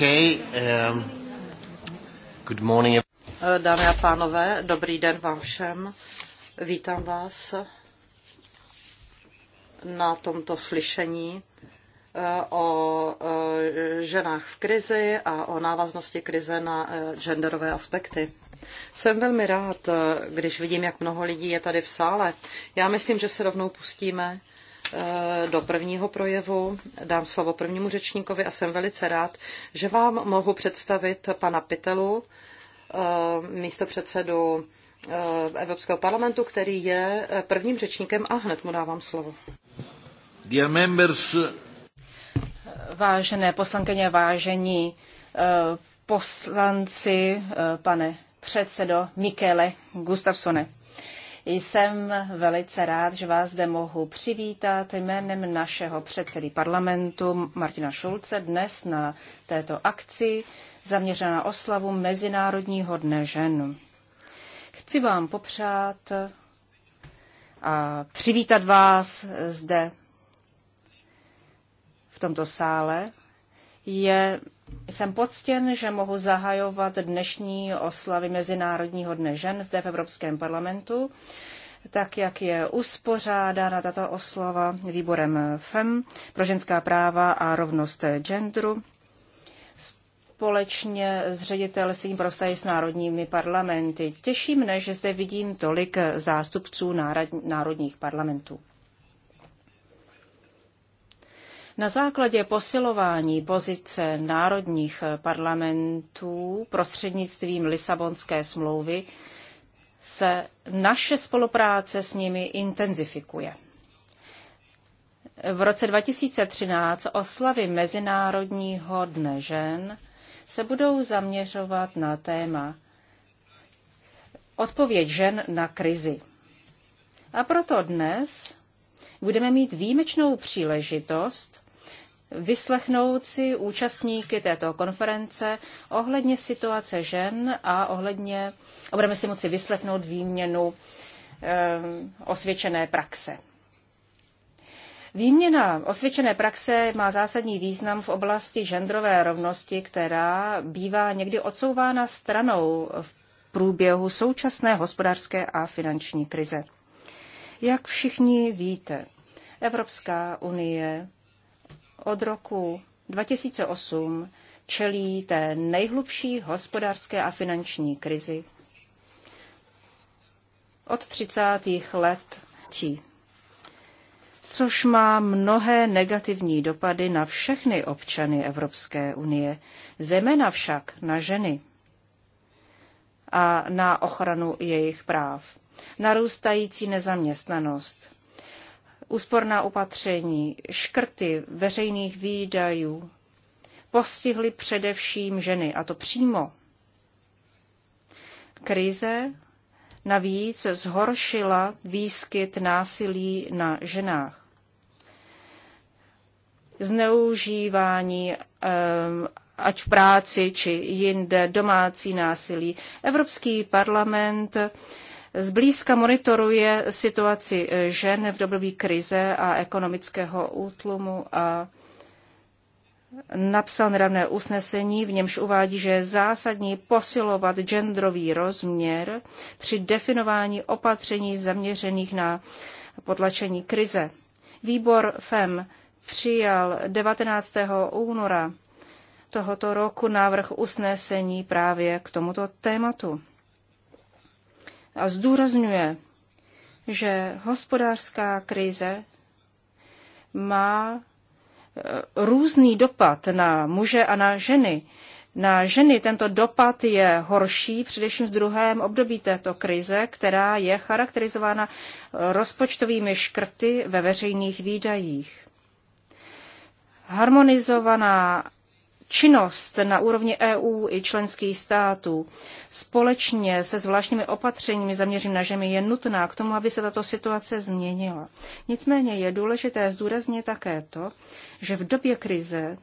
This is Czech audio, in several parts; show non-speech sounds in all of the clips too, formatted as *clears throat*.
Okay, um, good morning. Eh, dámy a pánové, dobrý den vám všem. Vítám vás na tomto slyšení eh, o eh, ženách v krizi a o návaznosti krize na genderové aspekty. Jsem velmi rád, když vidím, jak mnoho lidí je tady v sále. Já myslím, že se rovnou pustíme Eh, do prvního projevu. Dám slovo prvnímu řečníkovi a jsem velice rád, že vám mohu představit pana Pitelu, eh, místo předsedu eh, Evropského parlamentu, který je prvním řečníkem a hned mu dávám slovo. Vážené poslankyně, vážení poslanci, pane předsedo Mikele Gustafsone. Jsem velice rád, že vás zde mohu přivítat jménem našeho předsedy parlamentu Martina Šulce dnes na této akci zaměřená na oslavu Mezinárodního dne žen. Chci vám popřát a přivítat vás zde v tomto sále. Je jsem poctěn, že mohu zahajovat dnešní oslavy Mezinárodního dne žen zde v Evropském parlamentu, tak jak je uspořádána tato oslava výborem FEM pro ženská práva a rovnost genderu společně s ředitelstvím pro vztahy s národními parlamenty. Těší mne, že zde vidím tolik zástupců národních parlamentů. Na základě posilování pozice národních parlamentů prostřednictvím Lisabonské smlouvy se naše spolupráce s nimi intenzifikuje. V roce 2013 oslavy Mezinárodního dne žen se budou zaměřovat na téma Odpověď žen na krizi. A proto dnes budeme mít výjimečnou příležitost vyslechnout si účastníky této konference ohledně situace žen a ohledně, a budeme si moci vyslechnout výměnu e, osvědčené praxe. Výměna osvědčené praxe má zásadní význam v oblasti genderové rovnosti, která bývá někdy odsouvána stranou v průběhu současné hospodářské a finanční krize. Jak všichni víte, Evropská unie od roku 2008 čelí té nejhlubší hospodářské a finanční krizi od 30. let tí, což má mnohé negativní dopady na všechny občany Evropské unie, zejména však na ženy a na ochranu jejich práv. Narůstající nezaměstnanost, Úsporná opatření, škrty veřejných výdajů postihly především ženy, a to přímo. Krize navíc zhoršila výskyt násilí na ženách. Zneužívání ehm, ať v práci či jinde domácí násilí. Evropský parlament Zblízka monitoruje situaci eh, žen v době krize a ekonomického útlumu a napsal nedávné usnesení, v němž uvádí, že je zásadní posilovat genderový rozměr při definování opatření zaměřených na potlačení krize. Výbor FEM přijal 19. února tohoto roku návrh usnesení právě k tomuto tématu a zdůrazňuje, že hospodářská krize má eh, různý dopad na muže a na ženy. Na ženy tento dopad je horší, především v druhém období této krize, která je charakterizována rozpočtovými škrty ve veřejných výdajích. Harmonizovaná činnost na úrovni EU i členských států společně se zvláštními opatřeními zaměřenými na žemi je nutná k tomu, aby se tato situace změnila. Nicméně je důležité zdůraznit také to, že v době krize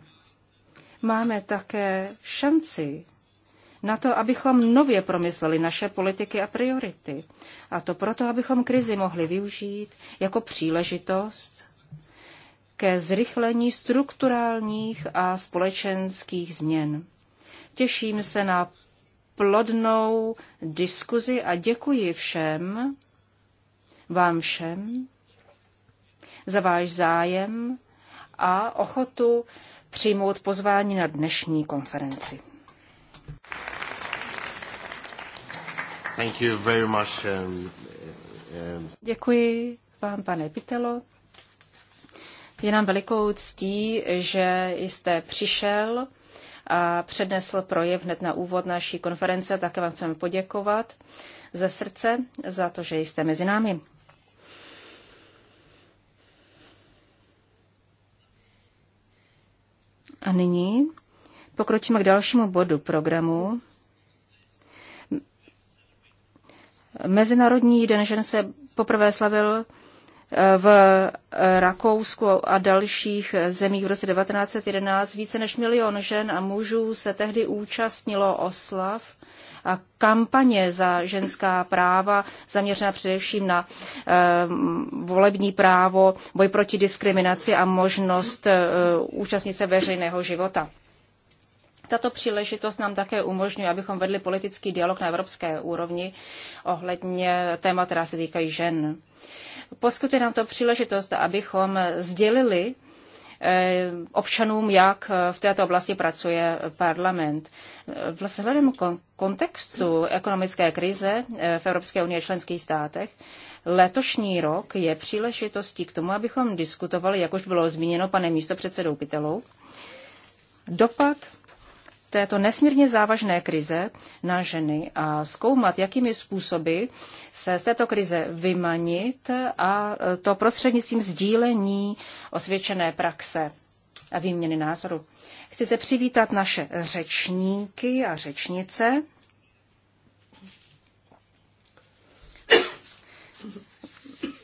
máme také šanci na to, abychom nově promysleli naše politiky a priority. A to proto, abychom krizi mohli využít jako příležitost ke zrychlení strukturálních a společenských změn. Těším se na plodnou diskuzi a děkuji všem, vám všem, za váš zájem a ochotu přijmout pozvání na dnešní konferenci. Thank you very much, um, um... Děkuji vám, pane Pitelo. Je nám velikou ctí, že jste přišel a přednesl projev hned na úvod naší konference. Také vám chceme poděkovat ze srdce za to, že jste mezi námi. A nyní pokročíme k dalšímu bodu programu. Mezinárodní den žen se poprvé slavil v Rakousku a dalších zemích v roce 1911 více než milion žen a mužů se tehdy účastnilo oslav a kampaně za ženská práva, zaměřená především na eh, volební právo, boj proti diskriminaci a možnost eh, účastnit se veřejného života. Tato příležitost nám také umožňuje, abychom vedli politický dialog na evropské úrovni ohledně témat, která se týkají žen. Eh, poskytuje nám to příležitost, abychom sdělili eh, občanům, jak eh, v této oblasti pracuje parlament. Eh, vzhledem kontextu ekonomické krize v Evropské unii a členských státech, letošní rok je příležitostí k tomu, abychom diskutovali, jak už bylo zmíněno panem místopředsedou Pitelou, dopad této nesmírně závažné krize na ženy a zkoumat, jakými způsoby se z této krize vymanit a e, to prostřednictvím sdílení osvědčené praxe a výměny názoru. Chci se přivítat naše řečníky a řečnice.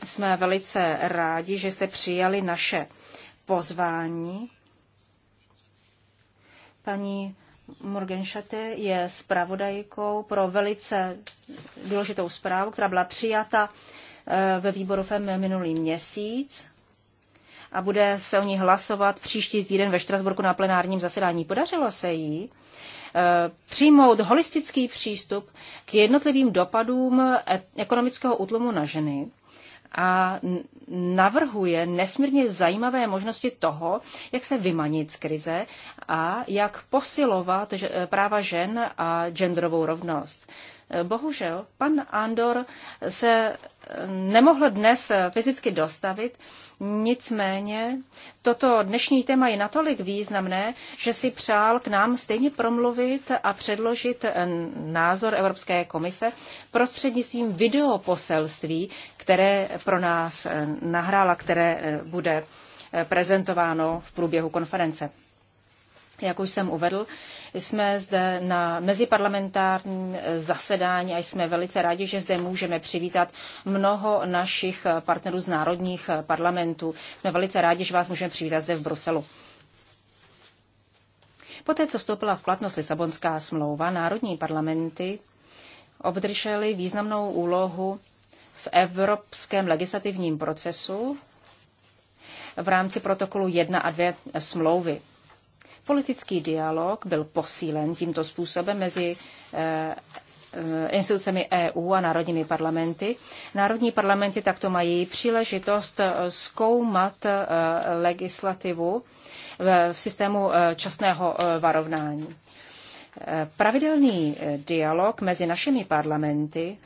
Jsme velice rádi, že jste přijali naše pozvání. Paní Morgenšate je zpravodajkou pro velice důležitou zprávu, která byla přijata eh, ve výboru FEM minulý měsíc a bude se o ní hlasovat příští týden ve Štrasburku na plenárním zasedání. Podařilo se jí eh, přijmout holistický přístup k jednotlivým dopadům e- ekonomického útlumu na ženy a navrhuje nesmírně zajímavé možnosti toho, jak se vymanit z krize a jak posilovat práva žen a genderovou rovnost. Bohužel, pan Andor se nemohl dnes fyzicky dostavit, nicméně toto dnešní téma je natolik významné, že si přál k nám stejně promluvit a předložit názor Evropské komise prostřednictvím videoposelství, které pro nás nahrála, které bude prezentováno v průběhu konference. Jak už jsem uvedl, jsme zde na meziparlamentárním zasedání a jsme velice rádi, že zde můžeme přivítat mnoho našich partnerů z národních parlamentů. Jsme velice rádi, že vás můžeme přivítat zde v Bruselu. Poté, co vstoupila v platnost Lisabonská smlouva, národní parlamenty obdržely významnou úlohu v evropském legislativním procesu v rámci protokolu 1 a 2 smlouvy. Politický dialog byl posílen tímto způsobem mezi eh, institucemi EU a národními parlamenty. Národní parlamenty takto mají příležitost eh, zkoumat eh, legislativu v systému časného varovnání. Pravidelný dialog mezi našimi parlamenty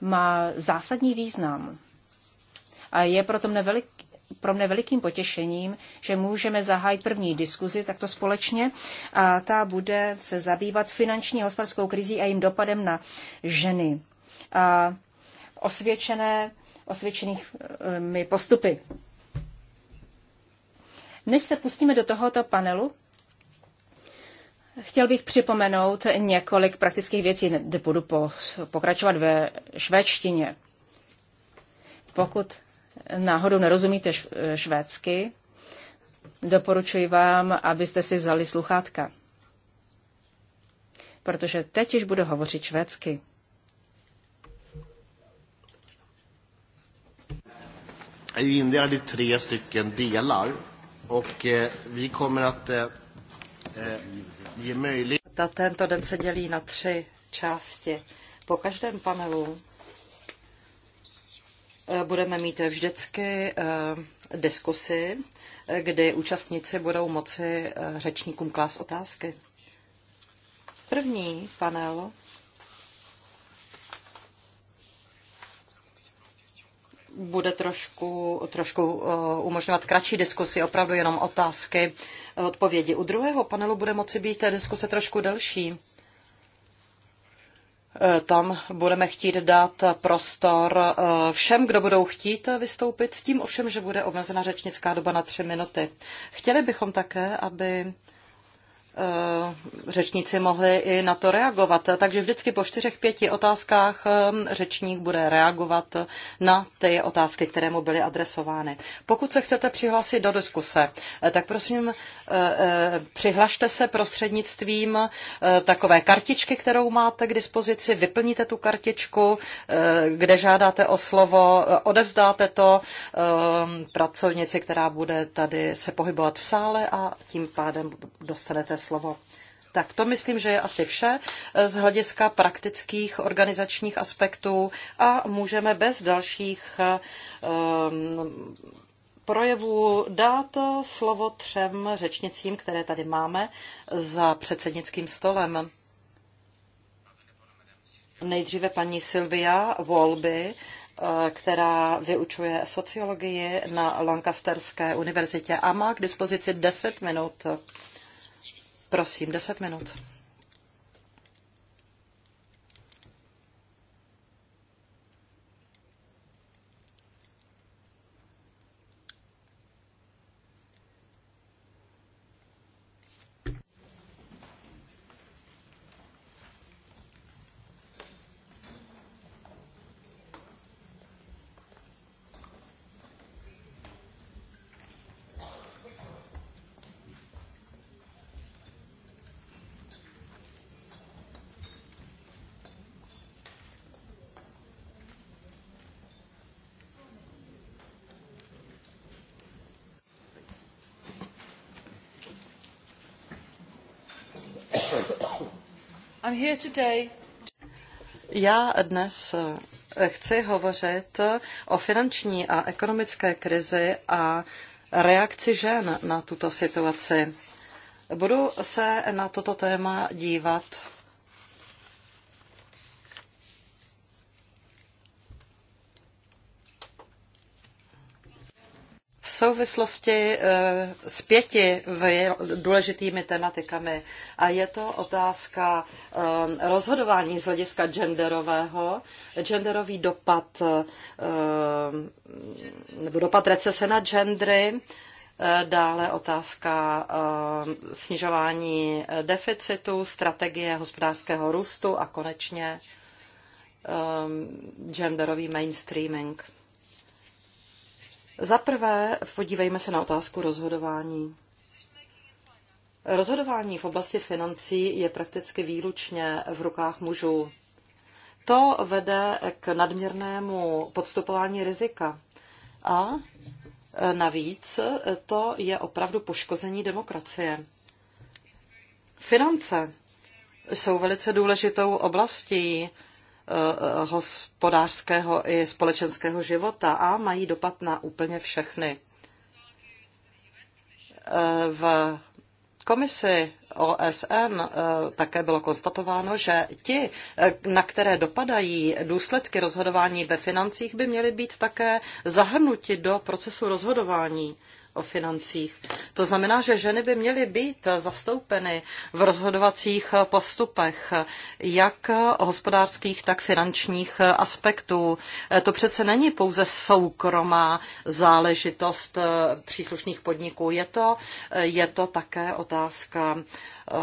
má zásadní význam a je proto mne velik, pro mne velikým potěšením, že můžeme zahájit první diskuzi takto společně a ta bude se zabývat finanční a hospodářskou krizí a jejím dopadem na ženy. A osvědčené, my postupy. Než se pustíme do tohoto panelu, Chtěl bych připomenout několik praktických věcí, kde budu pokračovat ve švédštině. Pokud náhodou nerozumíte švédsky, doporučuji vám, abyste si vzali sluchátka. Protože teď již budu hovořit švédsky. I Indien är det tre stycken delar och eh, vi kommer att eh, eh ge möjlighet... Tento den se dělí na tři části. Po každém panelu Eh, budeme mít vždycky eh, diskusy, eh, kdy účastníci budou moci řečníkům klást otázky. První panel bude trošku, trošku umožňovat kratší diskusy, opravdu jenom otázky, odpovědi. U druhého panelu bude moci být té diskuse trošku delší. Eh, tam budeme chtít dát prostor eh, všem, kdo budou chtít vystoupit, s tím ovšem, že bude omezena řečnická doba na tři minuty. Chtěli bychom také, aby Eh, řečníci mohli i na to reagovat. Takže vždycky po čtyřech, pěti otázkách eh, řečník bude reagovat na ty otázky, které mu byly adresovány. Pokud se chcete přihlásit do diskuse, eh, tak prosím přihlašte se prostřednictvím takové kartičky, kterou máte k dispozici, vyplníte tu kartičku, kde žádáte o slovo, odevzdáte to pracovnici, která bude tady se pohybovat v sále a tím pádem dostanete slovo. Tak to myslím, že je asi vše z hlediska praktických organizačních aspektů a můžeme bez dalších um, projevů dát slovo třem řečnicím, které tady máme za předsednickým stolem. Nejdříve paní Silvia Wolby, eh, která vyučuje sociologii na Lancasterské univerzitě a má k dispozici 10 minut. Prosím, deset minut. Já dnes eh, chci hovořit o finanční a ekonomické krizi a reakci žen na tuto situaci. Budu se na toto téma dívat souvislosti eh, s pěti důležitými tematikami. A je to otázka eh, rozhodování z hlediska genderového, genderový dopad eh, nebo dopad recese na gendry, dále otázka snižování deficitu, strategie hospodářského růstu a konečně genderový mainstreaming. Za prvé, podívejme se na otázku rozhodování. Rozhodování v oblasti financí je prakticky výlučně v rukách mužů. To vede k nadměrnému podstupování rizika. A navíc to je opravdu poškození demokracie. Finance jsou velice důležitou oblastí Eh, hospodářského i společenského života a mají dopad na úplně všechny. Eh, v komisi OSN eh, také bylo konstatováno, že ti, na které dopadají důsledky rozhodování ve financích, by měly být také zahrnuti do procesu rozhodování o financích. To znamená, že ženy by měly být zastoupeny v rozhodovacích postupech, jak hospodářských, tak finančních aspektů. To přece není pouze soukromá záležitost příslušných podniků. Je to, je to také otázka, eh,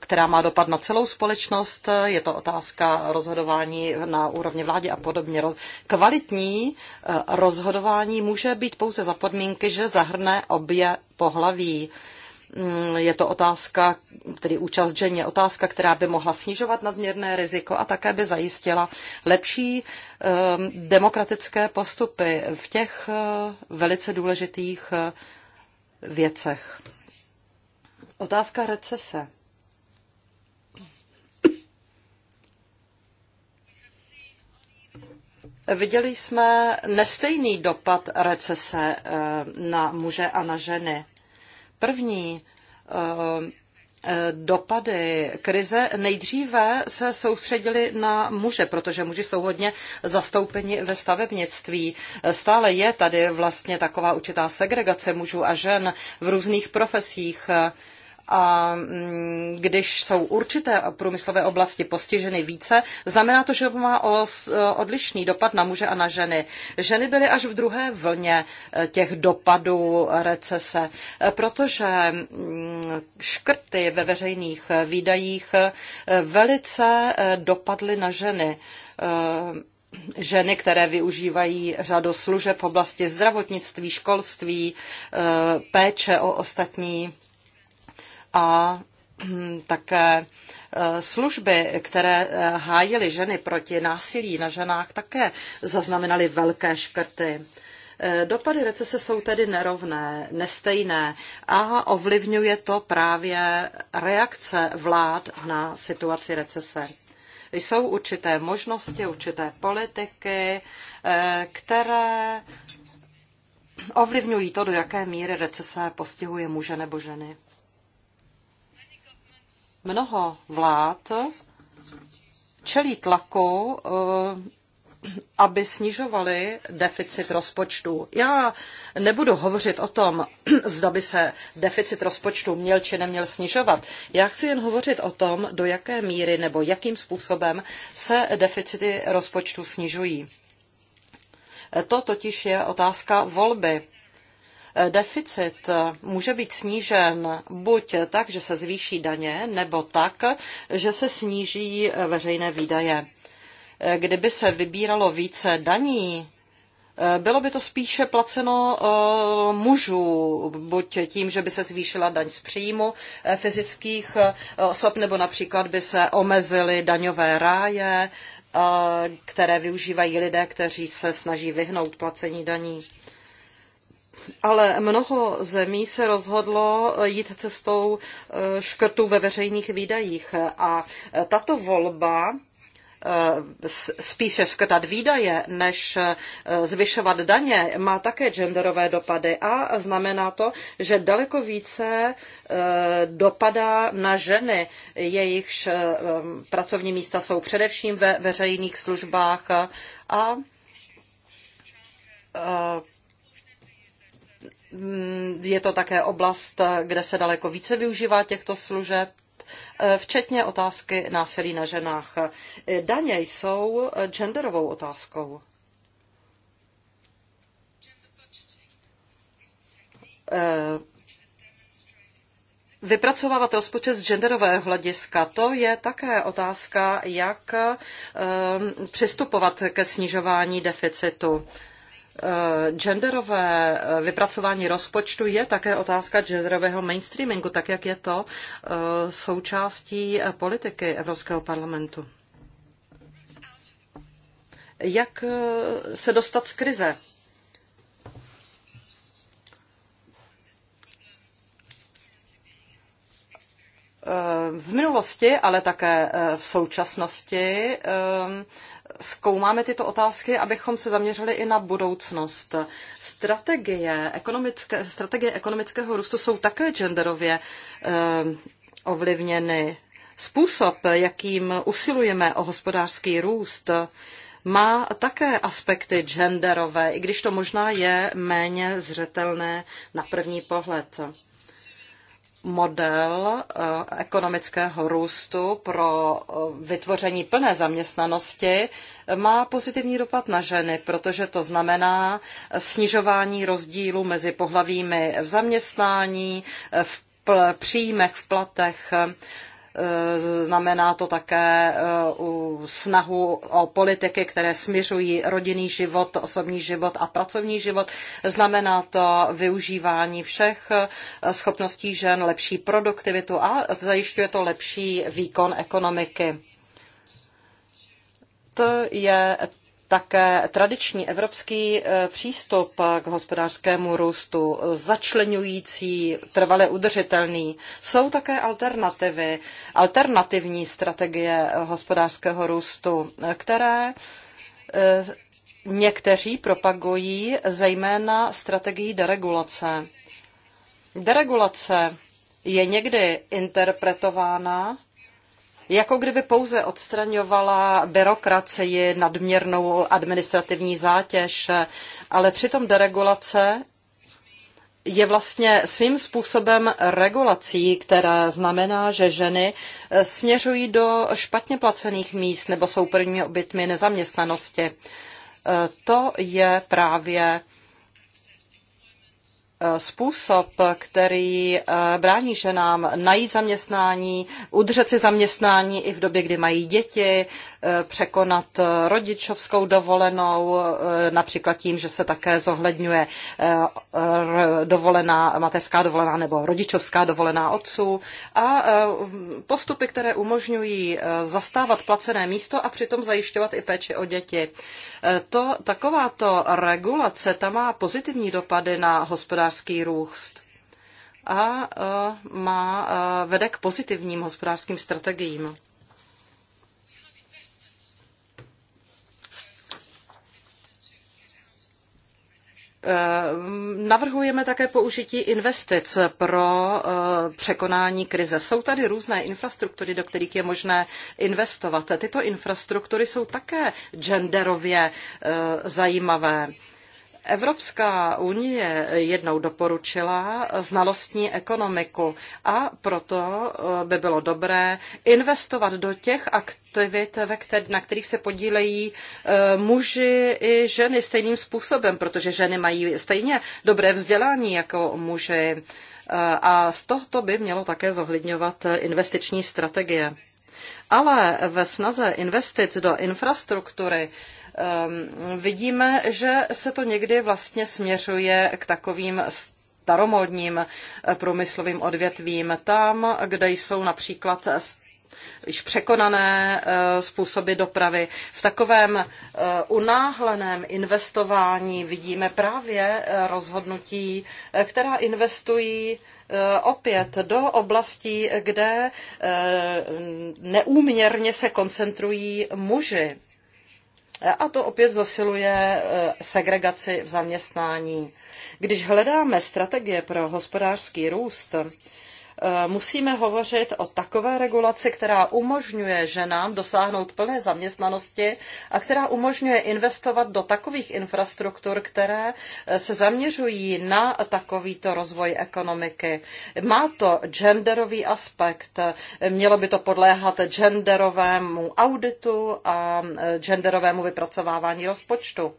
která má dopad na celou společnost. Je to otázka rozhodování na úrovni vlády a podobně. Kvalitní eh, rozhodování může být pouze za podmínky, že že zahrne obě pohlaví. Mm, je to otázka, tedy účast žen je otázka, která by mohla snižovat nadměrné riziko a také by zajistila lepší ehm, demokratické postupy v těch eh, velice důležitých eh, věcech. Otázka recese. Viděli jsme nestejný dopad recese eh, na muže a na ženy. První eh, eh, dopady krize nejdříve se soustředili na muže, protože muži jsou hodně zastoupeni ve stavebnictví. Stále je tady vlastně taková určitá segregace mužů a žen v různých profesích. A mm, když jsou určité průmyslové oblasti postiženy více, znamená to, že má e, odlišný dopad na muže a na ženy. Ženy byly až v druhé vlně e, těch dopadů recese, e, protože mm, škrty ve veřejných výdajích velice dopadly na ženy ženy, které využívají řadu služeb v oblasti zdravotnictví, školství, péče o ostatní a hm, také e, služby, které e, hájily ženy proti násilí na ženách, také zaznamenaly velké škrty. E, dopady recese jsou tedy nerovné, nestejné a ovlivňuje to právě reakce vlád na situaci recese. Jsou určité možnosti, určité politiky, které ovlivňují to, do jaké míry recese postihuje muže nebo ženy mnoho vlád čelí tlaku, eh, aby snižovali deficit rozpočtu. Já nebudu hovořit o tom, *clears throat* zda by se deficit rozpočtu měl či neměl snižovat. Já chci jen hovořit o tom, do jaké míry nebo jakým způsobem se deficity rozpočtu snižují. To totiž je otázka volby Deficit může být snížen buď tak, že se zvýší daně, nebo tak, že se sníží veřejné výdaje. Kdyby se vybíralo více daní, bylo by to spíše placeno eh, mužů, buď tím, že by se zvýšila daň z příjmu eh, fyzických eh, osob, nebo například by se omezily daňové ráje, které využívají lidé, kteří se snaží vyhnout placení daní ale mnoho zemí se rozhodlo eh, jít cestou eh, škrtů ve veřejných výdajích a eh, tato volba spíše škrtat výdaje, než zvyšovat daně, má také genderové dopady a znamená to, že daleko více dopadá na ženy, jejichž pracovní místa jsou především ve veřejných službách a Mm, je to také oblast, kde se daleko více využívá těchto služeb, eh, včetně otázky násilí na ženách. Eh, daně jsou genderovou otázkou. Eh, vypracovávat rozpočet z genderového hlediska, to je také otázka, jak přistupovat ke snižování deficitu. Eh, genderové eh, vypracování rozpočtu je také otázka genderového mainstreamingu, tak jak je to eh, součástí politiky Evropského parlamentu. Jak se dostat z krize? V minulosti, ale také v současnosti zkoumáme tyto otázky, abychom se zaměřili i na budoucnost. Strategie, ekonomické, strategie ekonomického růstu jsou také genderově eh, ovlivněny. Způsob, jakým usilujeme o hospodářský růst, má také aspekty genderové, i když to možná je méně zřetelné na první pohled model eh, ekonomického růstu pro eh, vytvoření plné zaměstnanosti eh, má pozitivní dopad na ženy, protože to znamená snižování rozdílu mezi pohlavími v zaměstnání, v příjmech, v platech Eh, znamená to také eh, snahu o politiky, které směřují rodinný život, osobní život a pracovní život. Znamená to využívání všech eh, schopností žen, lepší produktivitu a zajišťuje to lepší výkon ekonomiky. To je také tradiční evropský eh, přístup k hospodářskému růstu, začlenující, trvale udržitelný. Jsou také alternativy, alternativní strategie eh, hospodářského růstu, eh, které někteří propagují zejména strategií deregulace. Deregulace je někdy interpretována jako kdyby pouze odstraňovala byrokracii, nadměrnou administrativní zátěž, ale přitom deregulace je vlastně svým způsobem regulací, která znamená, že ženy eh, směřují do špatně placených míst nebo jsou prvními obětmi nezaměstnanosti. Eh, to je právě Eh, způsob, který eh, brání ženám najít zaměstnání, udržet si zaměstnání i v době, kdy mají děti, Eh, překonat rodičovskou dovolenou, eh, například tím, že se také zohledňuje eh, dovolená, mateřská dovolená nebo rodičovská dovolená otců a postupy, které umožňují zastávat placené místo a přitom zajišťovat i péči o děti. To, takováto regulace, ta má pozitivní dopady na hospodářský růst a má, vede k pozitivním hospodářským strategiím. Eh, navrhujeme také použití investic pro eh, překonání krize. Jsou tady různé infrastruktury, do kterých je možné investovat. Tyto infrastruktury jsou také genderově eh, zajímavé. Evropská unie jednou doporučila znalostní ekonomiku a proto eh, by bylo dobré investovat do těch aktivit, na kterých se podílejí eh, muži i ženy stejným způsobem, protože ženy mají stejně dobré vzdělání jako muži. Eh, a z tohoto by mělo také zohledňovat investiční strategie. Ale ve snaze investic do infrastruktury Ehm, vidíme, že se to někdy vlastně směřuje k takovým staromodním eh, průmyslovým odvětvím, tam, kde jsou například eh, již překonané eh, způsoby dopravy. V takovém unáhleném investování vidíme právě rozhodnutí, která investují opět do oblastí, kde neúměrně se koncentrují muži a to opět zasiluje eh, segregaci v zaměstnání. Když hledáme strategie pro hospodářský růst, Eh, musíme hovořit o takové regulaci, která umožňuje ženám dosáhnout plné zaměstnanosti a která umožňuje investovat do takových infrastruktur, které eh, se zaměřují na takovýto rozvoj ekonomiky. Má to genderový aspekt, mělo by to podléhat genderovému auditu a eh, genderovému vypracovávání rozpočtu.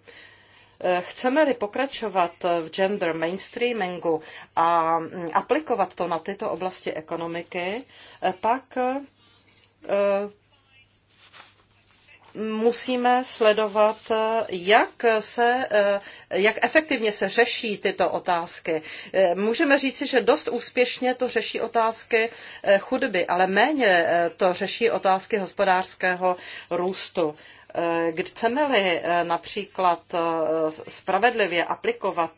Eh, chceme-li pokračovat v gender mainstreamingu a mm, aplikovat to na tyto oblasti ekonomiky, eh, pak eh, musíme sledovat, jak, se, jak efektivně se řeší tyto otázky. Můžeme říci, že dost úspěšně to řeší otázky chudby, ale méně to řeší otázky hospodářského růstu. Eh, chceme-li eh, například eh, spravedlivě aplikovat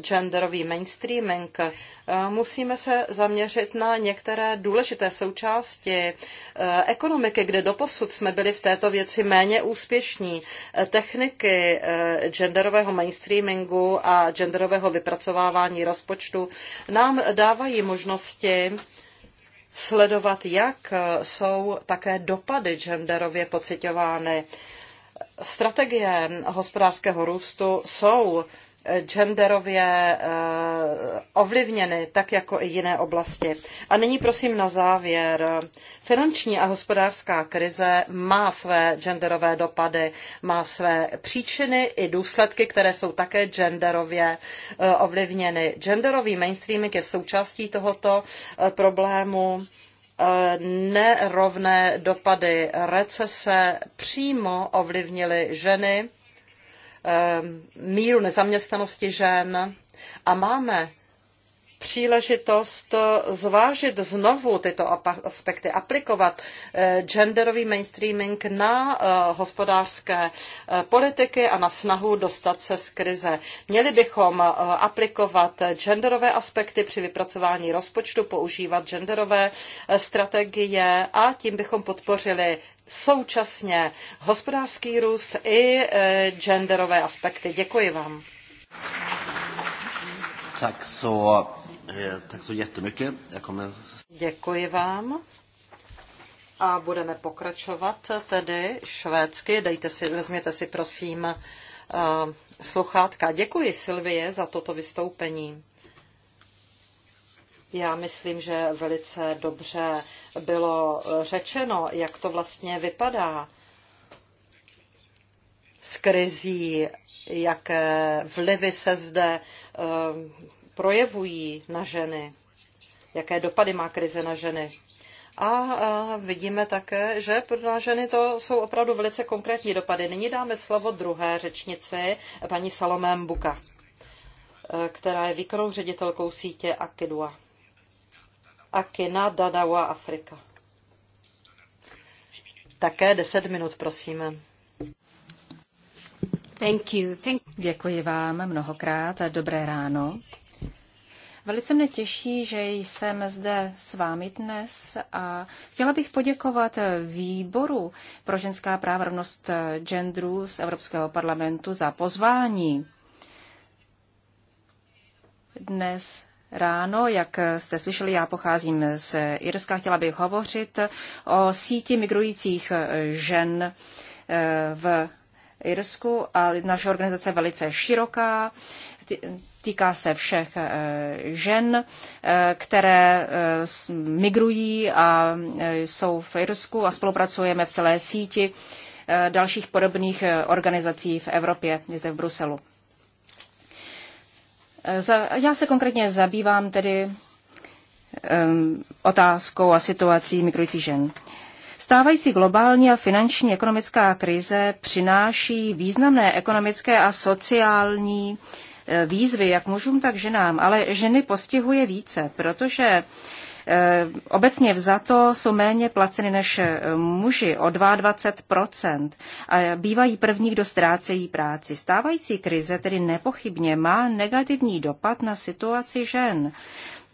genderový mainstreaming, musíme se zaměřit na některé důležité součásti ekonomiky, kde doposud jsme byli v této věci méně úspěšní. Techniky genderového mainstreamingu a genderového vypracovávání rozpočtu nám dávají možnosti sledovat, jak eh, jsou také dopady genderově pocitovány. Strategie hospodářského růstu jsou genderově eh, ovlivněny, tak jako i jiné oblasti. A nyní prosím na závěr. Finanční a hospodářská krize má své genderové dopady, má své příčiny i důsledky, které jsou také genderově eh, ovlivněny. Genderový mainstreaming je součástí tohoto eh, problému nerovné dopady recese přímo ovlivnily ženy Ehm, míru nezaměstnanosti žen a máme příležitost eh, zvážit znovu tyto aspekty, aplikovat eh, genderový mainstreaming na eh, hospodářské politiky a na snahu dostat se z krize. Měli bychom aplikovat genderové aspekty při vypracování rozpočtu, používat genderové strategie a tím bychom podpořili současně hospodářský růst i e, genderové aspekty. Děkuji vám. Tak so, e, tak so Děkuji vám. A budeme pokračovat tedy švédsky. Dejte si, vezměte si prosím e, sluchátka. Děkuji Silvie za toto vystoupení. Já myslím, že velice dobře bylo eh, řečeno, jak to vlastně vypadá s krizí, jaké vlivy se zde eh, projevují na ženy, jaké dopady má krize na ženy. A vidíme také, že pro ženy to jsou opravdu velice konkrétní dopady. Nyní dáme slovo druhé řečnici, paní Salomé Mbuka, eh, která je výkonnou ředitelkou sítě Akidua. Akina Dadawa Afrika. Také 10 minut, prosím. Thank you. Thank... Děkuji vám mnohokrát a dobré ráno. Velice mne těší, že jsem zde s vámi dnes a chtěla bych poděkovat výboru pro ženská práva rovnost genderu z Evropského parlamentu za pozvání. Dnes ráno. Jak jste slyšeli, já pocházím z Irska. Chtěla bych hovořit o síti migrujících žen eh, v Irsku a naše organizace je velice široká. Týká se všech eh, žen, eh, které migrují a jsou v Irsku a spolupracujeme v celé síti dalších podobných organizací v Evropě, zde v Bruselu. Já se konkrétně zabývám tedy um, otázkou a situací migrujících žen. Stávající globální a finanční ekonomická krize přináší významné ekonomické a sociální eh, výzvy jak mužům, tak ženám, ale ženy postihuje více, protože Eh, obecně vzato jsou méně placeny než eh, muži o 22% a bývají první, kdo ztrácejí práci. Stávající krize tedy nepochybně má negativní dopad na situaci žen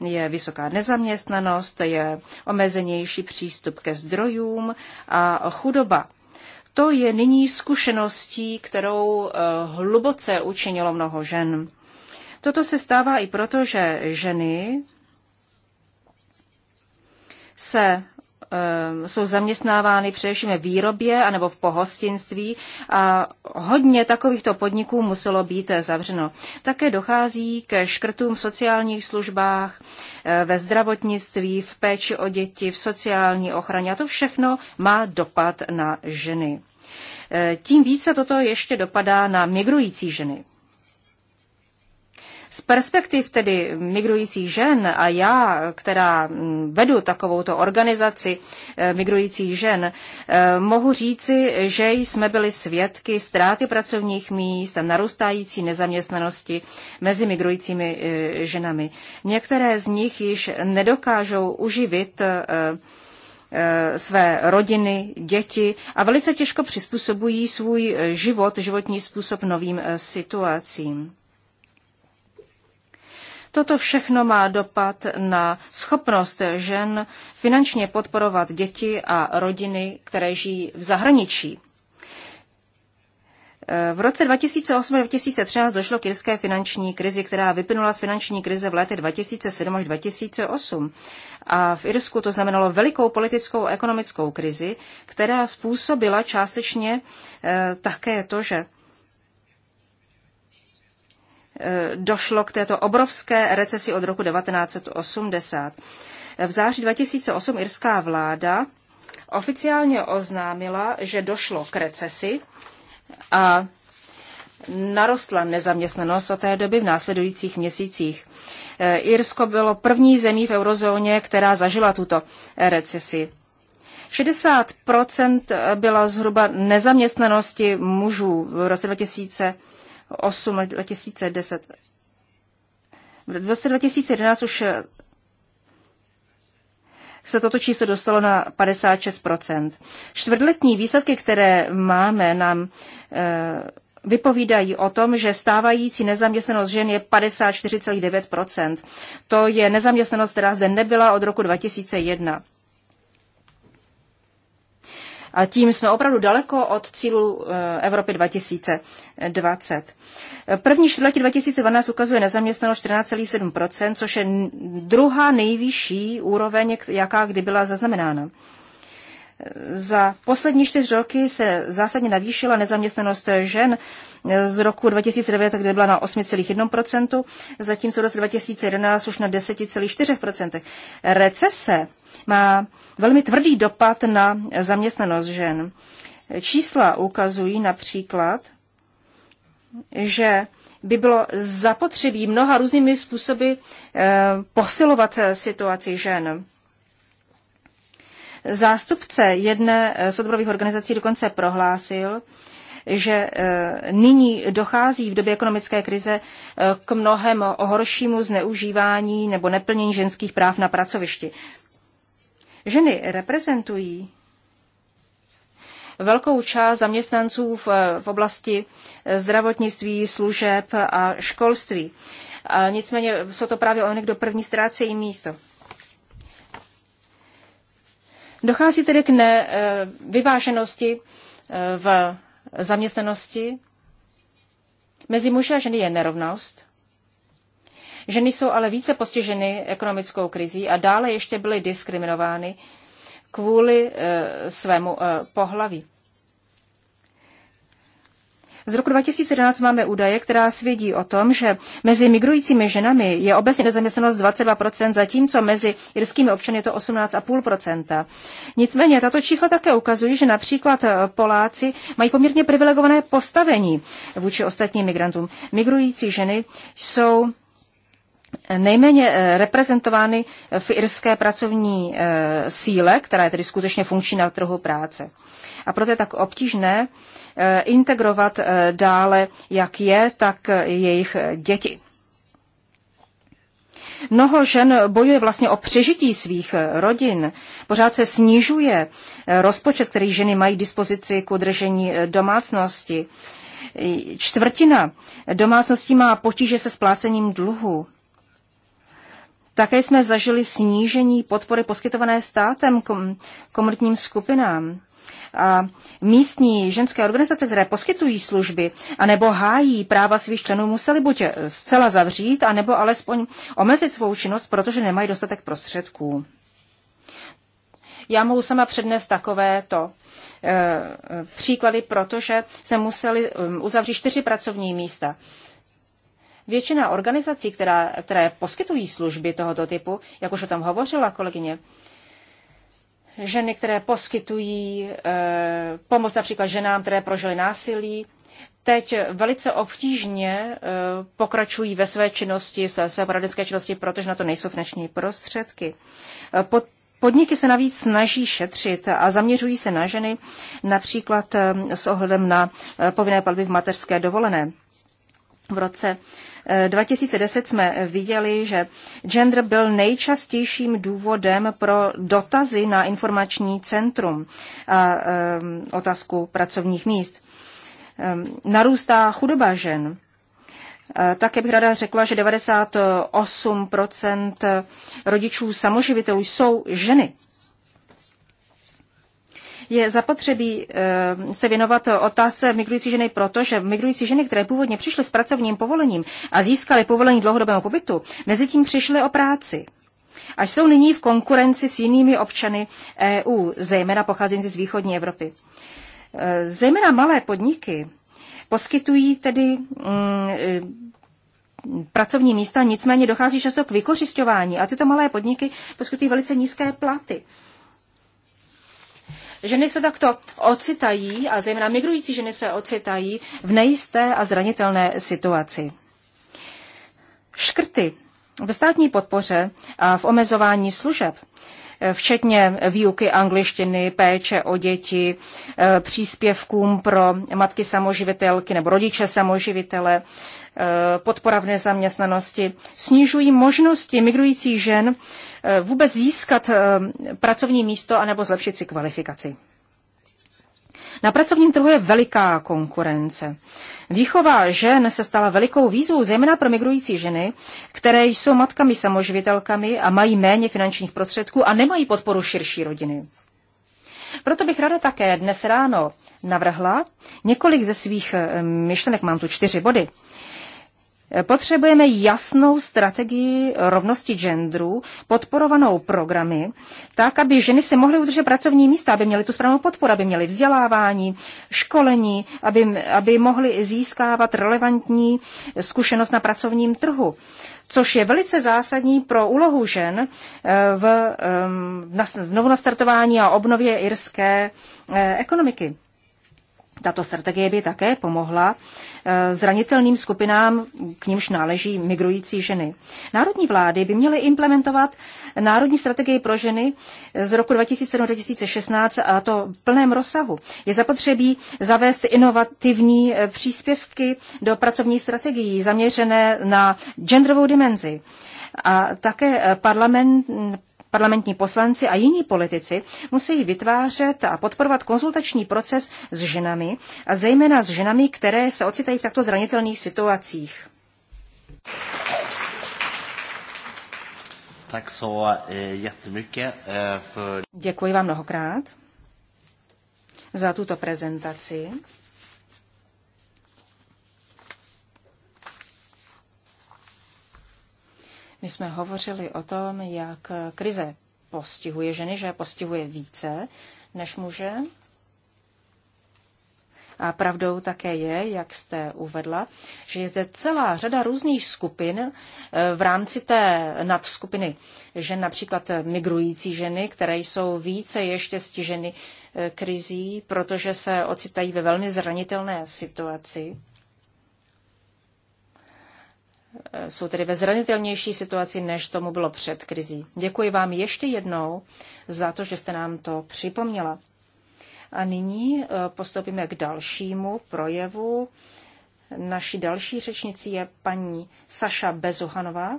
je vysoká nezaměstnanost, je omezenější přístup ke zdrojům a chudoba. To je nyní zkušeností, kterou eh, hluboce učinilo mnoho žen. Toto se stává i proto, že ženy se eh, jsou zaměstnávány především ve výrobě anebo v pohostinství a hodně takovýchto podniků muselo být eh, zavřeno. Také dochází ke škrtům v sociálních službách, eh, ve zdravotnictví, v péči o děti, v sociální ochraně a to všechno má dopad na ženy. Tím více toto ještě dopadá na migrující ženy. Z perspektiv tedy migrujících žen a já, která mm, vedu takovouto organizaci eh, migrujících žen, eh, mohu říci, že jsme byli svědky ztráty pracovních míst a narůstající nezaměstnanosti mezi migrujícími eh, ženami. Některé z nich již nedokážou uživit své rodiny, děti a velice těžko přizpůsobují svůj život, životní způsob novým situacím. Toto všechno má dopad na schopnost žen finančně podporovat děti a rodiny, které žijí v zahraničí. V roce 2008-2013 došlo k jirské finanční krizi, která vyplynula z finanční krize v letech 2007 až 2008. A v Irsku to znamenalo velikou politickou a ekonomickou krizi, která způsobila částečně eh, také to, že Eh, došlo k této obrovské recesi od roku 1980. V září 2008 irská vláda oficiálně oznámila, že došlo k recesi a narostla nezaměstnanost od té doby v následujících měsících. Eh, Irsko bylo první zemí v eurozóně, která zažila tuto recesi. 60 byla zhruba nezaměstnanosti mužů v roce 2000. 8 až 2010. V roce 2011 už eh, se toto číslo dostalo na 56 Čtvrtletní výsledky, které máme, nám e, vypovídají o tom, že stávající nezaměstnanost žen je 54,9 To je nezaměstnanost, která zde nebyla od roku 2001. A tím jsme opravdu daleko od cílu eh, Evropy 2020. První čtvrtletí 2012 ukazuje nezaměstnanost 14,7%, což je druhá nejvyšší úroveň, jaká kdy byla zaznamenána. Za poslední čtyři roky se zásadně navýšila nezaměstnanost žen eh, z roku 2009, kde byla na 8,1%, zatímco v roce 2011 už na 10,4%. Recese má velmi tvrdý dopad na zaměstnanost žen. Čísla ukazují například, že by bylo zapotřebí mnoha různými způsoby eh, posilovat eh, situaci žen. Zástupce jedné eh, z odborových organizací dokonce prohlásil, že nyní dochází v době ekonomické krize k mnohem horšímu zneužívání nebo neplnění ženských práv na pracovišti. Ženy reprezentují velkou část zaměstnanců v, v oblasti eh, zdravotnictví, služeb a školství. A nicméně jsou to právě oni, kdo první ztrácejí místo. Dochází tedy k nevyváženosti eh, eh, v zaměstnanosti. Mezi muži a ženy je nerovnost. Ženy jsou ale více postiženy ekonomickou krizí a dále ještě byly diskriminovány kvůli eh, svému eh, pohlaví. Z roku 2011 máme údaje, která svědí o tom, že mezi migrujícími ženami je obecně nezaměstnanost 22%, zatímco mezi irskými občany je to 18,5%. Nicméně tato čísla také ukazují, že například eh, Poláci mají poměrně privilegované postavení vůči ostatním migrantům. Migrující ženy jsou nejméně eh, reprezentovány v irské pracovní eh, síle, která je tedy skutečně funkční na trhu práce. A proto je tak obtížné eh, integrovat dále, jak je, tak jejich děti. Mnoho žen bojuje vlastně o přežití svých rodin. Pořád se snižuje rozpočet, který ženy mají k dispozici k udržení domácnosti. Čtvrtina domácností má potíže se splácením dluhu. Také jsme zažili snížení podpory poskytované státem kom- komunitním skupinám. A místní ženské organizace, které poskytují služby a nebo hájí práva svých členů, museli buď zcela zavřít, anebo alespoň omezit svou činnost, protože nemají dostatek prostředků. Já mohu sama přednést takovéto e, příklady, protože se museli um, uzavřít čtyři pracovní místa. Většina organizací, která, které poskytují služby tohoto typu, jak už o tom hovořila kolegyně, ženy, které poskytují e, pomoc například ženám, které prožily násilí, teď velice obtížně e, pokračují ve své činnosti, své, své poradenské činnosti, protože na to nejsou finanční prostředky. Eh, pod, Podniky se navíc snaží šetřit a zaměřují se na ženy, například s ohledem na povinné platby v mateřské dovolené. V roce 2010 jsme viděli, že gender byl nejčastějším důvodem pro dotazy na informační centrum a eh, otázku pracovních míst. Eh, narůstá chudoba žen. Eh, Také bych ráda řekla, že 98% rodičů samoživitelů jsou ženy je zapotřebí eh, se věnovat otázce migrující ženy, protože migrující ženy, které původně přišly s pracovním povolením a získaly povolení dlouhodobého pobytu, mezi tím přišly o práci. A jsou nyní v konkurenci s jinými občany EU, zejména pocházející z východní Evropy. Eh, zejména malé podniky poskytují tedy mm, eh, pracovní místa, nicméně dochází často k vykořišťování a tyto malé podniky poskytují velice nízké platy. Ženy se takto ocitají, a zejména migrující ženy se ocitají v nejisté a zranitelné situaci. Škrty ve státní podpoře a v omezování služeb včetně výuky angličtiny, péče o děti, e, příspěvkům pro matky samoživitelky nebo rodiče samoživitele, Eh, podpora v nezaměstnanosti, snižují možnosti migrujících žen eh, vůbec získat eh, pracovní místo anebo zlepšit si kvalifikaci. Na pracovním trhu je veliká konkurence. Výchova žen se stala velikou výzvou, zejména pro migrující ženy, které jsou matkami samoživitelkami a mají méně finančních prostředků a nemají podporu širší rodiny. Proto bych ráda také dnes ráno navrhla několik ze svých myšlenek, mám tu čtyři body, Potřebujeme jasnou strategii rovnosti genderu podporovanou programy, tak, aby ženy si mohly udržet pracovní místa, aby měly tu správnou podporu, aby měly vzdělávání, školení, aby, aby mohly získávat relevantní zkušenost na pracovním trhu což je velice zásadní pro úlohu žen eh, v, v eh, novonastartování a obnově irské eh, ekonomiky. Tato strategie by také pomohla eh, zranitelným skupinám, k nímž náleží migrující ženy. Národní vlády by měly implementovat národní strategii pro ženy z roku 2007-2016 a to v plném rozsahu. Je zapotřebí zavést inovativní eh, příspěvky do pracovní strategií zaměřené na genderovou dimenzi. A také eh, parlament, parlamentní poslanci a jiní politici musí vytvářet a podporovat konzultační proces s ženami a zejména s ženami, které se ocitají v takto zranitelných situacích. Tak so, eh, eh, Děkuji vám mnohokrát za tuto prezentaci. My jsme hovořili o tom, jak krize postihuje ženy, že postihuje více než muže. A pravdou také je, jak jste uvedla, že je zde celá řada různých skupin eh, v rámci té nadskupiny žen, například migrující ženy, které jsou více ještě stiženy eh, krizí, protože se ocitají ve velmi zranitelné situaci. Eh, jsou tedy ve zranitelnější situaci, než tomu bylo před krizí. Děkuji vám ještě jednou za to, že jste nám to připomněla. A nyní eh, postoupíme k dalšímu projevu. Naší další řečnicí je paní Saša Bezuhanová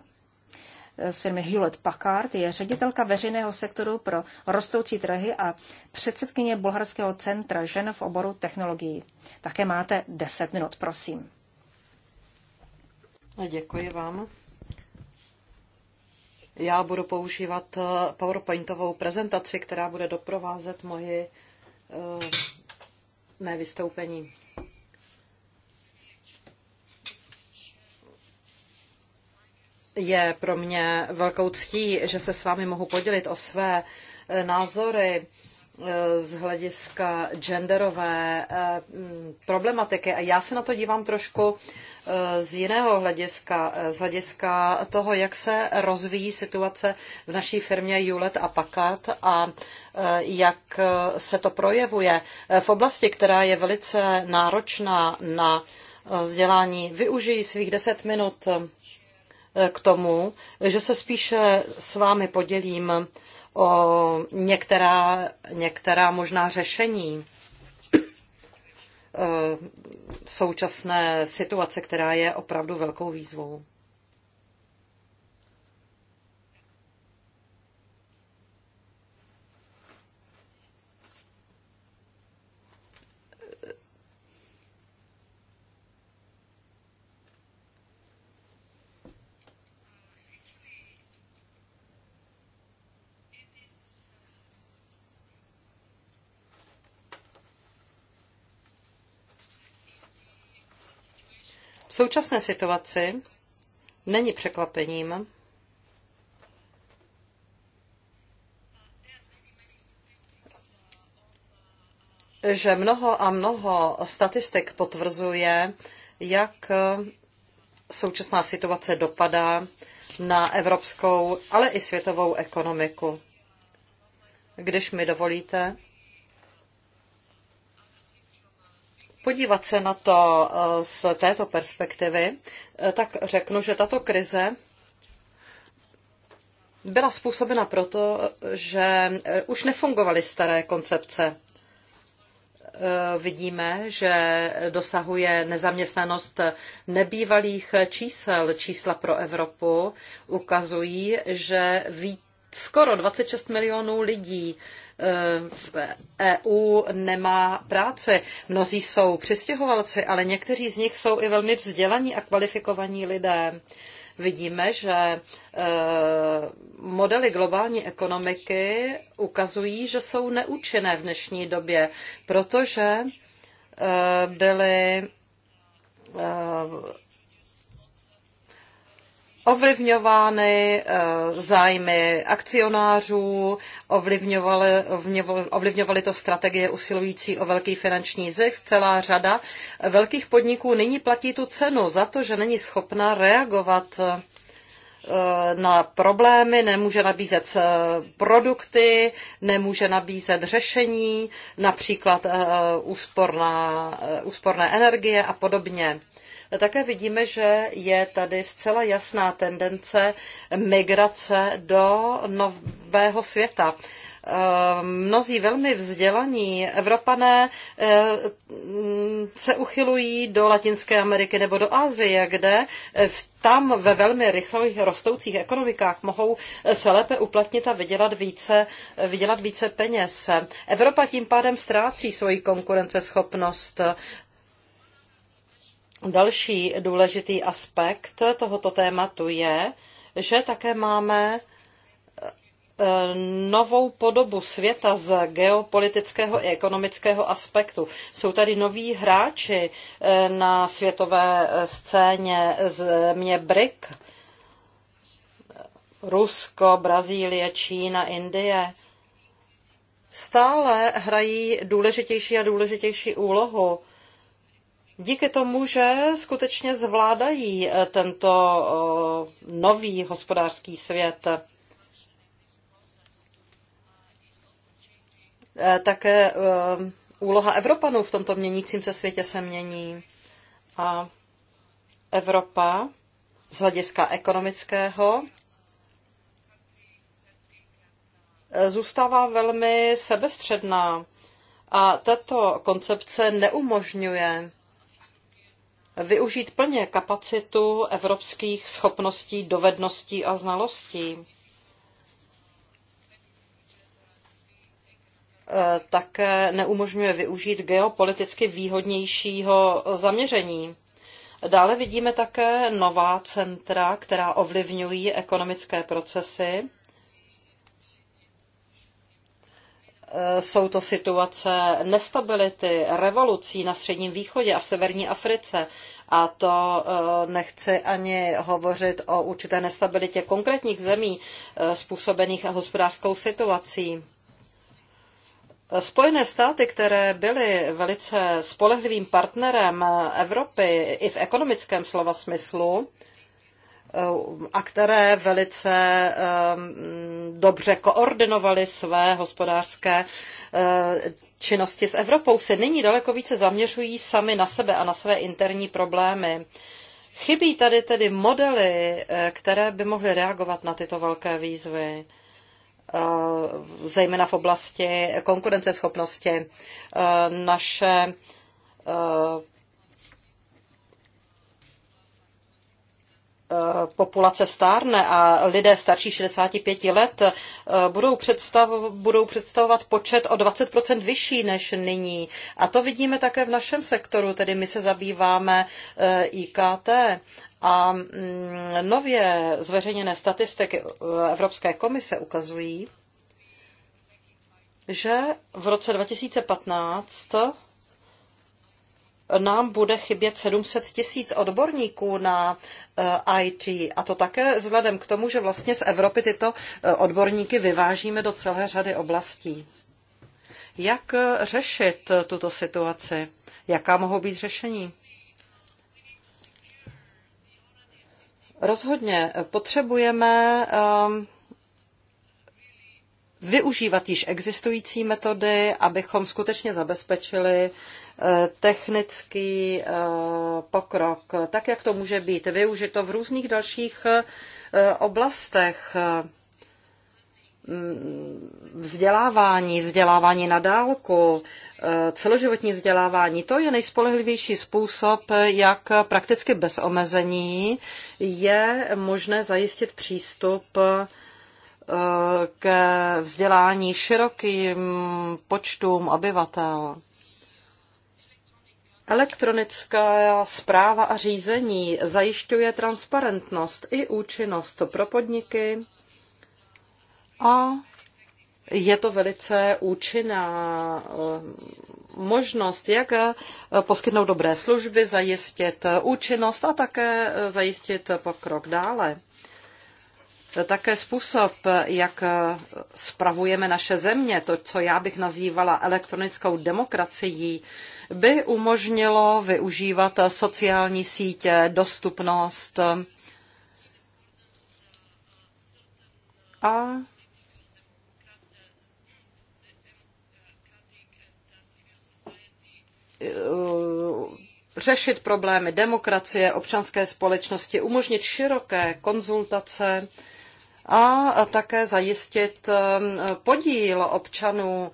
eh, z firmy Hewlett Packard, je ředitelka veřejného sektoru pro rostoucí trhy a předsedkyně Bulharského centra žen v oboru technologií. Také máte 10 minut, prosím. Děkuji vám. Já budu používat eh, PowerPointovou prezentaci, která bude doprovázet moji, eh, mé vystoupení. Je pro mě velkou ctí, že se s vámi mohu podělit o své eh, názory z hlediska genderové eh, problematiky. A já se na to dívám trošku eh, z jiného hlediska, eh, z hlediska toho, jak se rozvíjí situace v naší firmě Hewlett a Packard a jak se to projevuje v oblasti, která je velice náročná na vzdělání. Využiji svých deset minut k tomu, že se spíše s vámi podělím o některá, některá možná řešení eh, současné situace, která je opravdu velkou výzvou. V současné situaci není překvapením, že mnoho a mnoho statistik potvrzuje, jak současná situace dopadá na evropskou, ale i světovou ekonomiku. Když mi dovolíte, podívat se na to eh, z této perspektivy, eh, tak řeknu, že tato krize byla způsobena proto, že eh, už nefungovaly staré koncepce. Vidíme, že dosahuje nezaměstnanost nebývalých čísel. Čísla pro Evropu ukazují, že víc, skoro 26 milionů lidí v EU nemá práce. Mnozí jsou přistěhovalci, ale někteří z nich jsou i velmi vzdělaní a kvalifikovaní lidé. Vidíme, že e, modely globální ekonomiky ukazují, že jsou neúčinné v dnešní době, protože e, byly e, ovlivňovány eh, zájmy akcionářů, ovlivňovaly, ovlivňovaly to strategie usilující o velký finanční zisk. Celá řada velkých podniků nyní platí tu cenu za to, že není schopna reagovat eh, na problémy, nemůže nabízet eh, produkty, nemůže nabízet řešení, například úsporná, úsporné energie a podobně také vidíme, že je tady zcela jasná tendence migrace do nového světa eh, mnozí velmi vzdělaní Evropané eh, se uchylují do Latinské Ameriky nebo do Asie, kde eh, v tam ve velmi rychlých rostoucích ekonomikách mohou se lépe uplatnit a vydělat více, vydělat více peněz. Evropa tím pádem ztrácí svoji konkurenceschopnost Další důležitý aspekt tohoto tématu je, že také máme eh, novou podobu světa z geopolitického i ekonomického aspektu. Jsou tady noví hráči eh, na světové eh, scéně mě BRIC. Rusko, Brazílie, Čína, Indie stále hrají důležitější a důležitější úlohu díky tomu, že skutečně zvládají eh, tento eh, nový hospodářský svět. Eh, Také úloha Evropanů v tomto měnícím se světě se mění. A Evropa z hlediska ekonomického zůstává velmi sebestředná a tato koncepce neumožňuje využít plně kapacitu evropských schopností, dovedností a znalostí. E, také neumožňuje využít geopoliticky výhodnějšího zaměření. Dále vidíme také nová centra, která ovlivňují ekonomické procesy Eh, jsou to situace nestability, revolucí na Středním východě a v severní Africe. A to eh, nechci ani hovořit o určité nestabilitě konkrétních zemí eh, způsobených hospodářskou situací. Spojené státy, které byly velice spolehlivým partnerem Evropy i v ekonomickém slova smyslu, a které velice ehm, dobře koordinovaly své hospodářské eh, činnosti s Evropou, se nyní daleko více zaměřují sami na sebe a na své interní problémy. Chybí tady tedy modely, eh, které by mohly reagovat na tyto velké výzvy eh, zejména v oblasti konkurenceschopnosti. Naše Eh, populace stárne a lidé starší 65 let eh, budou, představ, budou představovat počet o 20 vyšší než nyní. A to vidíme také v našem sektoru, tedy my se zabýváme eh, IKT. A mm, nově zveřejněné statistiky Evropské komise ukazují, že v roce 2015 nám bude chybět 700 tisíc odborníků na eh, IT. A to také vzhledem k tomu, že vlastně z Evropy tyto eh, odborníky vyvážíme do celé řady oblastí. Jak eh, řešit tuto situaci? Jaká mohou být řešení? Rozhodně potřebujeme ehm, využívat již existující metody, abychom skutečně zabezpečili technický eh, pokrok, tak jak to může být využito v různých dalších eh, oblastech eh, mm, vzdělávání, vzdělávání na dálku, celoživotní vzdělávání, to je nejspolehlivější způsob, jak prakticky bez omezení je možné zajistit přístup ke vzdělání širokým počtům obyvatel. Elektronická zpráva a řízení zajišťuje transparentnost i účinnost pro podniky a je to velice účinná eh, možnost, jak eh, poskytnout dobré služby, zajistit účinnost a také eh, zajistit pokrok dále. Také způsob, jak spravujeme naše země, to, co já bych nazývala elektronickou demokracií, by umožnilo využívat sociální sítě, dostupnost a řešit problémy demokracie, občanské společnosti, umožnit široké konzultace, a také zajistit um, podíl občanů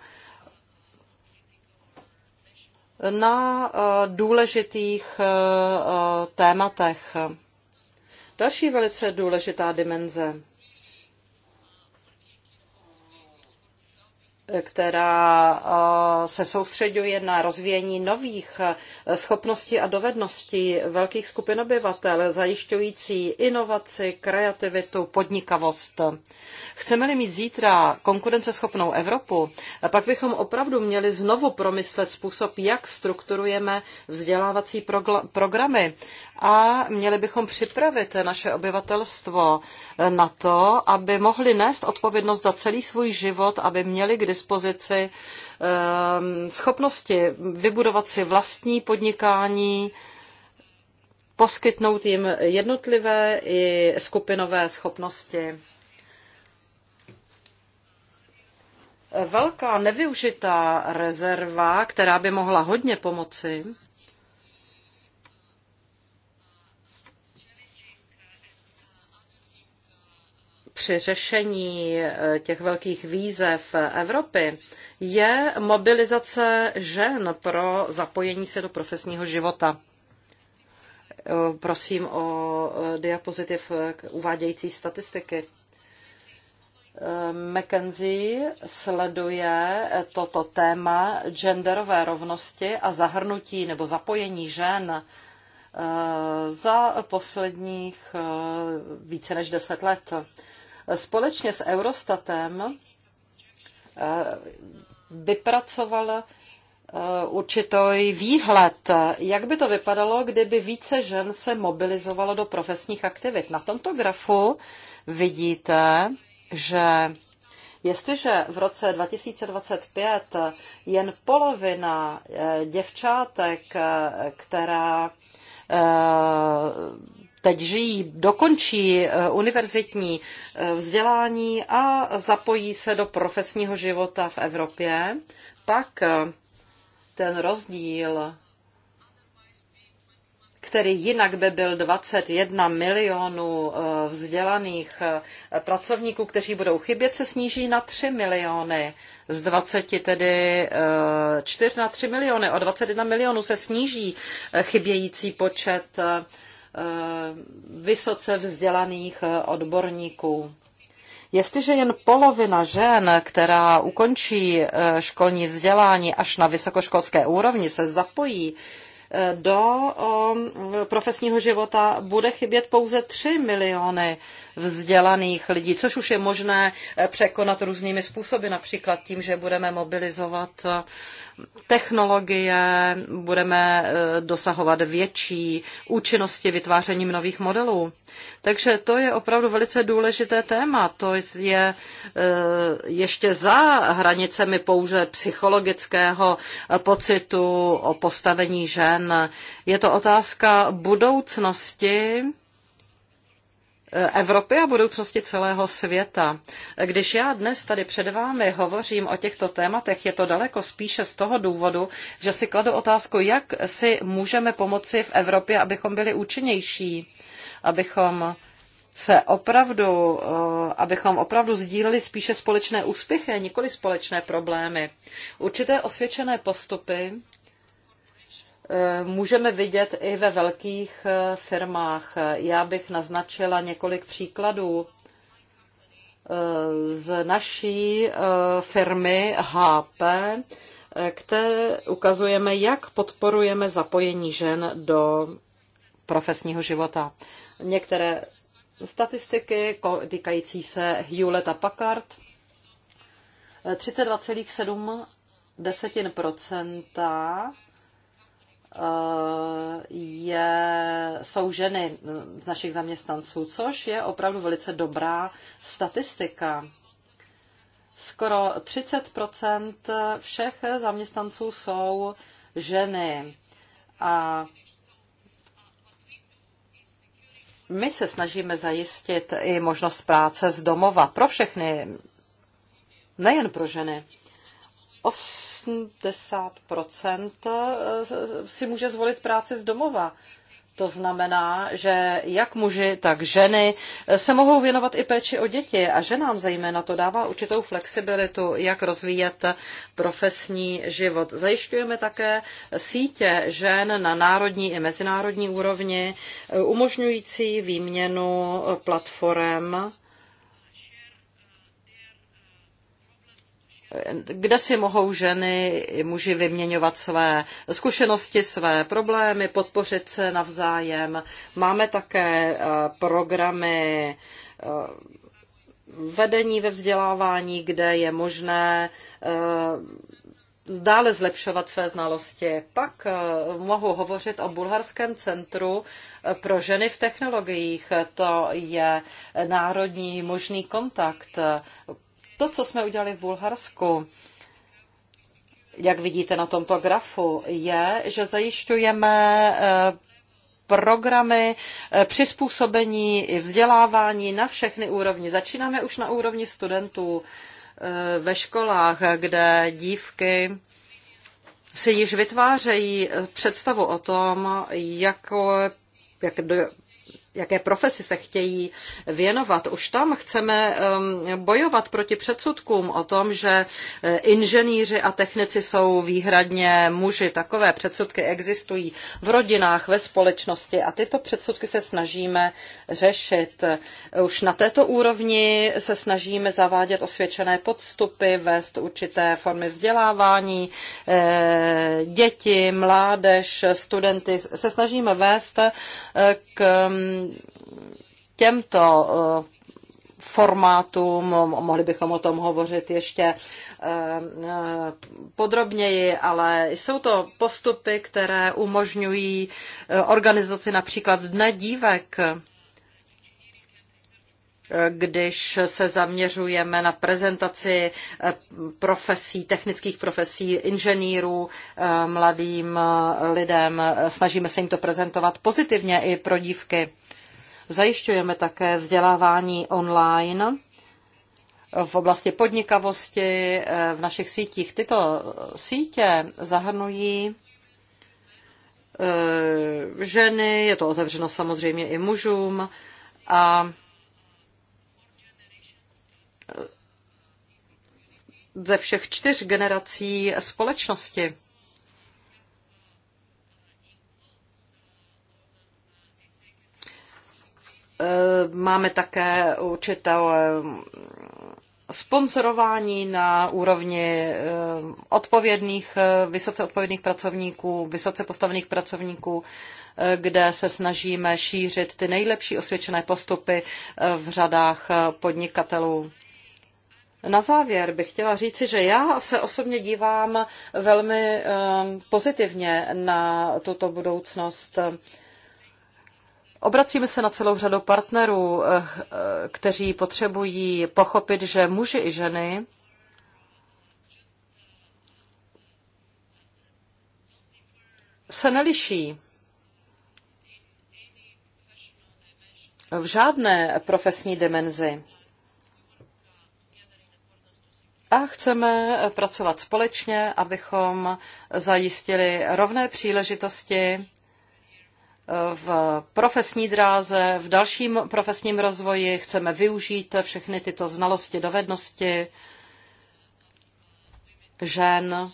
na uh, důležitých uh, uh, tématech. Další velice důležitá dimenze která eh, se soustředuje na rozvíjení nových eh, schopností a dovedností velkých skupin obyvatel, zajišťující inovaci, kreativitu, podnikavost. Chceme-li mít zítra konkurenceschopnou Evropu, eh, pak bychom opravdu měli znovu promyslet způsob, jak strukturujeme vzdělávací programy a měli bychom připravit naše obyvatelstvo na to, aby mohli nést odpovědnost za celý svůj život, aby měli k dispozici ehm, schopnosti vybudovat si vlastní podnikání, poskytnout jim jednotlivé i skupinové schopnosti. Velká nevyužitá rezerva, která by mohla hodně pomoci, při řešení eh, těch velkých výzev Evropy je mobilizace žen pro zapojení se do profesního života. Eh, prosím o eh, diapozitiv uvádějící statistiky. McKenzie sleduje toto téma genderové rovnosti a zahrnutí nebo zapojení žen za posledních více než deset let společně s Eurostatem eh, vypracoval eh, určitý výhled, jak by to vypadalo, kdyby více žen se mobilizovalo do profesních aktivit. Na tomto grafu vidíte, že jestliže v roce 2025 jen polovina eh, děvčátek, která teď žijí, dokončí eh, univerzitní eh, vzdělání a zapojí se do profesního života v Evropě, tak eh, ten rozdíl, který jinak by byl 21 milionů vzdělaných pracovníků, kteří budou chybět, se sníží na 3 miliony. Z 20 tedy 4 na 3 miliony. O 21 milionů se sníží chybějící počet Eh, vysoce vzdělaných eh, odborníků. Jestliže jen polovina žen, která ukončí eh, školní vzdělání až na vysokoškolské úrovni, se zapojí do profesního života, bude chybět pouze 3 miliony vzdělaných lidí, což už je možné eh, překonat různými způsoby, například tím, že budeme mobilizovat eh, technologie, budeme eh, dosahovat větší účinnosti vytvářením nových modelů. Takže to je opravdu velice důležité téma. To je ještě za hranicemi pouze psychologického pocitu o postavení žen. Je to otázka budoucnosti Evropy a budoucnosti celého světa. Když já dnes tady před vámi hovořím o těchto tématech, je to daleko spíše z toho důvodu, že si kladu otázku, jak si můžeme pomoci v Evropě, abychom byli účinnější, abychom se opravdu, eh, abychom opravdu sdíleli spíše společné úspěchy, nikoli společné problémy. Určité osvědčené postupy Eh, můžeme vidět i ve velkých eh, firmách. Já bych naznačila několik příkladů eh, z naší firmy HP, které ukazujeme, jak podporujeme zapojení žen do profesního života. Některé statistiky týkající se Hewlett a Packard 32,7 Eh, je, jsou ženy eh, z našich zaměstnanců, což je opravdu velice dobrá statistika. Skoro 30 všech zaměstnanců jsou ženy. A my se snažíme zajistit i možnost práce z domova pro všechny, nejen pro ženy. 80 eh, si může zvolit práci z domova. To znamená, že jak muži, tak ženy eh, se mohou věnovat i péči o děti a ženám zejména to dává určitou flexibilitu, jak rozvíjet profesní život. Zajišťujeme také sítě žen na národní i mezinárodní úrovni, eh, umožňující výměnu platform kde si mohou ženy i muži vyměňovat své zkušenosti, své problémy, podpořit se navzájem. Máme také eh, programy eh, vedení ve vzdělávání, kde je možné eh, dále zlepšovat své znalosti. Pak mohu hovořit o Bulharském centru pro ženy v technologiích. To je národní možný kontakt to, co jsme udělali v Bulharsku, jak vidíte na tomto grafu, je, že zajišťujeme eh, programy eh, přizpůsobení vzdělávání na všechny úrovni. Začínáme už na úrovni studentů eh, ve školách, kde dívky si již vytvářejí představu o tom, jako, jak do, jaké profesi se chtějí věnovat. Už tam chceme um, bojovat proti předsudkům o tom, že eh, inženýři a technici jsou výhradně muži. Takové předsudky existují v rodinách, ve společnosti a tyto předsudky se snažíme řešit. Už na této úrovni se snažíme zavádět osvědčené podstupy, vést určité formy vzdělávání, eh, děti, mládež, studenty. Se snažíme vést eh, k těmto eh, formátům, mohli bychom o tom hovořit ještě eh, eh, podrobněji, ale jsou to postupy, které umožňují organizaci například Dne dívek, když se zaměřujeme na prezentaci profesí, technických profesí inženýrů mladým lidem, snažíme se jim to prezentovat pozitivně i pro dívky. Zajišťujeme také vzdělávání online v oblasti podnikavosti eh, v našich sítích. Tyto sítě zahrnují eh, ženy, je to otevřeno samozřejmě i mužům a eh, ze všech čtyř generací společnosti. Eh, máme také určité eh, sponzorování na úrovni eh, odpovědných, vysoce odpovědných pracovníků, vysoce postavených pracovníků, kde se snažíme šířit ty nejlepší osvědčené postupy v řadách podnikatelů. Na závěr bych chtěla říci, že já se osobně dívám velmi pozitivně na tuto budoucnost Obracíme se na celou řadu partnerů, eh, kteří potřebují pochopit, že muži i ženy se neliší v žádné profesní dimenzi. A chceme pracovat společně, abychom zajistili rovné příležitosti v profesní dráze, v dalším profesním rozvoji. Chceme využít všechny tyto znalosti, dovednosti žen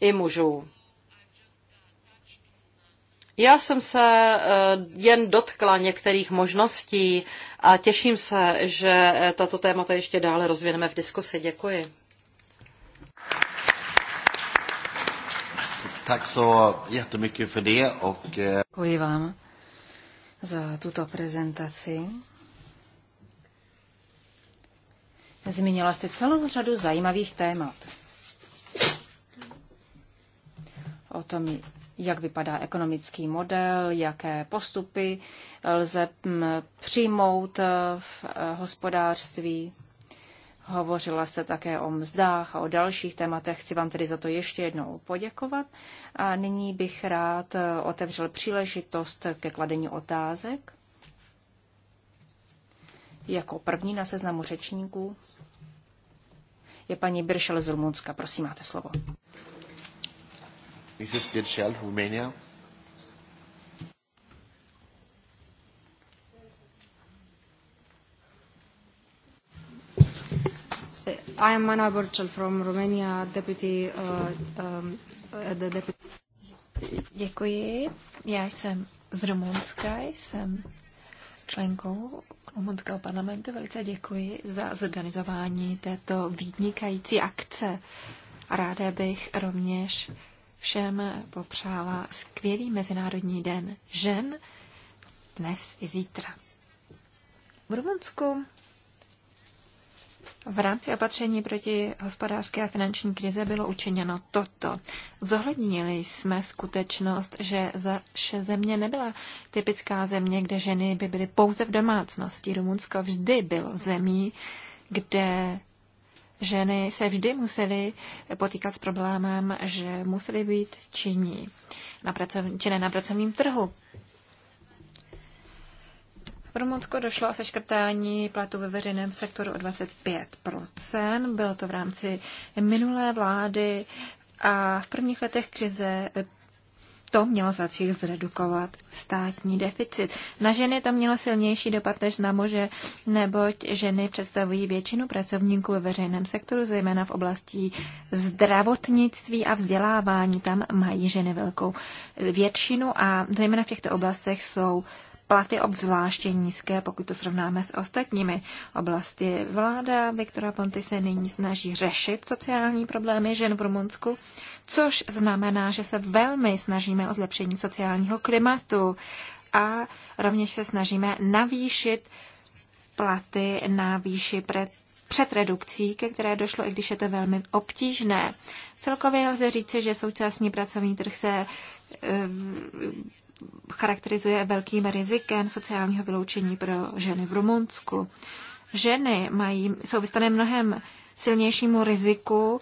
i mužů. Já jsem se eh, jen dotkla některých možností a těším se, že tato témata ještě dále rozvineme v diskusi. Děkuji. Tack så jättemycket för det och... Eh, Děkuji vám za tuto prezentaci. Zmínila jste celou řadu zajímavých témat. O tom, jak vypadá ekonomický model, jaké postupy lze mm, přijmout eh, v eh, hospodářství. Hovořila jste také o mzdách a o dalších tématech. Chci vám tedy za to ještě jednou poděkovat. A nyní bych rád eh, otevřel příležitost ke kladení otázek. Jako první na seznamu řečníků je paní Biršel z Rumunska. Prosím, máte slovo. Mrs. Birchel, Romania. I am Mana Burchel from Romania, deputy, uh, um, uh, the deputy. Děkuji. Já jsem z Rumunska, jsem členkou rumunského parlamentu. Velice děkuji za zorganizování této výnikající akce. Ráda bych rovněž všem popřála skvělý Mezinárodní den žen dnes i zítra. V Rumunsku v rámci opatření proti hospodářské a finanční krize bylo učiněno toto. Zohlednili jsme skutečnost, že zaše země nebyla typická země, kde ženy by byly pouze v domácnosti. Rumunsko vždy bylo zemí, kde ženy se vždy musely potýkat s problémem, že musely být činní na pracovní, činné na pracovním trhu. V Rumunsku došlo o seškrtání platů ve veřejném sektoru o 25%. Bylo to v rámci minulé vlády a v prvních letech krize to mělo za cíl zredukovat státní deficit. Na ženy to mělo silnější dopad než na muže, neboť ženy představují většinu pracovníků ve veřejném sektoru, zejména v oblasti zdravotnictví a vzdělávání. Tam mají ženy velkou většinu a zejména v těchto oblastech jsou platy obzvláště nízké, pokud to srovnáme s ostatními oblasti. Vláda Viktora Ponty se nyní snaží řešit sociální problémy žen v Rumunsku, což znamená, že se velmi snažíme o zlepšení sociálního klimatu a rovněž se snažíme navýšit platy na výši před, před redukcí, ke které došlo, i když je to velmi obtížné. Celkově lze říci, že současný pracovní trh se eh, charakterizuje velkým rizikem sociálního vyloučení pro ženy v Rumunsku. Ženy mají, jsou vystané mnohem silnějšímu riziku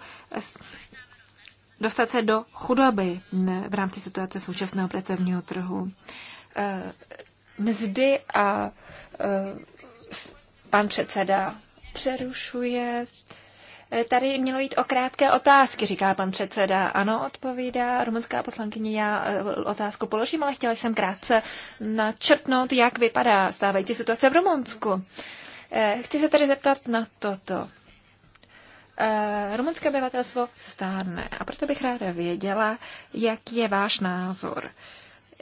dostat se do chudoby v rámci situace současného pracovního trhu. E, mzdy a e, pan předseda přerušuje. Tady mělo jít o krátké otázky, říká pan předseda. Ano, odpovídá rumunská poslankyně, já eh, otázku položím, ale chtěla jsem krátce načrtnout, jak vypadá stávající situace v Rumunsku. Eh, chci se tady zeptat na toto. Eh, rumunské obyvatelstvo stárne a proto bych ráda věděla, jaký je váš názor.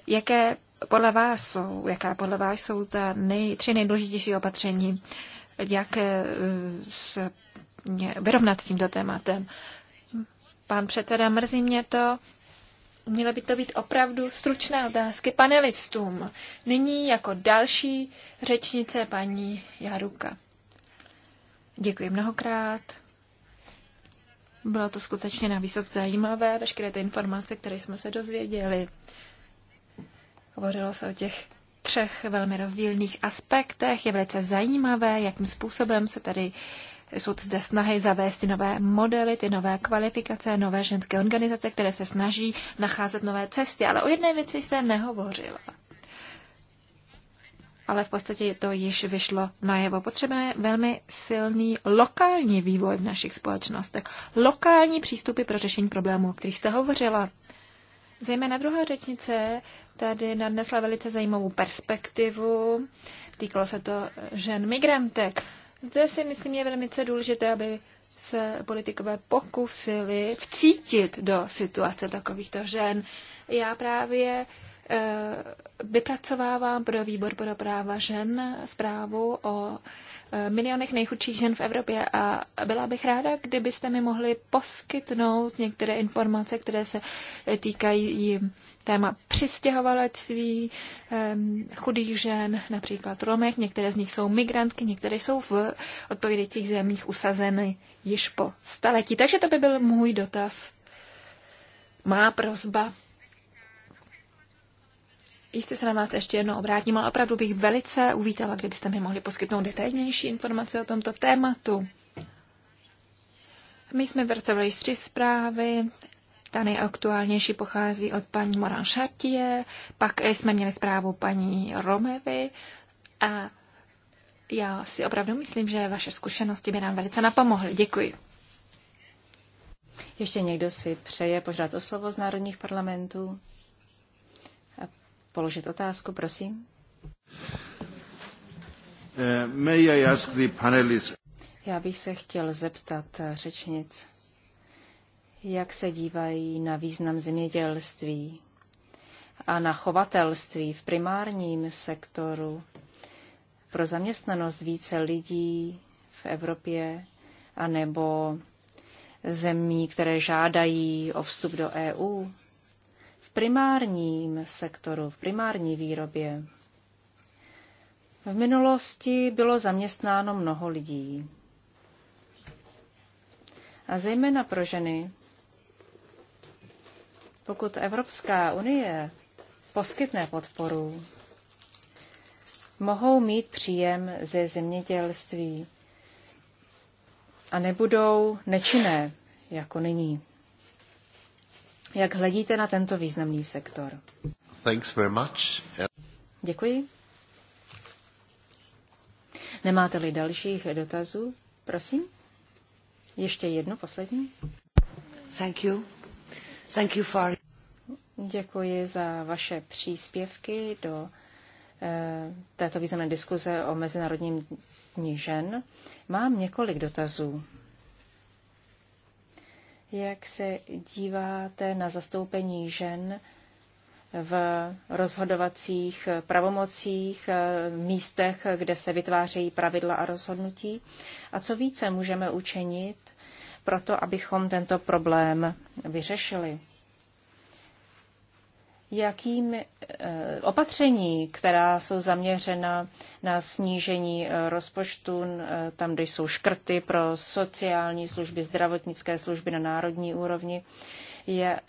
Jaké podle vás jsou, jaká podle vás jsou ta nej, tři nejdůležitější opatření, jak se vyrovnat s tímto tématem. Pan předseda, mrzí mě to. Měly by to být opravdu stručné otázky panelistům. Nyní jako další řečnice paní Jaruka. Děkuji mnohokrát. Bylo to skutečně na vysoce zajímavé, veškeré ty informace, které jsme se dozvěděli. Hovořilo se o těch třech velmi rozdílných aspektech. Je velice zajímavé, jakým způsobem se tady jsou zde snahy zavést ty nové modely, ty nové kvalifikace, nové ženské organizace, které se snaží nacházet nové cesty. Ale o jedné věci jste nehovořila. Ale v podstatě to již vyšlo najevo. Potřebujeme velmi silný lokální vývoj v našich společnostech. Lokální přístupy pro řešení problémů, o kterých jste hovořila. Zejména druhá řečnice tady nadnesla velice zajímavou perspektivu. Týkalo se to žen migrantek. Zde si myslím je velmi důležité, aby se politikové pokusili vcítit do situace takovýchto žen. Já právě eh, vypracovávám pro výbor pro práva žen zprávu o Eh, milionech nejchudších žen v Evropě a byla bych ráda, kdybyste mi mohli poskytnout některé informace, které se týkají téma přistěhovalectví chudých žen, například Romech, některé z nich jsou migrantky, některé jsou v odpovědějících zemích usazeny již po staletí. Takže to by byl můj dotaz, má prozba. Jistě se na vás ještě jednou obrátím, ale opravdu bych velice uvítala, kdybyste mi mohli poskytnout detailnější informace o tomto tématu. My jsme vypracovali tři zprávy. Ta nejaktuálnější pochází od paní Moran Šartie, pak jsme měli zprávu paní Romevy a já si opravdu myslím, že vaše zkušenosti by nám velice napomohly. Děkuji. Ještě někdo si přeje požádat o slovo z národních parlamentů? položit otázku, prosím. Eh, Já bych se chtěl zeptat řečnic, jak se dívají na význam zemědělství a na chovatelství v primárním sektoru pro zaměstnanost více lidí v Evropě anebo zemí, které žádají o vstup do EU primárním sektoru, v primární výrobě. V minulosti bylo zaměstnáno mnoho lidí. A zejména pro ženy. Pokud Evropská unie poskytne podporu, mohou mít příjem ze zemědělství a nebudou nečinné jako nyní. Jak hledíte na tento významný sektor? Thanks very much. Děkuji. Nemáte-li dalších dotazů? Prosím. Ještě jedno, poslední. Thank you. Thank you for... Děkuji za vaše příspěvky do eh, této významné diskuze o Mezinárodním dní žen. Mám několik dotazů jak se díváte na zastoupení žen v rozhodovacích pravomocích, eh, místech, kde se vytvářejí pravidla a rozhodnutí. A co více můžeme učinit pro to, abychom tento problém vyřešili? Jakým Eh, opatření, která jsou zaměřena na snížení eh, rozpočtu, eh, tam, kde jsou škrty pro sociální služby, zdravotnické služby na národní úrovni, je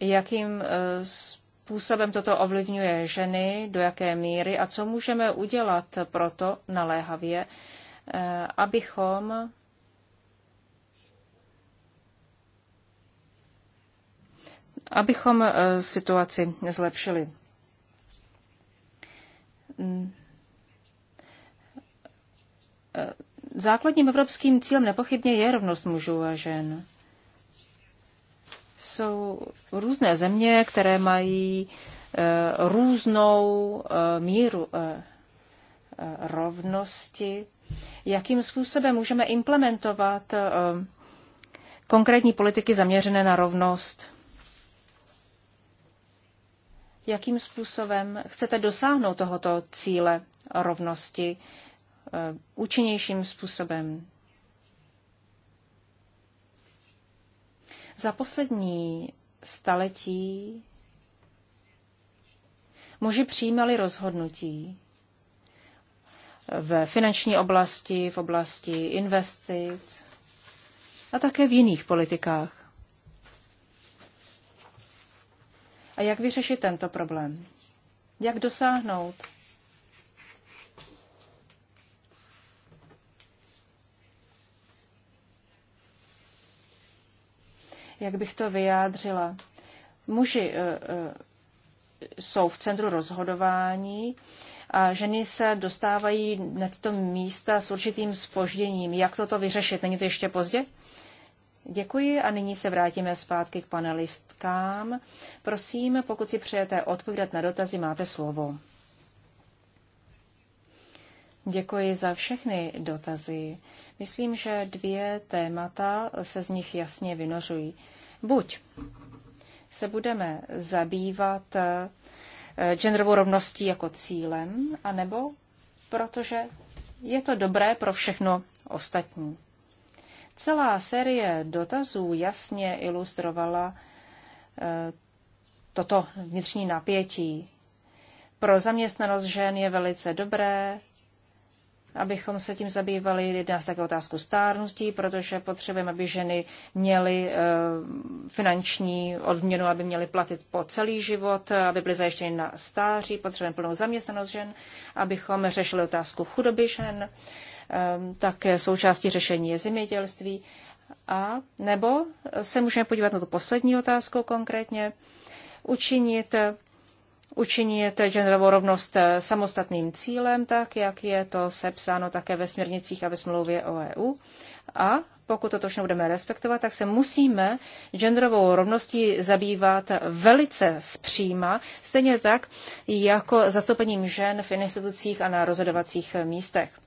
jakým způsobem toto ovlivňuje ženy, do jaké míry a co můžeme udělat proto naléhavě, abychom abychom eh, situaci zlepšili. Mm. Eh, základním evropským cílem nepochybně je rovnost mužů a žen. Jsou různé země, které mají eh, různou míru rovnosti. Jakým způsobem můžeme implementovat konkrétní politiky zaměřené na rovnost? jakým způsobem chcete dosáhnout tohoto cíle rovnosti eh, účinnějším způsobem. Za poslední staletí muži přijímali rozhodnutí v finanční oblasti, v oblasti investic a také v jiných politikách. A jak vyřešit tento problém? Jak dosáhnout jak bych to vyjádřila. Muži eh, eh, jsou v centru rozhodování a ženy se dostávají na tyto místa s určitým spožděním. Jak toto vyřešit? Není to ještě pozdě? Děkuji a nyní se vrátíme zpátky k panelistkám. Prosím, pokud si přejete odpovědět na dotazy, máte slovo. Děkuji za všechny dotazy. Myslím, že dvě témata se z nich jasně vynořují. Buď se budeme zabývat eh, genderovou rovností jako cílem, anebo protože je to dobré pro všechno ostatní. Celá série dotazů jasně ilustrovala eh, toto vnitřní napětí. Pro zaměstnanost žen je velice dobré, abychom se tím zabývali. Jedná se také otázku stárnutí, protože potřebujeme, aby ženy měly eh, finanční odměnu, aby měly platit po celý život, aby byly zajištěny na stáří, potřebujeme plnou zaměstnanost žen, abychom řešili otázku chudoby žen, Ehm, také součástí řešení je zemědělství. A nebo se můžeme podívat na tu poslední otázku konkrétně, učinit, učinit genderovou rovnost eh, samostatným cílem, tak jak je to sepsáno také ve směrnicích a ve smlouvě o EU. A pokud toto všechno budeme respektovat, tak se musíme genderovou rovností zabývat velice zpříma, stejně tak jako zastoupením žen v institucích a na rozhodovacích místech.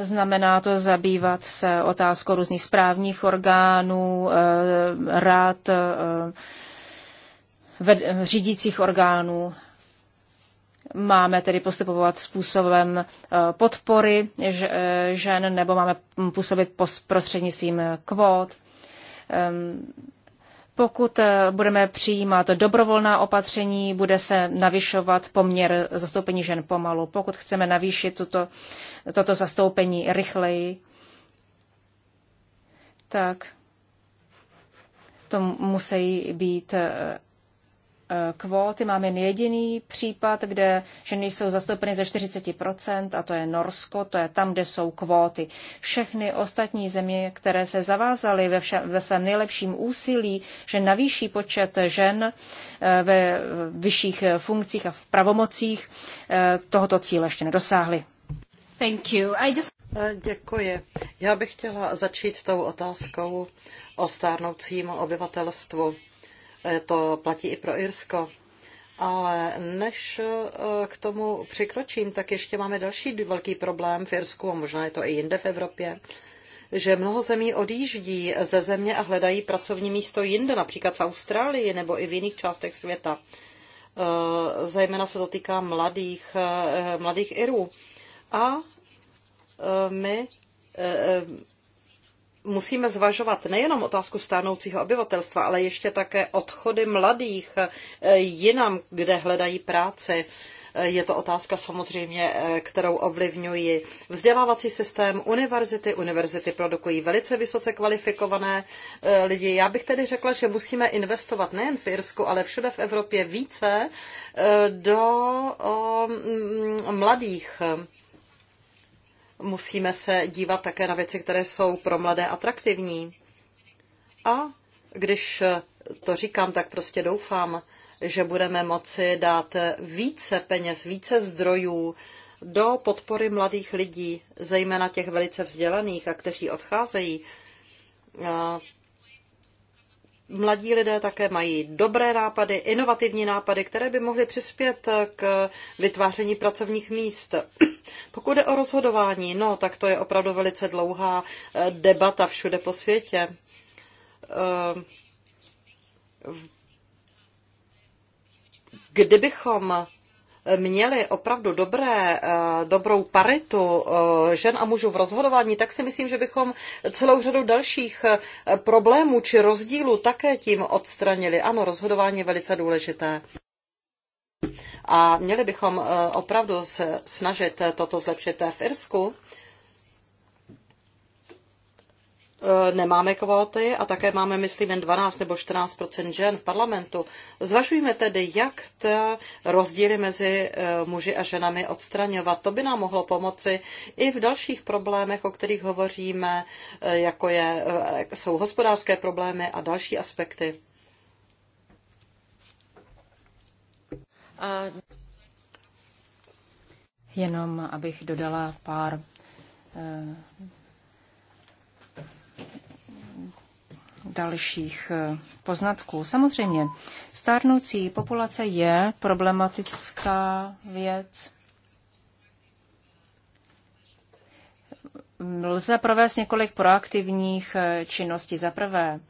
Znamená to zabývat se otázkou různých správních orgánů, eh, rád, eh, řídících orgánů. Máme tedy postupovat způsobem eh, podpory žen nebo máme působit prostřednictvím kvót ehm, pokud eh, budeme přijímat dobrovolná opatření, bude se navyšovat poměr zastoupení žen pomalu. Pokud chceme navýšit tuto, toto zastoupení rychleji, tak to musí být eh, kvóty. máme jen jediný případ, kde ženy jsou zastoupeny ze 40%, a to je Norsko, to je tam, kde jsou kvóty. Všechny ostatní země, které se zavázaly ve, vše, ve svém nejlepším úsilí, že navýší počet žen eh, ve vyšších eh, funkcích a v pravomocích, eh, tohoto cíle ještě nedosáhly. Thank you. I just... Děkuji. Já bych chtěla začít tou otázkou o stárnoucím obyvatelstvu. Eh, to platí i pro Irsko. Ale než eh, k tomu přikročím, tak ještě máme další velký problém v Irsku a možná je to i jinde v Evropě že mnoho zemí odjíždí ze země a hledají pracovní místo jinde, například v Austrálii nebo i v jiných částech světa. Eh, zejména se to týká mladých, mladých Irů. A my musíme zvažovat nejenom otázku stárnoucího obyvatelstva, ale ještě také odchody mladých eh, jinam, kde hledají práci. Eh, je to otázka samozřejmě, eh, kterou ovlivňují vzdělávací systém, univerzity. Univerzity produkují velice vysoce kvalifikované lidi. Já bych tedy řekla, že musíme investovat nejen v Irsku, ale všude v Evropě více do mm, mladých Musíme se dívat také na věci, které jsou pro mladé atraktivní. A když to říkám, tak prostě doufám, že budeme moci dát více peněz, více zdrojů do podpory mladých lidí, zejména těch velice vzdělaných a kteří odcházejí Mladí lidé také mají dobré nápady, inovativní nápady, které by mohly přispět k vytváření pracovních míst. *clears throat* Pokud jde o rozhodování, no, tak to je opravdu velice dlouhá eh, debata všude po světě. Eh, kdybychom měli opravdu dobré, eh, dobrou paritu eh, žen a mužů v rozhodování, tak si myslím, že bychom celou řadu dalších eh, problémů či rozdílů také tím odstranili. Ano, rozhodování je velice důležité. A měli bychom opravdu se snažit toto zlepšit v Irsku E, nemáme kvóty a také máme, myslím, jen 12 nebo 14 žen v parlamentu. Zvažujeme tedy, jak ta rozdíly mezi e, muži a ženami odstraňovat. To by nám mohlo pomoci i v dalších problémech, o kterých hovoříme, e, jako je, jsou hospodářské problémy a další aspekty. Jenom abych dodala pár dalších eh, poznatků. Samozřejmě, stárnoucí populace je problematická věc. Lze provést několik proaktivních eh, činností. Za prvé,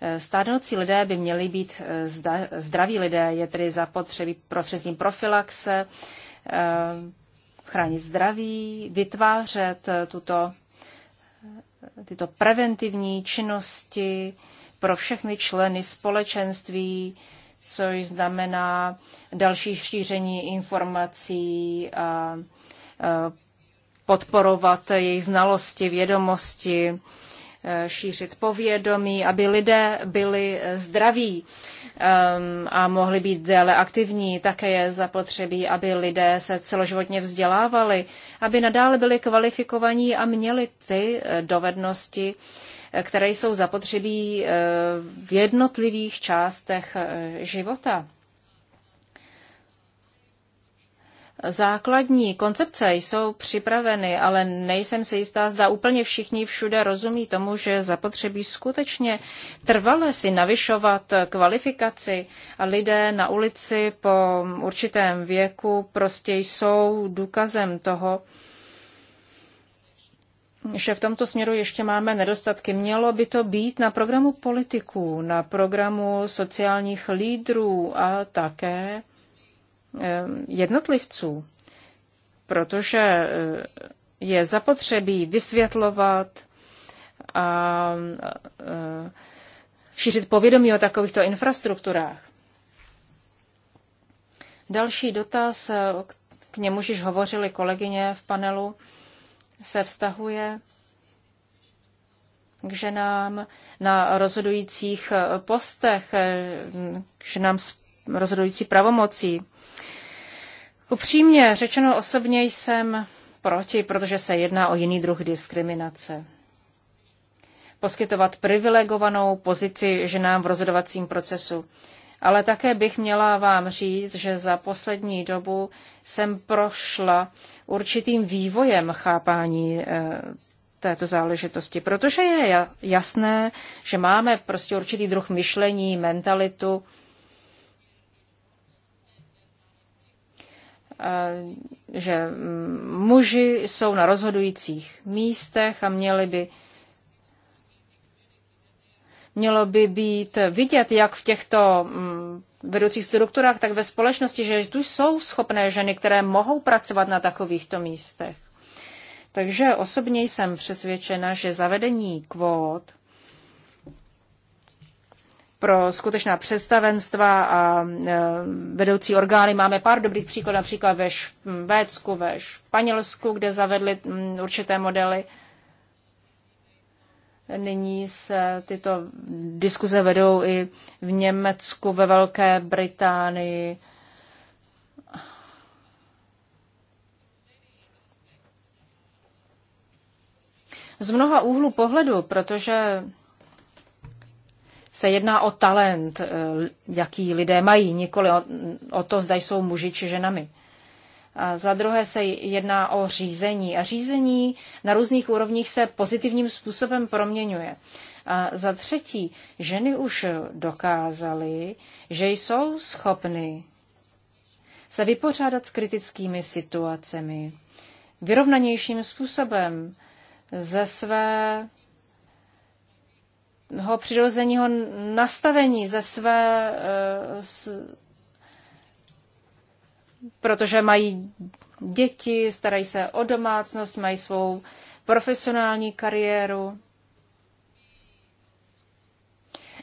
eh, Stárnoucí lidé by měli být zda, zdraví lidé, je tedy zapotřebí prostřednictvím profilaxe chránit zdraví, vytvářet tuto tyto preventivní činnosti pro všechny členy společenství, což znamená další šíření informací a podporovat jejich znalosti, vědomosti, šířit povědomí, aby lidé byli zdraví um, a mohli být déle aktivní. Také je zapotřebí, aby lidé se celoživotně vzdělávali, aby nadále byli kvalifikovaní a měli ty eh, dovednosti, eh, které jsou zapotřebí eh, v jednotlivých částech života. Základní koncepce jsou připraveny, ale nejsem si jistá, zda úplně všichni všude rozumí tomu, že zapotřebí skutečně trvale si navyšovat kvalifikaci a lidé na ulici po určitém věku prostě jsou důkazem toho, že v tomto směru ještě máme nedostatky. Mělo by to být na programu politiků, na programu sociálních lídrů a také Eh, jednotlivců, protože eh, je zapotřebí vysvětlovat a eh, šířit povědomí o takovýchto infrastrukturách. Další dotaz, k němuž již hovořili kolegyně v panelu, se vztahuje k ženám na rozhodujících postech, k ženám s rozhodující pravomocí. Upřímně řečeno osobně jsem proti, protože se jedná o jiný druh diskriminace. Poskytovat privilegovanou pozici ženám v rozhodovacím procesu. Ale také bych měla vám říct, že za poslední dobu jsem prošla určitým vývojem chápání eh, této záležitosti, protože je jasné, že máme prostě určitý druh myšlení, mentalitu, Eh, že mm, muži jsou na rozhodujících místech a měli by mělo by být vidět, jak v těchto mm, vedoucích strukturách, tak ve společnosti, že tu jsou schopné ženy, které mohou pracovat na takovýchto místech. Takže osobně jsem přesvědčena, že zavedení kvót pro skutečná představenstva a e, vedoucí orgány. Máme pár dobrých příkladů, například ve Švédsku, ve Španělsku, kde zavedli určité modely. Nyní se tyto diskuze vedou i v Německu, ve Velké Británii. Z mnoha úhlu pohledu, protože se jedná o talent, eh, jaký lidé mají, nikoli o, o to, zda jsou muži či ženami. A za druhé se jedná o řízení. A řízení na různých úrovních se pozitivním způsobem proměňuje. A za třetí, ženy už dokázaly, že jsou schopny se vypořádat s kritickými situacemi vyrovnanějším způsobem ze své ho přirozeního nastavení ze své, eh, s, protože mají děti, starají se o domácnost, mají svou profesionální kariéru.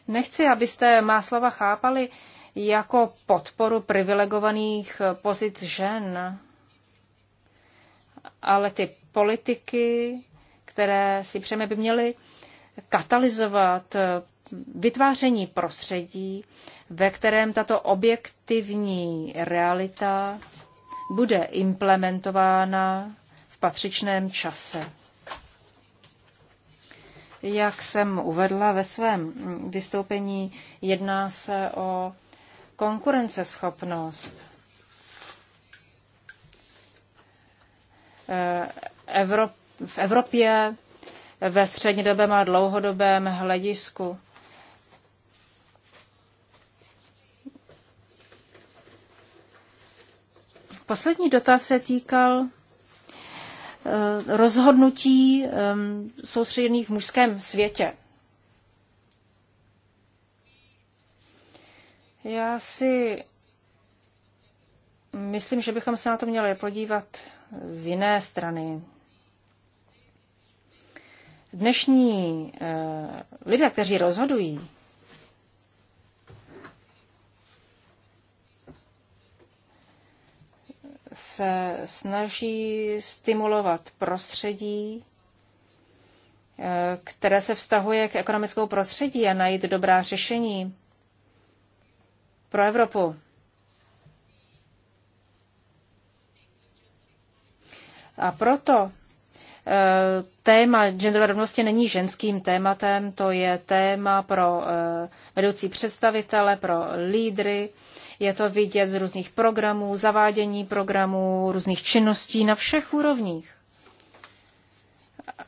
Nechci, abyste má slova chápali jako podporu privilegovaných pozic žen, ale ty politiky, které si přejeme, by měly katalyzovat eh, vytváření prostředí, ve kterém tato objektivní realita bude implementována v patřičném čase. Jak jsem uvedla ve svém vystoupení, jedná se o konkurenceschopnost. Eh, Evrop, v Evropě ve střednědobém a dlouhodobém hledisku. Poslední dotaz se týkal eh, rozhodnutí soustředěných v mužském světě. Já si myslím, že bychom se na to měli podívat z jiné strany, dnešní eh, lidé, kteří rozhodují, se snaží stimulovat prostředí, eh, které se vztahuje k ekonomickou prostředí a najít dobrá řešení pro Evropu. A proto Eh, téma genderové rovnosti není ženským tématem, to je téma pro eh, vedoucí představitele, pro lídry. Je to vidět z různých programů, zavádění programů, různých činností na všech úrovních.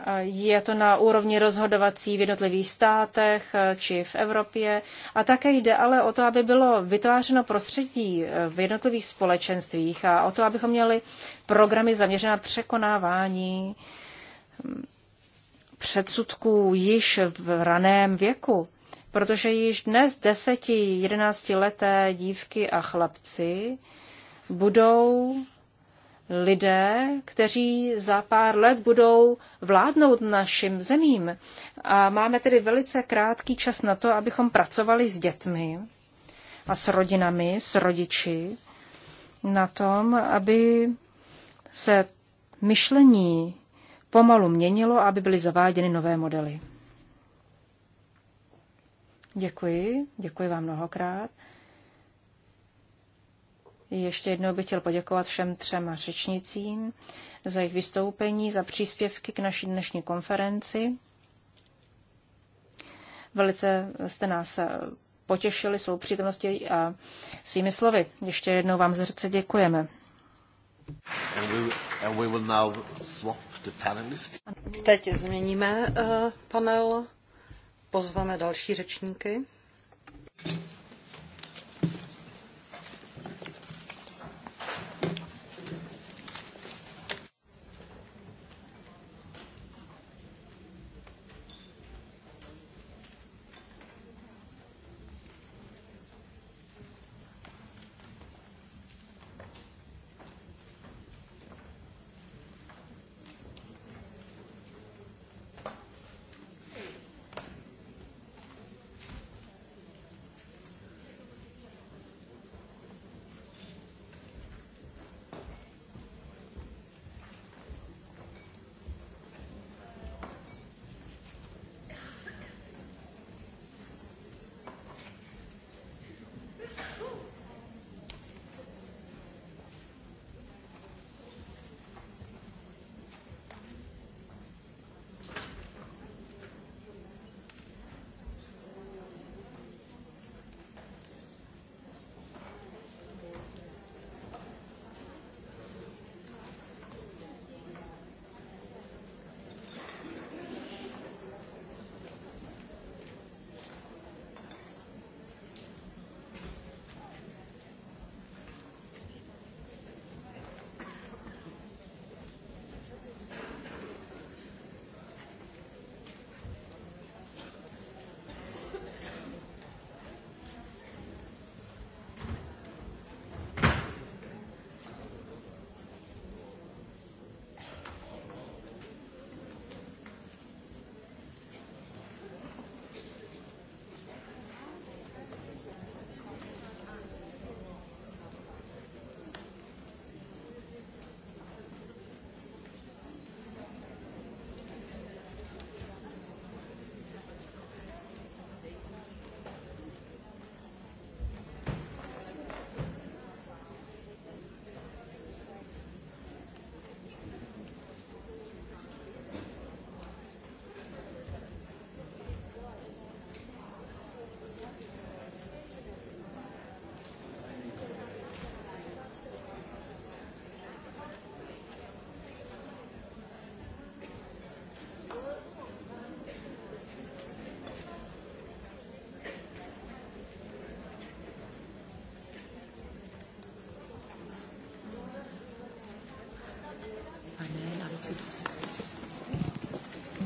Eh, je to na úrovni rozhodovací v jednotlivých státech či v Evropě. A také jde ale o to, aby bylo vytvářeno prostředí v jednotlivých společenstvích a o to, abychom měli programy zaměřené na překonávání uh, předsudků již v raném věku, protože již dnes deseti, jedenáctileté dívky a chlapci budou lidé, kteří za pár let budou vládnout našim zemím. A máme tedy velice krátký čas na to, abychom pracovali s dětmi a s rodinami, s rodiči, na tom, aby se myšlení pomalu měnilo, aby byly zaváděny nové modely. Děkuji, děkuji vám mnohokrát. Ještě jednou bych chtěl poděkovat všem třem řečnicím za jejich vystoupení, za příspěvky k naší dnešní konferenci. Velice jste nás potěšili svou přítomností a svými slovy. Ještě jednou vám z děkujeme. And we, and we Teď změníme eh, panel, pozveme další řečníky.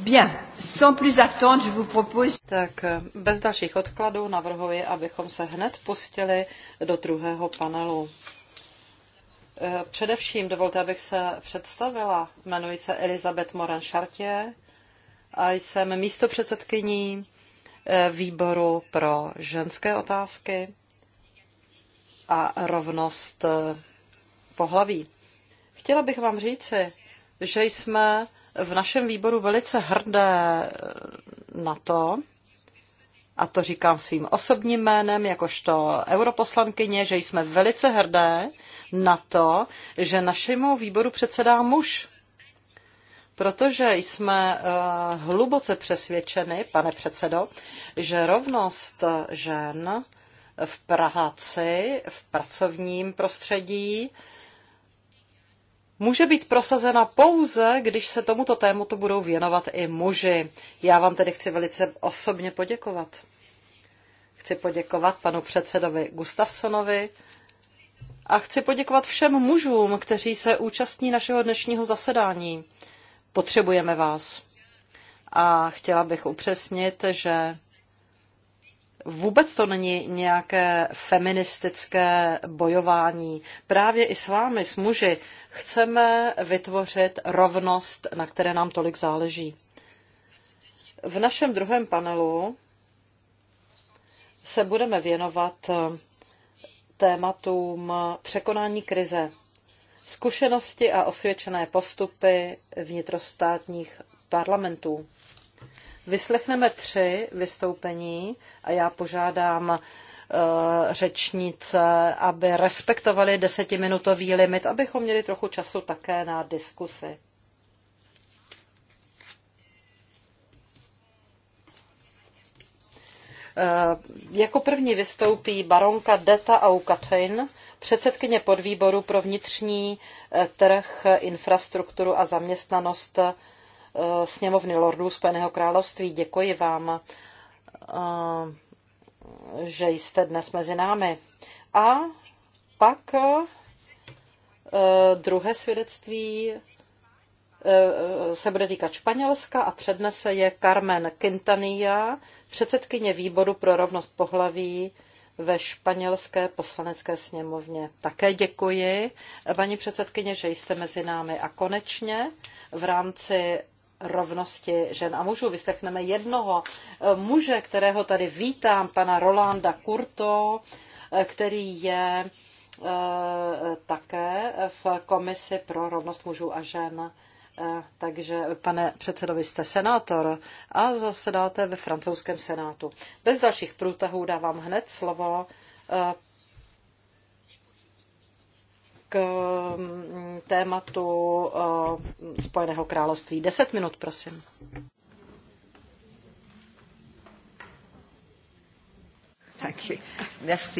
Bien, sans plus attendre, je vous propose... Tak bez dalších odkladů navrhuji, abychom se hned pustili do druhého panelu. Eh, především dovolte, abych se představila. Jmenuji se Elizabeth Moran Chartier a jsem místopředsedkyní eh, výboru pro ženské otázky a rovnost eh, pohlaví. Chtěla bych vám říci, že jsme v našem výboru velice hrdé eh, na to, a to říkám svým osobním jménem, jakožto europoslankyně, že jsme velice hrdé na to, že našemu výboru předsedá muž. Protože jsme eh, hluboce přesvědčeni, pane předsedo, že rovnost žen v práci, v pracovním prostředí, může být prosazena pouze, když se tomuto tématu budou věnovat i muži. Já vám tedy chci velice osobně poděkovat. Chci poděkovat panu předsedovi Gustafsonovi a chci poděkovat všem mužům, kteří se účastní našeho dnešního zasedání. Potřebujeme vás. A chtěla bych upřesnit, že Vůbec to není nějaké feministické bojování. Právě i s vámi, s muži, chceme vytvořit rovnost, na které nám tolik záleží. V našem druhém panelu se budeme věnovat tématům překonání krize, zkušenosti a osvědčené postupy vnitrostátních parlamentů. Vyslechneme tři vystoupení a já požádám eh, řečnice, aby respektovali desetiminutový limit, abychom měli trochu času také na diskusy. Eh, jako první vystoupí baronka Deta Aukatin, předsedkyně podvýboru pro vnitřní eh, trh, infrastrukturu a zaměstnanost Eh, sněmovny lordů Spojeného království. Děkuji vám, eh, že jste dnes mezi námi. A pak eh, druhé svědectví se bude týkat Španělska a přednese je Carmen Quintanilla, předsedkyně výboru pro rovnost pohlaví ve španělské poslanecké sněmovně. Také děkuji, paní předsedkyně, že jste mezi námi. A konečně v rámci rovnosti žen a mužů. Vyslechneme jednoho muže, kterého tady vítám, pana Rolanda Kurto, který je eh, také v komisi pro rovnost mužů a žen. Eh, takže, pane předsedovi, jste senátor a zasedáte ve francouzském senátu. Bez dalších průtahů dávám hned slovo eh, Mm, tématu eh, Spojeného království. Deset minut, prosím.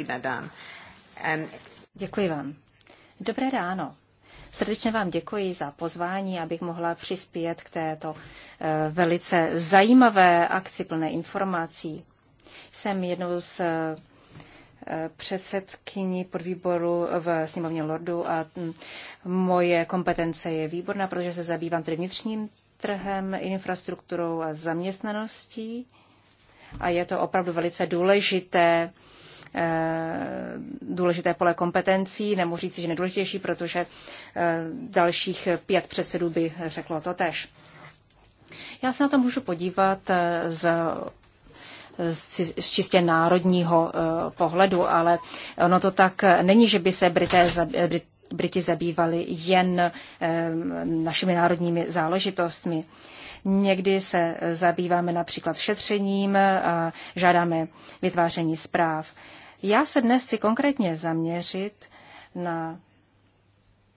Um, děkuji vám. Dobré ráno. Srdečně vám děkuji za pozvání, abych mohla přispět k této eh, velice zajímavé akci plné informací. Jsem jednou z eh, předsedkyni podvýboru v sněmovně Lordu a mm, moje kompetence je výborná, protože se zabývám tedy vnitřním trhem, infrastrukturou a zaměstnaností. A je to opravdu velice důležité, eh, důležité pole kompetencí, nemůžu říct, že nedůležitější, protože eh, dalších pět předsedů by řeklo to tež. Já se na to můžu podívat eh, z z čistě národního eh, pohledu, ale ono to tak není, že by se Brité, Briti zabývali jen eh, našimi národními záležitostmi. Někdy se zabýváme například šetřením a žádáme vytváření zpráv. Já se dnes chci konkrétně zaměřit na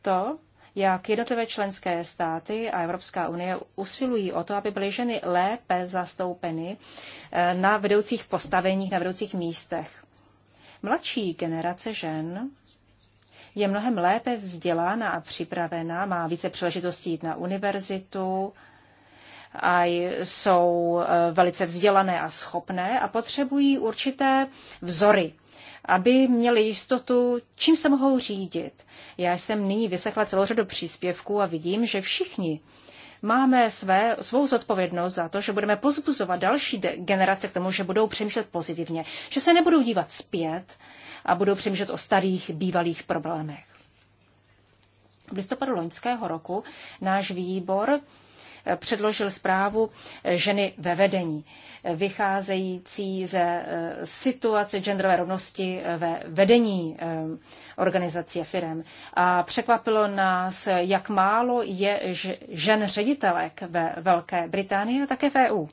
to, jak jednotlivé členské státy a Evropská unie usilují o to, aby byly ženy lépe zastoupeny eh, na vedoucích postaveních, na vedoucích místech. Mladší generace žen je mnohem lépe vzdělána a připravená, má více příležitostí jít na univerzitu, a jsou eh, velice vzdělané a schopné a potřebují určité vzory, aby měli jistotu, čím se mohou řídit. Já jsem nyní vyslechla celou řadu příspěvků a vidím, že všichni máme své, svou zodpovědnost za to, že budeme pozbuzovat další generace k tomu, že budou přemýšlet pozitivně, že se nebudou dívat zpět a budou přemýšlet o starých bývalých problémech. V listopadu loňského roku náš výbor eh, předložil zprávu eh, ženy ve vedení vycházející ze eh, situace genderové rovnosti eh, ve vedení eh, organizací a firm. A překvapilo nás, jak málo je žen ředitelek ve Velké Británii a také v EU.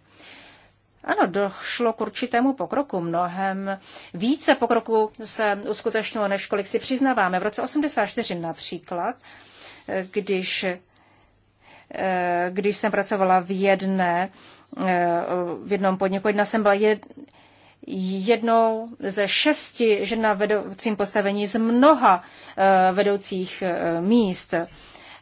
Ano, došlo k určitému pokroku. Mnohem více pokroku se uskutečnilo, než kolik si přiznáváme. V roce 84 například, když, když jsem pracovala v jedné v jednom podniku. Jedna jsem byla jednou ze šesti žen na vedoucím postavení z mnoha eh, vedoucích eh, míst.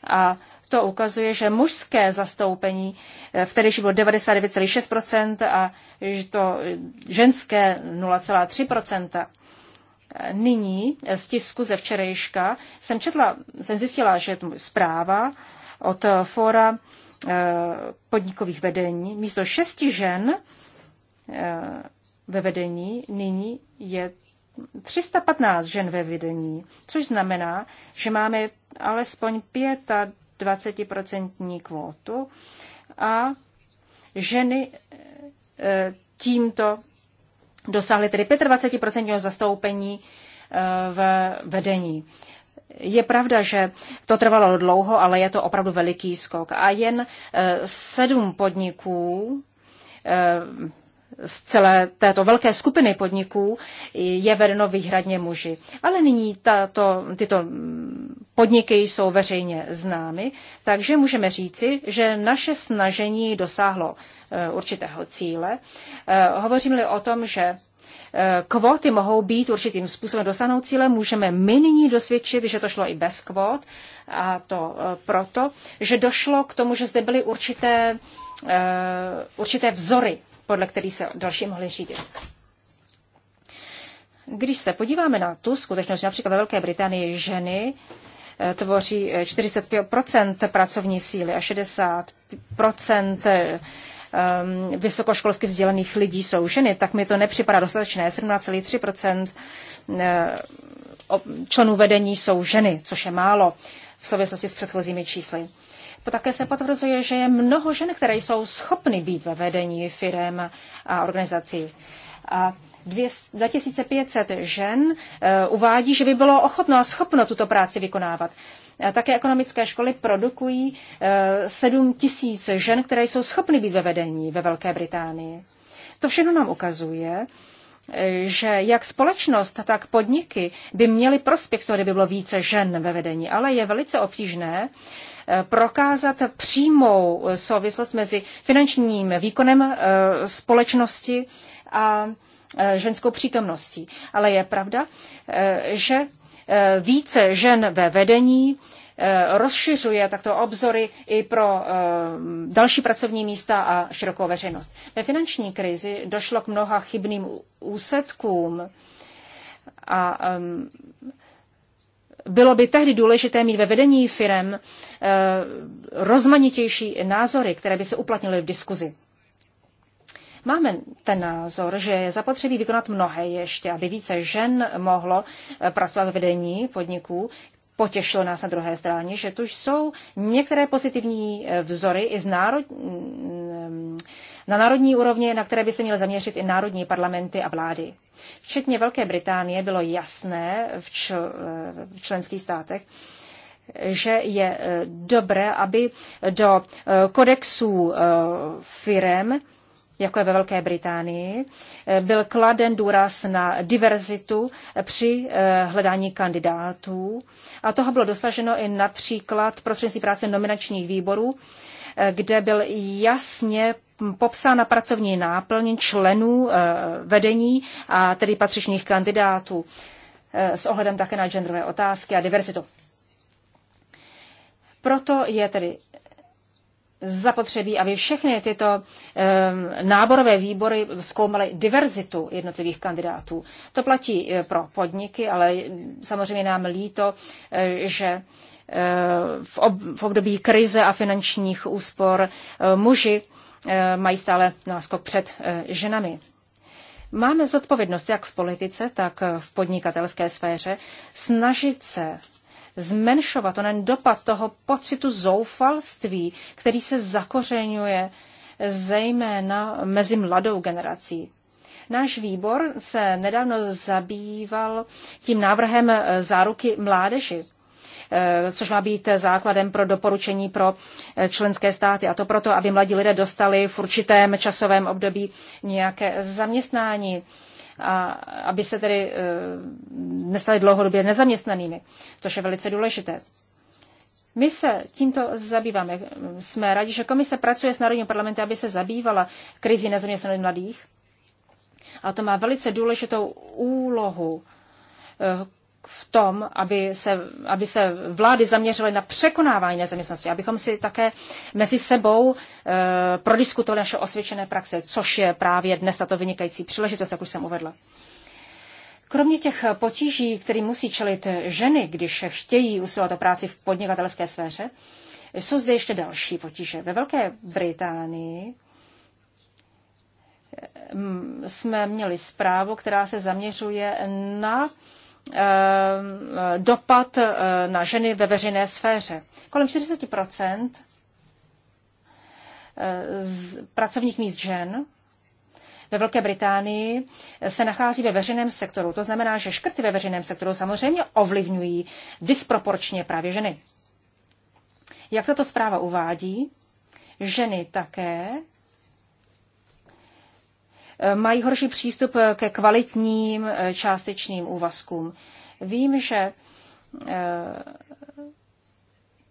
A to ukazuje, že mužské zastoupení eh, v tedyž bylo 99,6% a že to ženské 0,3%. Nyní z tisku ze včerejška jsem, četla, jsem zjistila, že je to zpráva od fóra Eh, podnikových vedení. Místo šesti žen eh, ve vedení nyní je 315 žen ve vedení, což znamená, že máme alespoň 25% kvótu a ženy eh, tímto dosáhly tedy 25% zastoupení v vedení. Je pravda, že to trvalo dlouho, ale je to opravdu veliký skok. A jen eh, sedm podniků eh, z celé této velké skupiny podniků je vedeno výhradně muži. Ale nyní tato, tyto podniky jsou veřejně známy, takže můžeme říci, že naše snažení dosáhlo eh, určitého cíle. Eh, Hovořím-li o tom, že eh, kvóty mohou být určitým způsobem dosáhnout cíle, můžeme my nyní dosvědčit, že to šlo i bez kvót a to proto, že došlo k tomu, že zde byly určité, určité vzory podle kterých se další mohli řídit. Když se podíváme na tu skutečnost, že například ve Velké Británii ženy eh, tvoří 45 eh, pracovní síly a 60 eh, ehm, vysokoškolsky vzdělaných lidí jsou ženy, tak mi to nepřipadá dostatečné. 17,3 členů vedení jsou ženy, což je málo v souvislosti s předchozími čísly. Také se potvrzuje, že je mnoho žen, které jsou schopny být ve vedení firm a organizací. A 2500 žen e, uvádí, že by bylo ochotno a schopno tuto práci vykonávat. Také ekonomické školy produkují 7 e, tisíc žen, které jsou schopny být ve vedení ve Velké Británii. To všechno nám ukazuje, e, že jak společnost, tak podniky by měly prospěch, kdyby bylo více žen ve vedení, ale je velice obtížné prokázat přímou souvislost mezi finančním výkonem eh, společnosti a eh, ženskou přítomností. Ale je pravda, eh, že více žen ve vedení rozšiřuje takto obzory i pro další pracovní místa a širokou veřejnost. Ve finanční krizi došlo k mnoha chybným úsetkům a bylo by tehdy důležité mít ve vedení firem eh, rozmanitější názory, které by se uplatnily v diskuzi. Máme ten názor, že je zapotřebí vykonat mnohé ještě, aby více žen mohlo eh, pracovat ve vedení podniků, Potěšilo nás na druhé straně, že tu jsou některé pozitivní eh, vzory i z národ... Mm, na národní úrovni, na které by se měly zaměřit i národní parlamenty a vlády. Včetně Velké Británie bylo jasné v, čl... Eh, v členských státech, že je eh, dobré, aby do kodexů firem jako je ve Velké Británii, eh, byl kladen důraz na diverzitu eh, při eh, hledání kandidátů. A toho bylo dosaženo i například prostřednictví práce nominačních výborů, kde byl jasně popsána pracovní náplň členů vedení a tedy patřičních kandidátů s ohledem také na genderové otázky a diverzitu. Proto je tedy zapotřebí, aby všechny tyto náborové výbory zkoumaly diverzitu jednotlivých kandidátů. To platí e, pro podniky, ale e, samozřejmě nám líto, e, že v období krize a finančních úspor muži mají stále náskok před ženami. Máme zodpovědnost jak v politice, tak v podnikatelské sféře snažit se zmenšovat onen dopad toho pocitu zoufalství, který se zakořenuje zejména mezi mladou generací. Náš výbor se nedávno zabýval tím návrhem eh, záruky mládeži, eh, což má být základem pro doporučení pro eh, členské státy. A to proto, aby mladí lidé dostali v určitém časovém období nějaké zaměstnání a aby se tedy e, nestali dlouhodobě nezaměstnanými, což je velice důležité. My se tímto zabýváme. Jsme rádi, že komise pracuje s Národním parlamentem, aby se zabývala krizí nezaměstnaných mladých. A to má velice důležitou úlohu v tom, aby se, aby se vlády zaměřily na překonávání nezaměstnanosti, abychom si také mezi sebou e, prodiskutovali naše osvědčené praxe, což je právě dnes tato vynikající příležitost, jak už jsem uvedla. Kromě těch potíží, které musí čelit ženy, když chtějí usilovat o práci v podnikatelské sféře, jsou zde ještě další potíže. Ve Velké Británii eh, jsme měli zprávu, která se zaměřuje na Eh, dopad eh, na ženy ve veřejné sféře. Kolem 40 eh, z pracovních míst žen ve Velké Británii se nachází ve veřejném sektoru. To znamená, že škrty ve veřejném sektoru samozřejmě ovlivňují disproporčně právě ženy. Jak tato zpráva uvádí, ženy také mají horší přístup ke kvalitním eh, částečným úvazkům. Vím, že eh,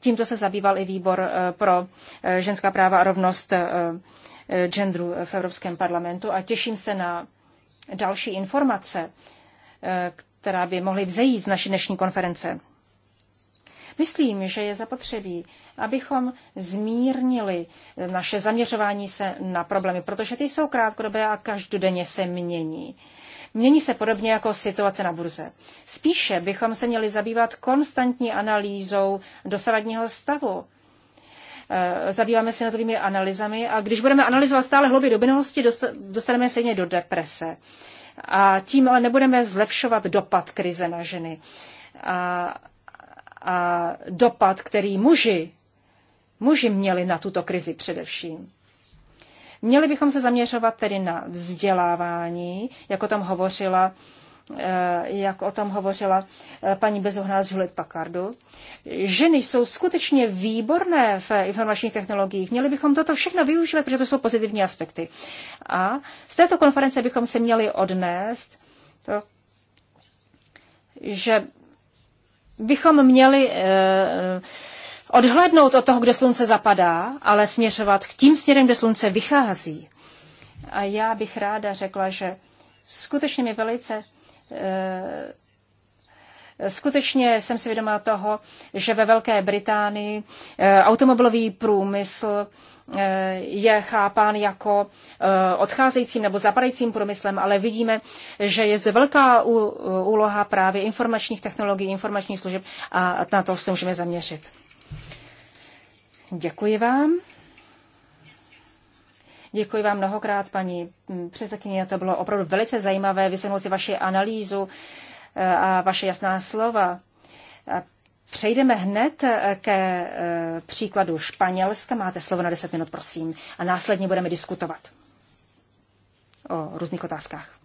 tímto se zabýval i výbor eh, pro ženská práva a rovnost genderu v Evropském parlamentu a těším se na další informace, která by mohly vzejít z naší dnešní konference. Myslím, že je zapotřebí, abychom zmírnili eh, naše zaměřování se na problémy, protože ty jsou krátkodobé a každodenně se mění. Mění se podobně jako situace na burze. Spíše bychom se měli zabývat konstantní analýzou dosavadního stavu. Eh, zabýváme se jednotlivými analýzami a když budeme analyzovat stále hlouběji do minulosti, dostaneme se jedně do deprese. A tím ale nebudeme zlepšovat dopad krize na ženy. A a dopad, který muži, muži měli na tuto krizi především. Měli bychom se zaměřovat tedy na vzdělávání, jak o tom hovořila eh, jak o tom hovořila eh, paní Bezohná z Hewlett Pakardu. Ženy jsou skutečně výborné v informačních technologiích. Měli bychom toto všechno využívat, protože to jsou pozitivní aspekty. A z této konference bychom se měli odnést to, že bychom měli eh, odhlednout od toho, kde slunce zapadá, ale směřovat k tím směrem, kde slunce vychází. A já bych ráda řekla, že skutečně mi velice eh, Skutečně jsem si vědomá toho, že ve Velké Británii eh, automobilový průmysl je chápán jako eh, odcházejícím nebo zapadajícím průmyslem, ale vidíme, že je zde velká úloha právě informačních technologií, informačních služeb a na to se můžeme zaměřit. Děkuji vám. Děkuji vám mnohokrát, paní předsedkyně. To bylo opravdu velice zajímavé vyslechnout si vaši analýzu eh, a vaše jasná slova. Přejdeme hned eh, ke eh, příkladu Španělska. Máte slovo na 10 minut, prosím. A následně budeme diskutovat o různých otázkách.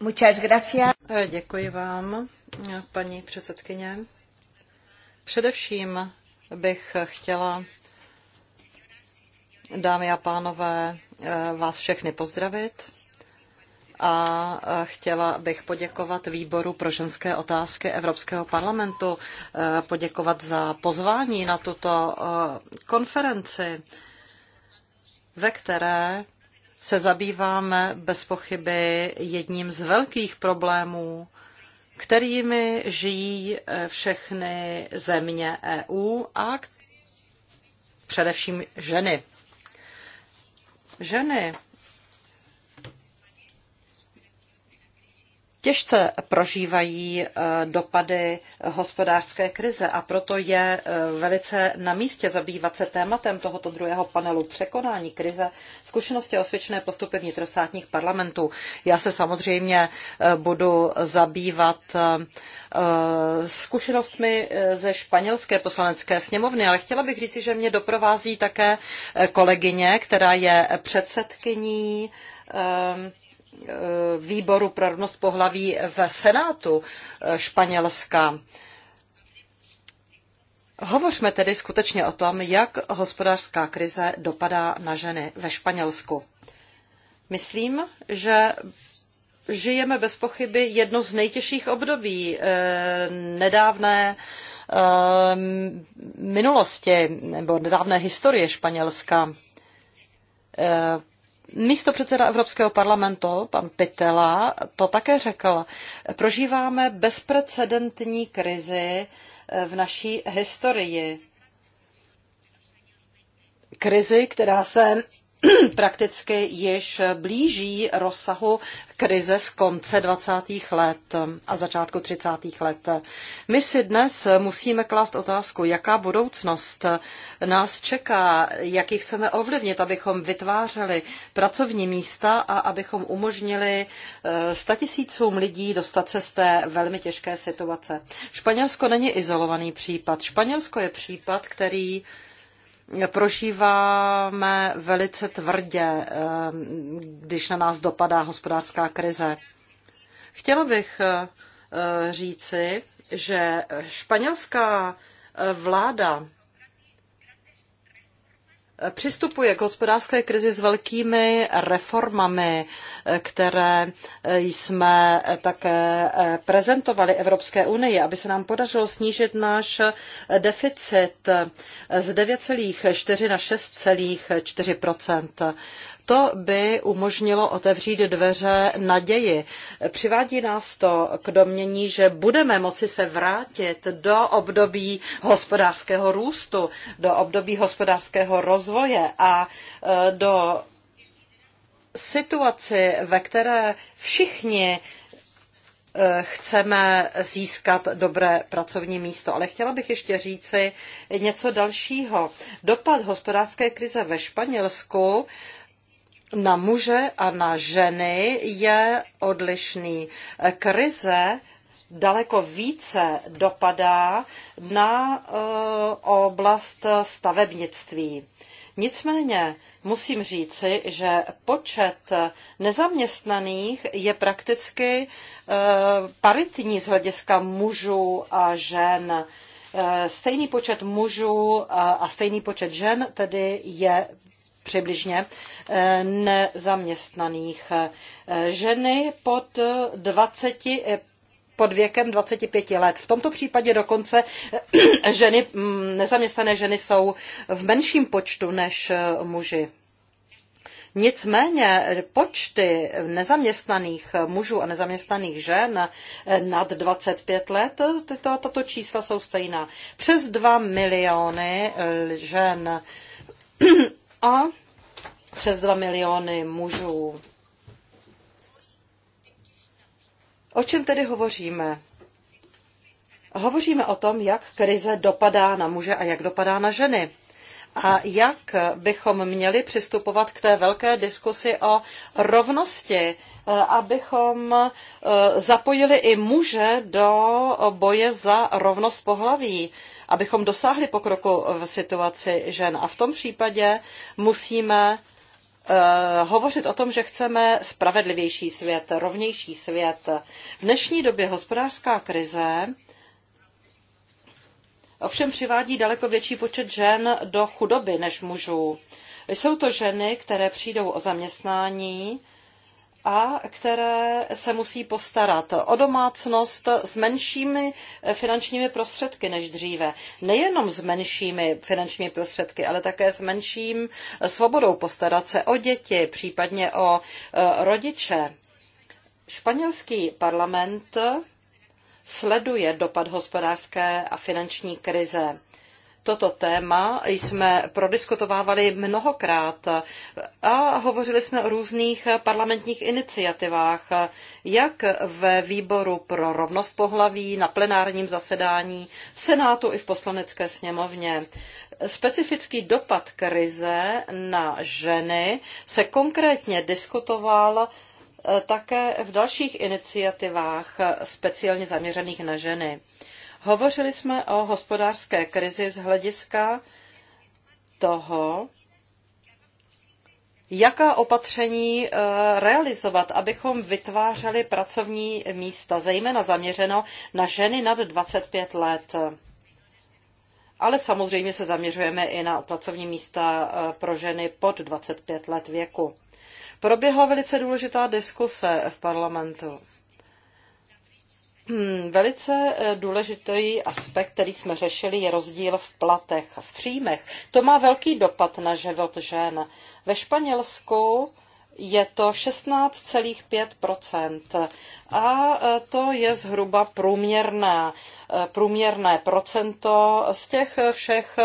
Muchas gracias. Eh, děkuji vám, paní předsedkyně. Především bych chtěla, dámy a pánové, vás všechny pozdravit a chtěla bych poděkovat výboru pro ženské otázky Evropského parlamentu, e, poděkovat za pozvání na tuto e, konferenci, ve které se zabýváme bez pochyby jedním z velkých problémů, kterými žijí e, všechny země EU a především ženy. Ženy těžce prožívají eh, dopady hospodářské krize a proto je eh, velice na místě zabývat se tématem tohoto druhého panelu překonání krize, zkušenosti a osvědčené postupy vnitrostátních parlamentů. Já se samozřejmě eh, budu zabývat zkušenostmi ze španělské poslanecké sněmovny, ale chtěla bych říci, že mě doprovází také kolegyně, která je předsedkyní Eh, výboru pro rovnost pohlaví v Senátu eh, Španělska. Hovořme tedy skutečně o tom, jak hospodářská krize dopadá na ženy ve Španělsku. Myslím, že žijeme bez pochyby jedno z nejtěžších období eh, nedávné minulosti nebo nedávné historie Španělska. Místo předseda Evropského parlamentu, pan Pitela, to také řekl. Prožíváme bezprecedentní krizi eh, v naší historii. Krizi, která se *clears throat* prakticky již blíží rozsahu krize z konce 20. let a začátku 30. let. My si dnes musíme klást otázku, jaká budoucnost nás čeká, jaký chceme ovlivnit, abychom vytvářeli pracovní místa a abychom umožnili eh, statisícům lidí dostat se z té velmi těžké situace. Španělsko není izolovaný případ. Španělsko je případ, který prožíváme velice tvrdě, eh, když na nás dopadá hospodářská krize. Chtěla bych eh, eh, říci, že španělská vláda přistupuje k hospodářské krizi s velkými reformami, které jsme také prezentovali Evropské unii, aby se nám podařilo snížit náš deficit z 9,4 na 6,4 to by umožnilo otevřít dveře naději. Přivádí nás to k domění, že budeme moci se vrátit do období hospodářského růstu, do období hospodářského rozvoje a e, do situaci, ve které všichni e, chceme získat dobré pracovní místo. Ale chtěla bych ještě říci něco dalšího. Dopad hospodářské krize ve Španělsku na muže a na ženy je odlišný. Krize daleko více dopadá na eh, oblast stavebnictví. Nicméně musím říci, že počet nezaměstnaných je prakticky eh, paritní z hlediska mužů a žen. Eh, stejný počet mužů a stejný počet žen tedy je přibližně eh, nezaměstnaných. Eh, ženy pod 20 eh, pod věkem 25 let. V tomto případě dokonce ženy, mm, nezaměstnané ženy jsou v menším počtu než muži. Nicméně počty nezaměstnaných mužů a nezaměstnaných žen nad 25 let, tato, tato čísla jsou stejná. Přes 2 miliony žen. *clears throat* A přes 2 miliony mužů. O čem tedy hovoříme? Hovoříme o tom, jak krize dopadá na muže a jak dopadá na ženy. A jak bychom měli přistupovat k té velké diskusi o rovnosti, eh, abychom eh, zapojili i muže do boje za rovnost pohlaví, abychom dosáhli pokroku v situaci žen. A v tom případě musíme Eh, hovořit o tom, že chceme spravedlivější svět, rovnější svět. V dnešní době hospodářská krize ovšem přivádí daleko větší počet žen do chudoby než mužů. Jsou to ženy, které přijdou o zaměstnání, a které se musí postarat o domácnost s menšími eh, finančními prostředky než dříve. Nejenom s menšími finančními prostředky, ale také s menším eh, svobodou postarat se o děti, případně o eh, rodiče. Španělský parlament sleduje dopad hospodářské a finanční krize Toto téma jsme prodiskutovávali mnohokrát a hovořili jsme o různých parlamentních iniciativách, jak ve výboru pro rovnost pohlaví, na plenárním zasedání, v Senátu i v poslanecké sněmovně. Specifický dopad krize na ženy se konkrétně diskutoval eh, také v dalších iniciativách speciálně zaměřených na ženy. Hovořili jsme o hospodářské krizi z hlediska toho, jaká opatření eh, realizovat, abychom vytvářeli pracovní místa, zejména zaměřeno na ženy nad 25 let. Ale samozřejmě se zaměřujeme i na pracovní místa eh, pro ženy pod 25 let věku. Proběhla velice důležitá diskuse v parlamentu. Hmm, velice eh, důležitý aspekt, který jsme řešili, je rozdíl v platech, v příjmech. To má velký dopad na život žen. Ve Španělsku je to 16,5 a eh, to je zhruba průměrné, eh, průměrné procento z těch všech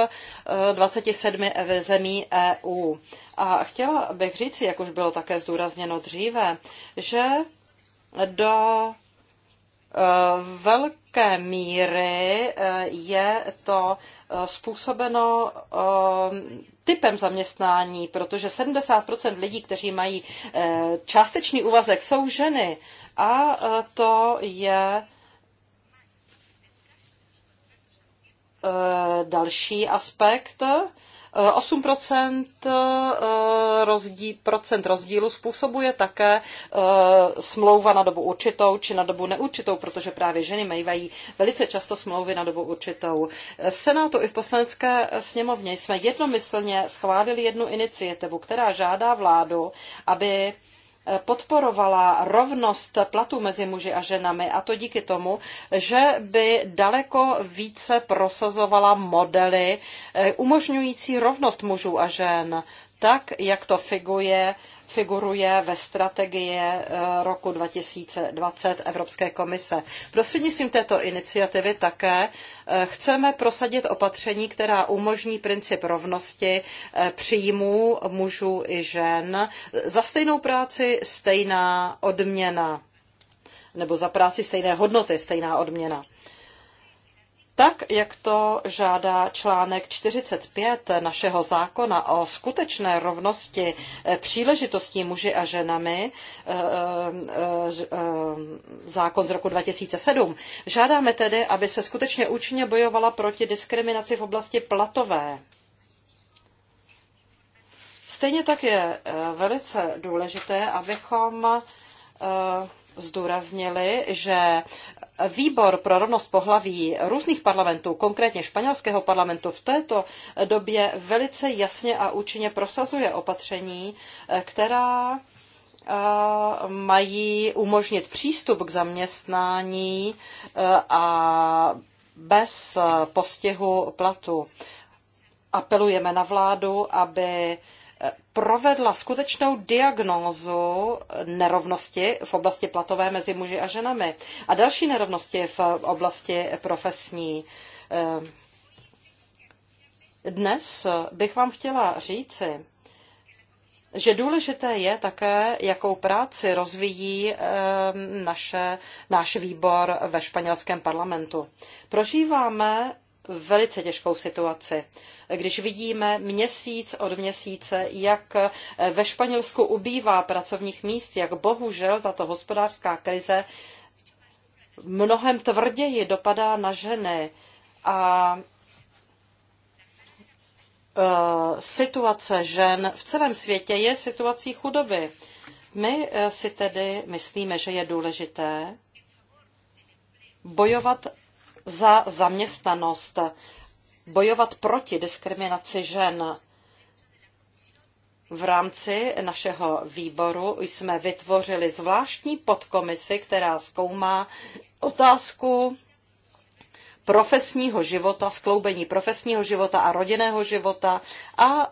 27 zemí EU. A chtěla bych říci, jak už bylo také zdůrazněno dříve, že do Eh, velké míry eh, je to eh, způsobeno typem zaměstnání, protože 70% lidí, kteří mají částečný úvazek, jsou ženy. A to je další aspekt, 8 eh, rozdíl, procent rozdílu způsobuje také eh, smlouva na dobu určitou či na dobu neurčitou, protože právě ženy mají velice často smlouvy na dobu určitou. V Senátu i v poslanecké sněmovně jsme jednomyslně schválili jednu iniciativu, která žádá vládu, aby podporovala rovnost platů mezi muži a ženami a to díky tomu, že by daleko více prosazovala modely eh, umožňující rovnost mužů a žen, tak jak to figuje figuruje ve strategii eh, roku 2020 Evropské komise. Prostřednictvím této iniciativy také eh, chceme prosadit opatření, která umožní princip rovnosti eh, příjmů mužů i žen. Za stejnou práci stejná odměna nebo za práci stejné hodnoty stejná odměna tak, jak to žádá článek 45 našeho zákona o skutečné rovnosti eh, příležitostí muži a ženami, eh, eh, zákon z roku 2007. Žádáme tedy, aby se skutečně účinně bojovala proti diskriminaci v oblasti platové. Stejně tak je velice důležité, abychom zdůraznili, že Výbor pro rovnost pohlaví různých parlamentů, konkrétně španělského parlamentu, v této době velice jasně a účinně prosazuje opatření, eh, která eh, mají umožnit přístup k zaměstnání eh, a bez postihu platu. Apelujeme na vládu, aby provedla skutečnou diagnózu nerovnosti v oblasti platové mezi muži a ženami a další nerovnosti v oblasti profesní. Eh, dnes bych vám chtěla říci, že důležité je také, jakou práci rozvíjí eh, naše, náš výbor ve španělském parlamentu. Prožíváme velice těžkou situaci když vidíme měsíc od měsíce, jak eh, ve Španělsku ubývá pracovních míst, jak bohužel tato hospodářská krize mnohem tvrději dopadá na ženy a eh, situace žen v celém světě je situací chudoby. My eh, si tedy myslíme, že je důležité bojovat za zaměstnanost bojovat proti diskriminaci žen. V rámci našeho výboru jsme vytvořili zvláštní podkomisi, která zkoumá otázku profesního života, skloubení profesního života a rodinného života a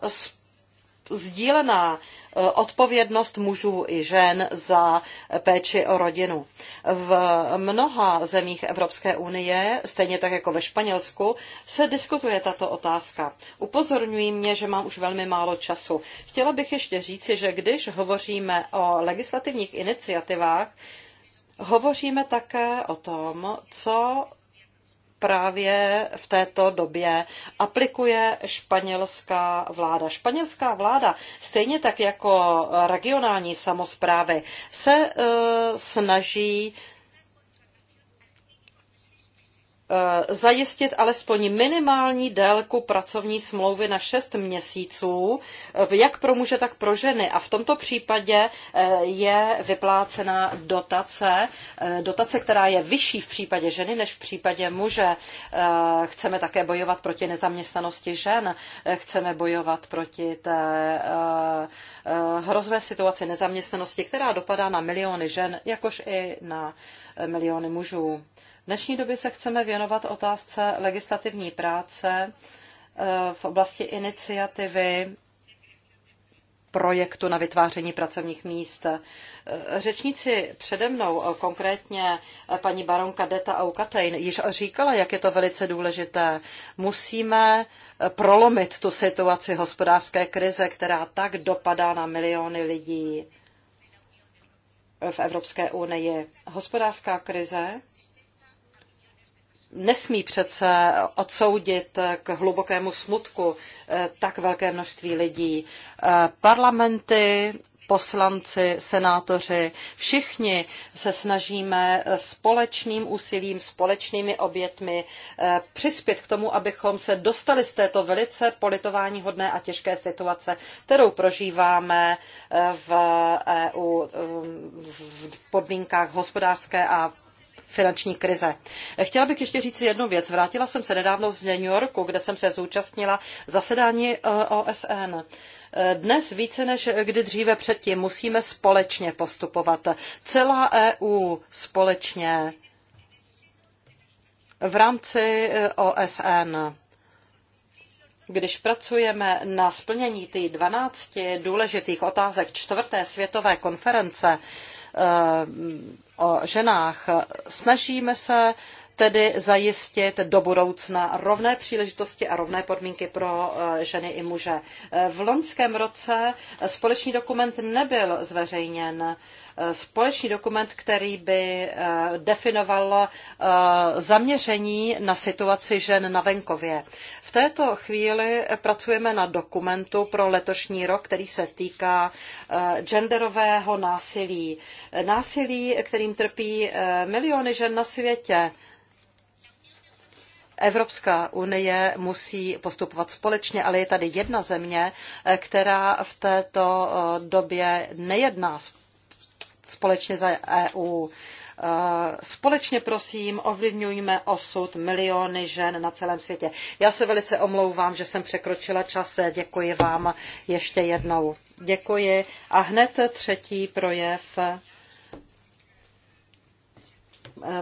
sdílená eh, odpovědnost mužů i žen za péči o rodinu. V mnoha zemích Evropské unie, stejně tak jako ve Španělsku, se diskutuje tato otázka. Upozorňují mě, že mám už velmi málo času. Chtěla bych ještě říci, že když hovoříme o legislativních iniciativách, hovoříme také o tom, co právě v této době aplikuje španělská vláda. Španělská vláda, stejně tak jako regionální samozprávy, se eh, snaží Eh, zajistit alespoň minimální délku pracovní smlouvy na 6 měsíců, eh, jak pro muže, tak pro ženy. A v tomto případě eh, je vyplácena dotace, dotace, která je vyšší v případě ženy než v případě muže. Chceme také bojovat proti nezaměstnanosti žen, chceme bojovat proti té hrozné situaci nezaměstnanosti, která dopadá na miliony žen, jakož i na miliony mužů. V dnešní době se chceme věnovat otázce legislativní práce eh, v oblasti iniciativy projektu na vytváření pracovních míst. Eh, řečníci přede mnou, eh, konkrétně paní baronka Deta Aukatein, již říkala, jak je to velice důležité. Musíme prolomit tu situaci hospodářské krize, která tak dopadá na miliony lidí v Evropské unii. Hospodářská krize nesmí přece odsoudit k hlubokému smutku eh, tak velké množství lidí. Eh, parlamenty, poslanci, senátoři, všichni se snažíme společným úsilím, společnými obětmi eh, přispět k tomu, abychom se dostali z této velice politování hodné a těžké situace, kterou prožíváme v EU v podmínkách hospodářské a finanční krize. Chtěla bych ještě říct jednu věc. Vrátila jsem se nedávno z New Yorku, kde jsem se zúčastnila zasedání eh, OSN. Dnes více než kdy dříve předtím musíme společně postupovat. Celá EU společně v rámci eh, OSN. Když pracujeme na splnění těch 12 důležitých otázek čtvrté světové konference, eh, o ženách. Snažíme se tedy zajistit do budoucna rovné příležitosti a rovné podmínky pro eh, ženy i muže. Eh, v loňském roce společný dokument nebyl zveřejněn eh, společný dokument, který by definoval zaměření na situaci žen na venkově. V této chvíli pracujeme na dokumentu pro letošní rok, který se týká genderového násilí. Násilí, kterým trpí miliony žen na světě Evropská unie musí postupovat společně, ale je tady jedna země, eh, která v této eh, době nejedná společně za EU. Eh, společně prosím, ovlivňujme osud miliony žen na celém světě. Já se velice omlouvám, že jsem překročila čas. Děkuji vám ještě jednou. Děkuji. A hned třetí projev.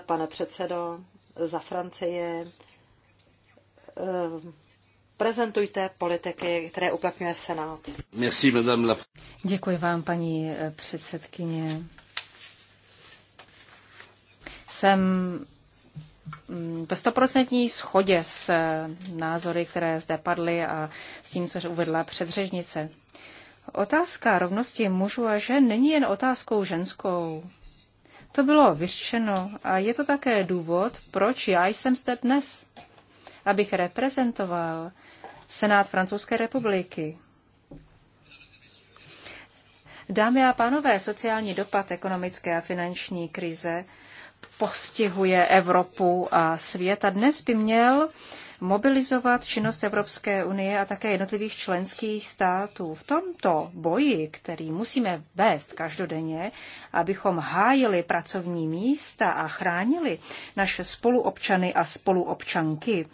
Pane předsedo, za Francii Eh, prezentujte politiky, které uplatňuje Senát. Děkuji vám, paní eh, předsedkyně. Jsem ve stoprocentní schodě s eh, názory, které zde padly a s tím, co uvedla předřežnice. Otázka rovnosti mužů a žen není jen otázkou ženskou. To bylo vyřešeno a je to také důvod, proč já jsem zde dnes abych reprezentoval Senát Francouzské republiky. Dámy a pánové, sociální dopad ekonomické a finanční krize postihuje Evropu a svět a dnes by měl mobilizovat činnost Evropské unie a také jednotlivých členských států. V tomto boji, který musíme vést každodenně, abychom hájili pracovní místa a chránili naše spoluobčany a spoluobčanky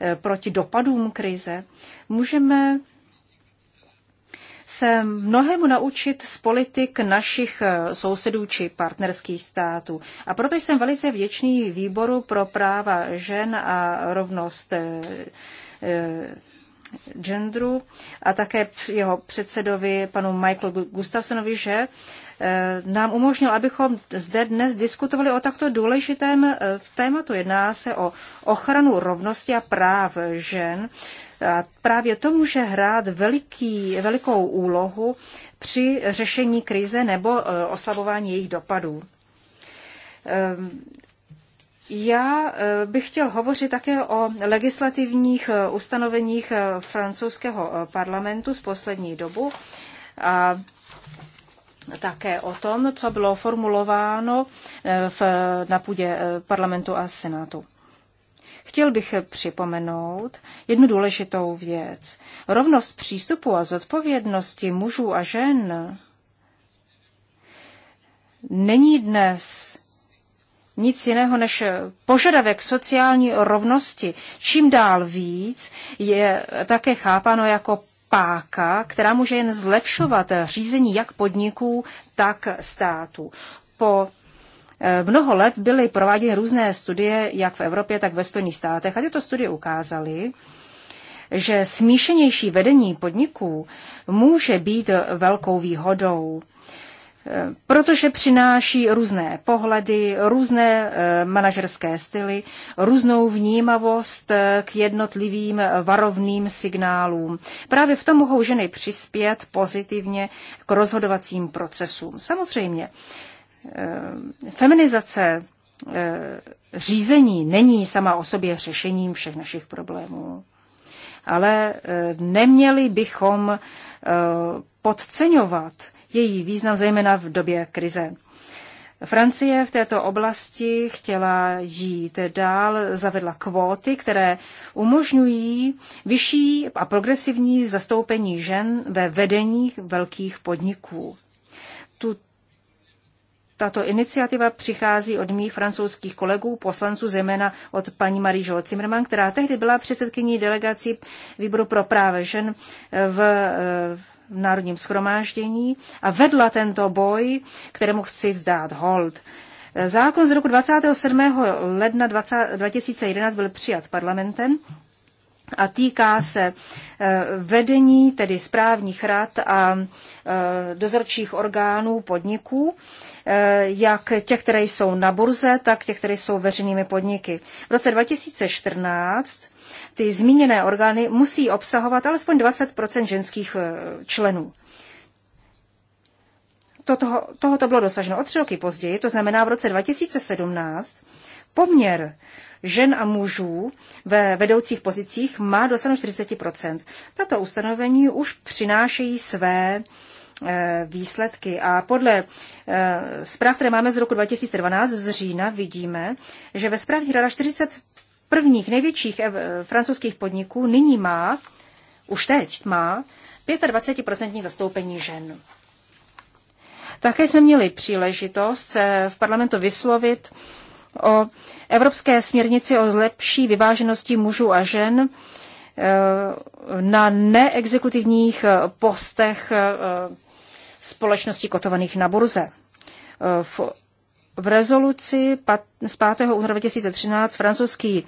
eh, proti dopadům krize, můžeme se mnohému naučit z politik našich eh, sousedů či partnerských států. A proto jsem velice vděčný výboru pro práva žen a rovnost eh, eh, genderu a také jeho předsedovi panu Michaelu Gustafsonovi, že nám umožnil, abychom zde dnes diskutovali o takto důležitém tématu. Jedná se o ochranu rovnosti a práv žen a právě to může hrát veliký, velikou úlohu při řešení krize nebo e, oslabování jejich dopadů. Ehm, já e, bych chtěl hovořit také o legislativních e, ustanoveních francouzského parlamentu z poslední dobu a také o tom, co bylo formulováno v, na půdě parlamentu a senátu. Chtěl bych připomenout jednu důležitou věc. Rovnost přístupu a zodpovědnosti mužů a žen není dnes nic jiného než požadavek sociální rovnosti. Čím dál víc je také chápáno jako páka, která může jen zlepšovat řízení jak podniků, tak států. Po Eh, mnoho let byly prováděny různé studie, jak v Evropě, tak ve Spojených státech, a tyto studie ukázaly, že smíšenější vedení podniků může být velkou výhodou eh, protože přináší různé pohledy, různé eh, manažerské styly, různou vnímavost k jednotlivým varovným signálům. Právě v tom mohou ženy přispět pozitivně k rozhodovacím procesům. Samozřejmě Eh, feminizace eh, řízení není sama o sobě řešením všech našich problémů. Ale eh, neměli bychom podceňovat její význam, zejména v době krize. Francie v této oblasti chtěla jít dál, zavedla kvóty, které umožňují vyšší a progresivní zastoupení žen ve vedení velkých podniků. Tato iniciativa přichází od mých francouzských kolegů, poslanců, zejména od paní Marie Jo Zimmermann, která tehdy byla předsedkyní delegací výboru pro práva žen v v Národním schromáždění a vedla tento boj, kterému chci vzdát hold. Zákon z roku 27. ledna 20, 2011 byl přijat parlamentem a týká se e, vedení, tedy správních rad a e, dozorčích orgánů podniků, e, jak těch, které jsou na burze, tak těch, které jsou veřejnými podniky. V roce 2014 ty zmíněné orgány musí obsahovat alespoň 20 ženských členů. Toto, tohoto bylo dosaženo o tři roky později, to znamená v roce 2017, poměr žen a mužů ve vedoucích pozicích má dosáhnout 40 Tato ustanovení už přinášejí své eh, výsledky. A podle eh, zpráv, které máme z roku 2012 z října, vidíme, že ve správních radách 40 prvních největších eh, francouzských podniků nyní má, už teď má, 25% zastoupení žen. Také jsme měli příležitost se v parlamentu vyslovit o Evropské směrnici o lepší vyváženosti mužů a žen eh, na neexekutivních eh, postech eh, společnosti kotovaných na burze. V, v rezoluci z 5. února 2013 francouzský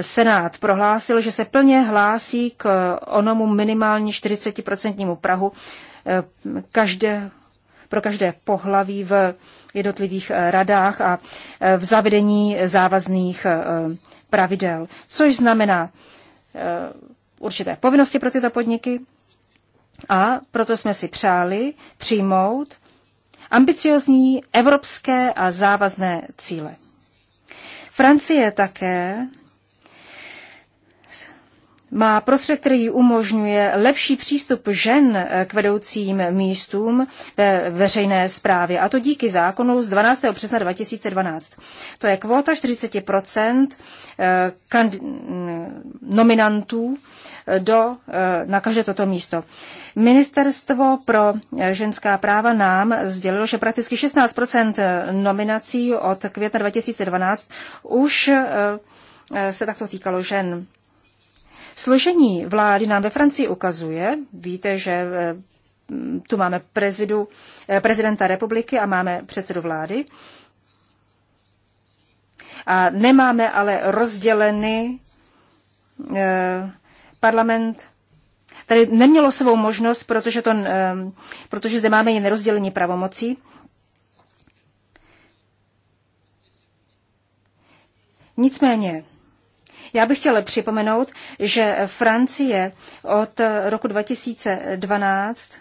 senát prohlásil, že se plně hlásí k onomu minimálně 40% Prahu každé, pro každé pohlaví v jednotlivých eh, radách a eh, v zavedení závazných eh, pravidel, což znamená určité povinnosti pro tyto podniky a proto jsme si přáli přijmout ambiciozní evropské a závazné cíle. Francie také má prostředek, který umožňuje lepší přístup žen k vedoucím místům ve veřejné správě. A to díky zákonu z 12. března 2012. To je kvota 40 eh, mm, nominantů eh, do, eh, na každé toto místo. Ministerstvo pro ženská práva nám sdělilo, že prakticky 16 nominací od května 2012 už se takto týkalo žen. Složení vlády nám ve Francii ukazuje, víte, že eh, tu máme prezidu, eh, prezidenta republiky a máme předsedu vlády. A nemáme ale rozdělený eh, parlament tady nemělo svou možnost, protože, to, protože zde máme i nerozdělení pravomocí. Nicméně, já bych chtěla připomenout, že Francie od roku 2012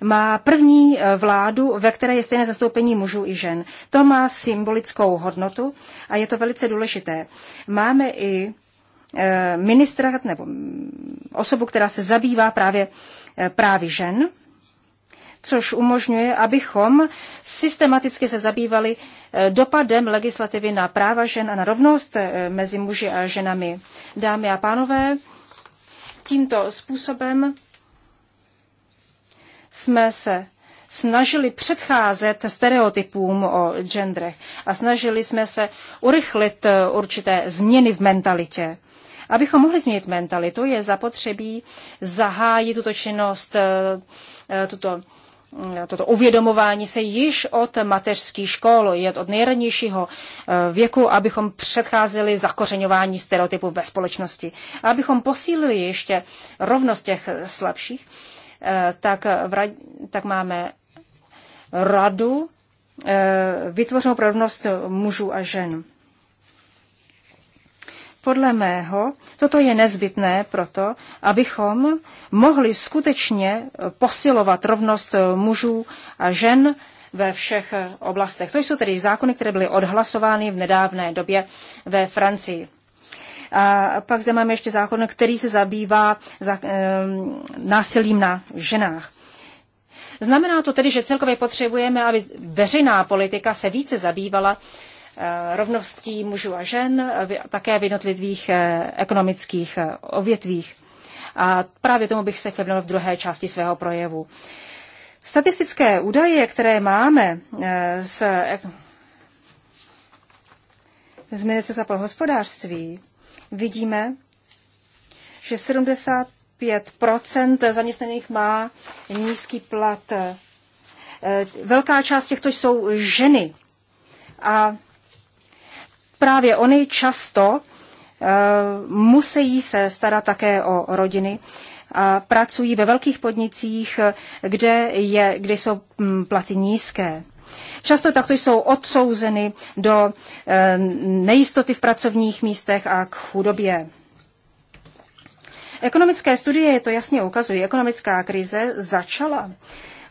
má první eh, vládu, ve které je stejné zastoupení mužů i žen. To má symbolickou hodnotu a je to velice důležité. Máme i eh, ministra nebo mm, osobu, která se zabývá právě eh, právy žen což umožňuje, abychom systematicky se zabývali eh, dopadem legislativy na práva žen a na rovnost eh, mezi muži a ženami. Dámy a pánové, tímto způsobem jsme se snažili předcházet stereotypům o genderech a snažili jsme se urychlit eh, určité změny v mentalitě. Abychom mohli změnit mentalitu, je zapotřebí zahájit tuto činnost, tuto toto uvědomování se již od mateřských škol, je od nejranějšího eh, věku, abychom předcházeli zakořeňování stereotypů ve společnosti. A abychom posílili ještě rovnost těch slabších, eh, tak, v, tak máme radu eh, vytvořenou pro rovnost mužů a žen. Podle mého toto je nezbytné proto, abychom mohli skutečně eh, posilovat rovnost eh, mužů a žen ve všech eh, oblastech. To jsou tedy zákony, které byly odhlasovány v nedávné době ve Francii. A pak zde máme ještě zákon, který se zabývá za, e, násilím na ženách. Znamená to tedy, že celkově potřebujeme, aby veřejná politika se více zabývala e, Eh, rovností mužů a žen, také v jednotlivých eh, ekonomických eh, ovětvích. A právě tomu bych se chtěl v druhé části svého projevu. Statistické údaje, které máme z, z Ministerstva pro hospodářství, vidíme, že 75 zaměstnaných má nízký plat. Velká část těchto jsou ženy. A právě oni často eh, musí se starat také o rodiny. A pracují ve velkých podnicích, kde, je, kde jsou mm, platy nízké. Často takto jsou odsouzeny do eh, nejistoty v pracovních místech a k chudobě. Ekonomické studie to jasně ukazují. Ekonomická krize začala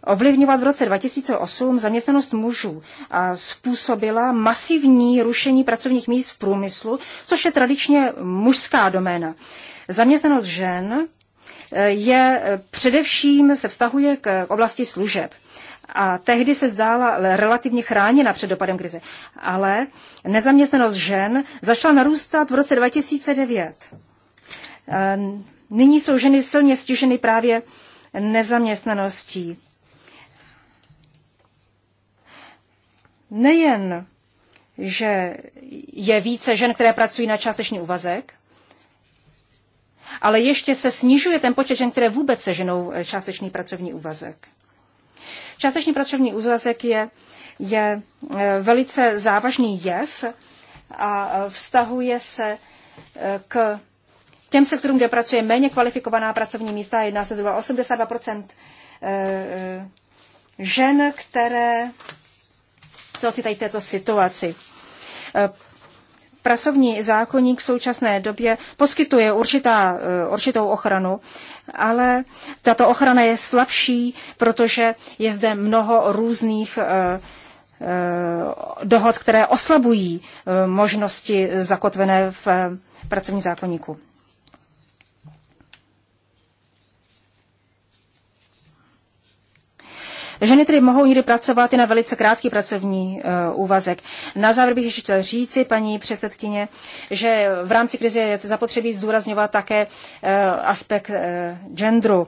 ovlivňovat v roce 2008 zaměstnanost mužů a způsobila masivní rušení pracovních míst v průmyslu, což je tradičně mužská doména. Zaměstnanost žen eh, je eh, především se vztahuje k oblasti služeb. A tehdy se zdála relativně chráněna před dopadem krize. Ale nezaměstnanost žen začala narůstat v roce 2009. Eh, nyní jsou ženy silně stiženy právě nezaměstnaností. nejen, že je více žen, které pracují na částečný úvazek, ale ještě se snižuje ten počet žen, které vůbec seženou eh, částečný pracovní úvazek. Částečný pracovní úvazek je, je eh, velice závažný jev a eh, vztahuje se k těm sektorům, kde pracuje méně kvalifikovaná pracovní místa. Jedná se zhruba 82 žen, které se tady v této situaci. E, pracovní zákonník v současné době poskytuje určitá, e, určitou ochranu, ale tato ochrana je slabší, protože je zde mnoho různých e, dohod, které oslabují možnosti zakotvené v pracovní zákonníku. Ženy tedy mohou někdy pracovat i na velice krátký pracovní uh, úvazek. Na závěr bych ještě chtěl říci, paní předsedkyně, že v rámci krize je zapotřebí zdůrazňovat také uh, aspekt uh, genderu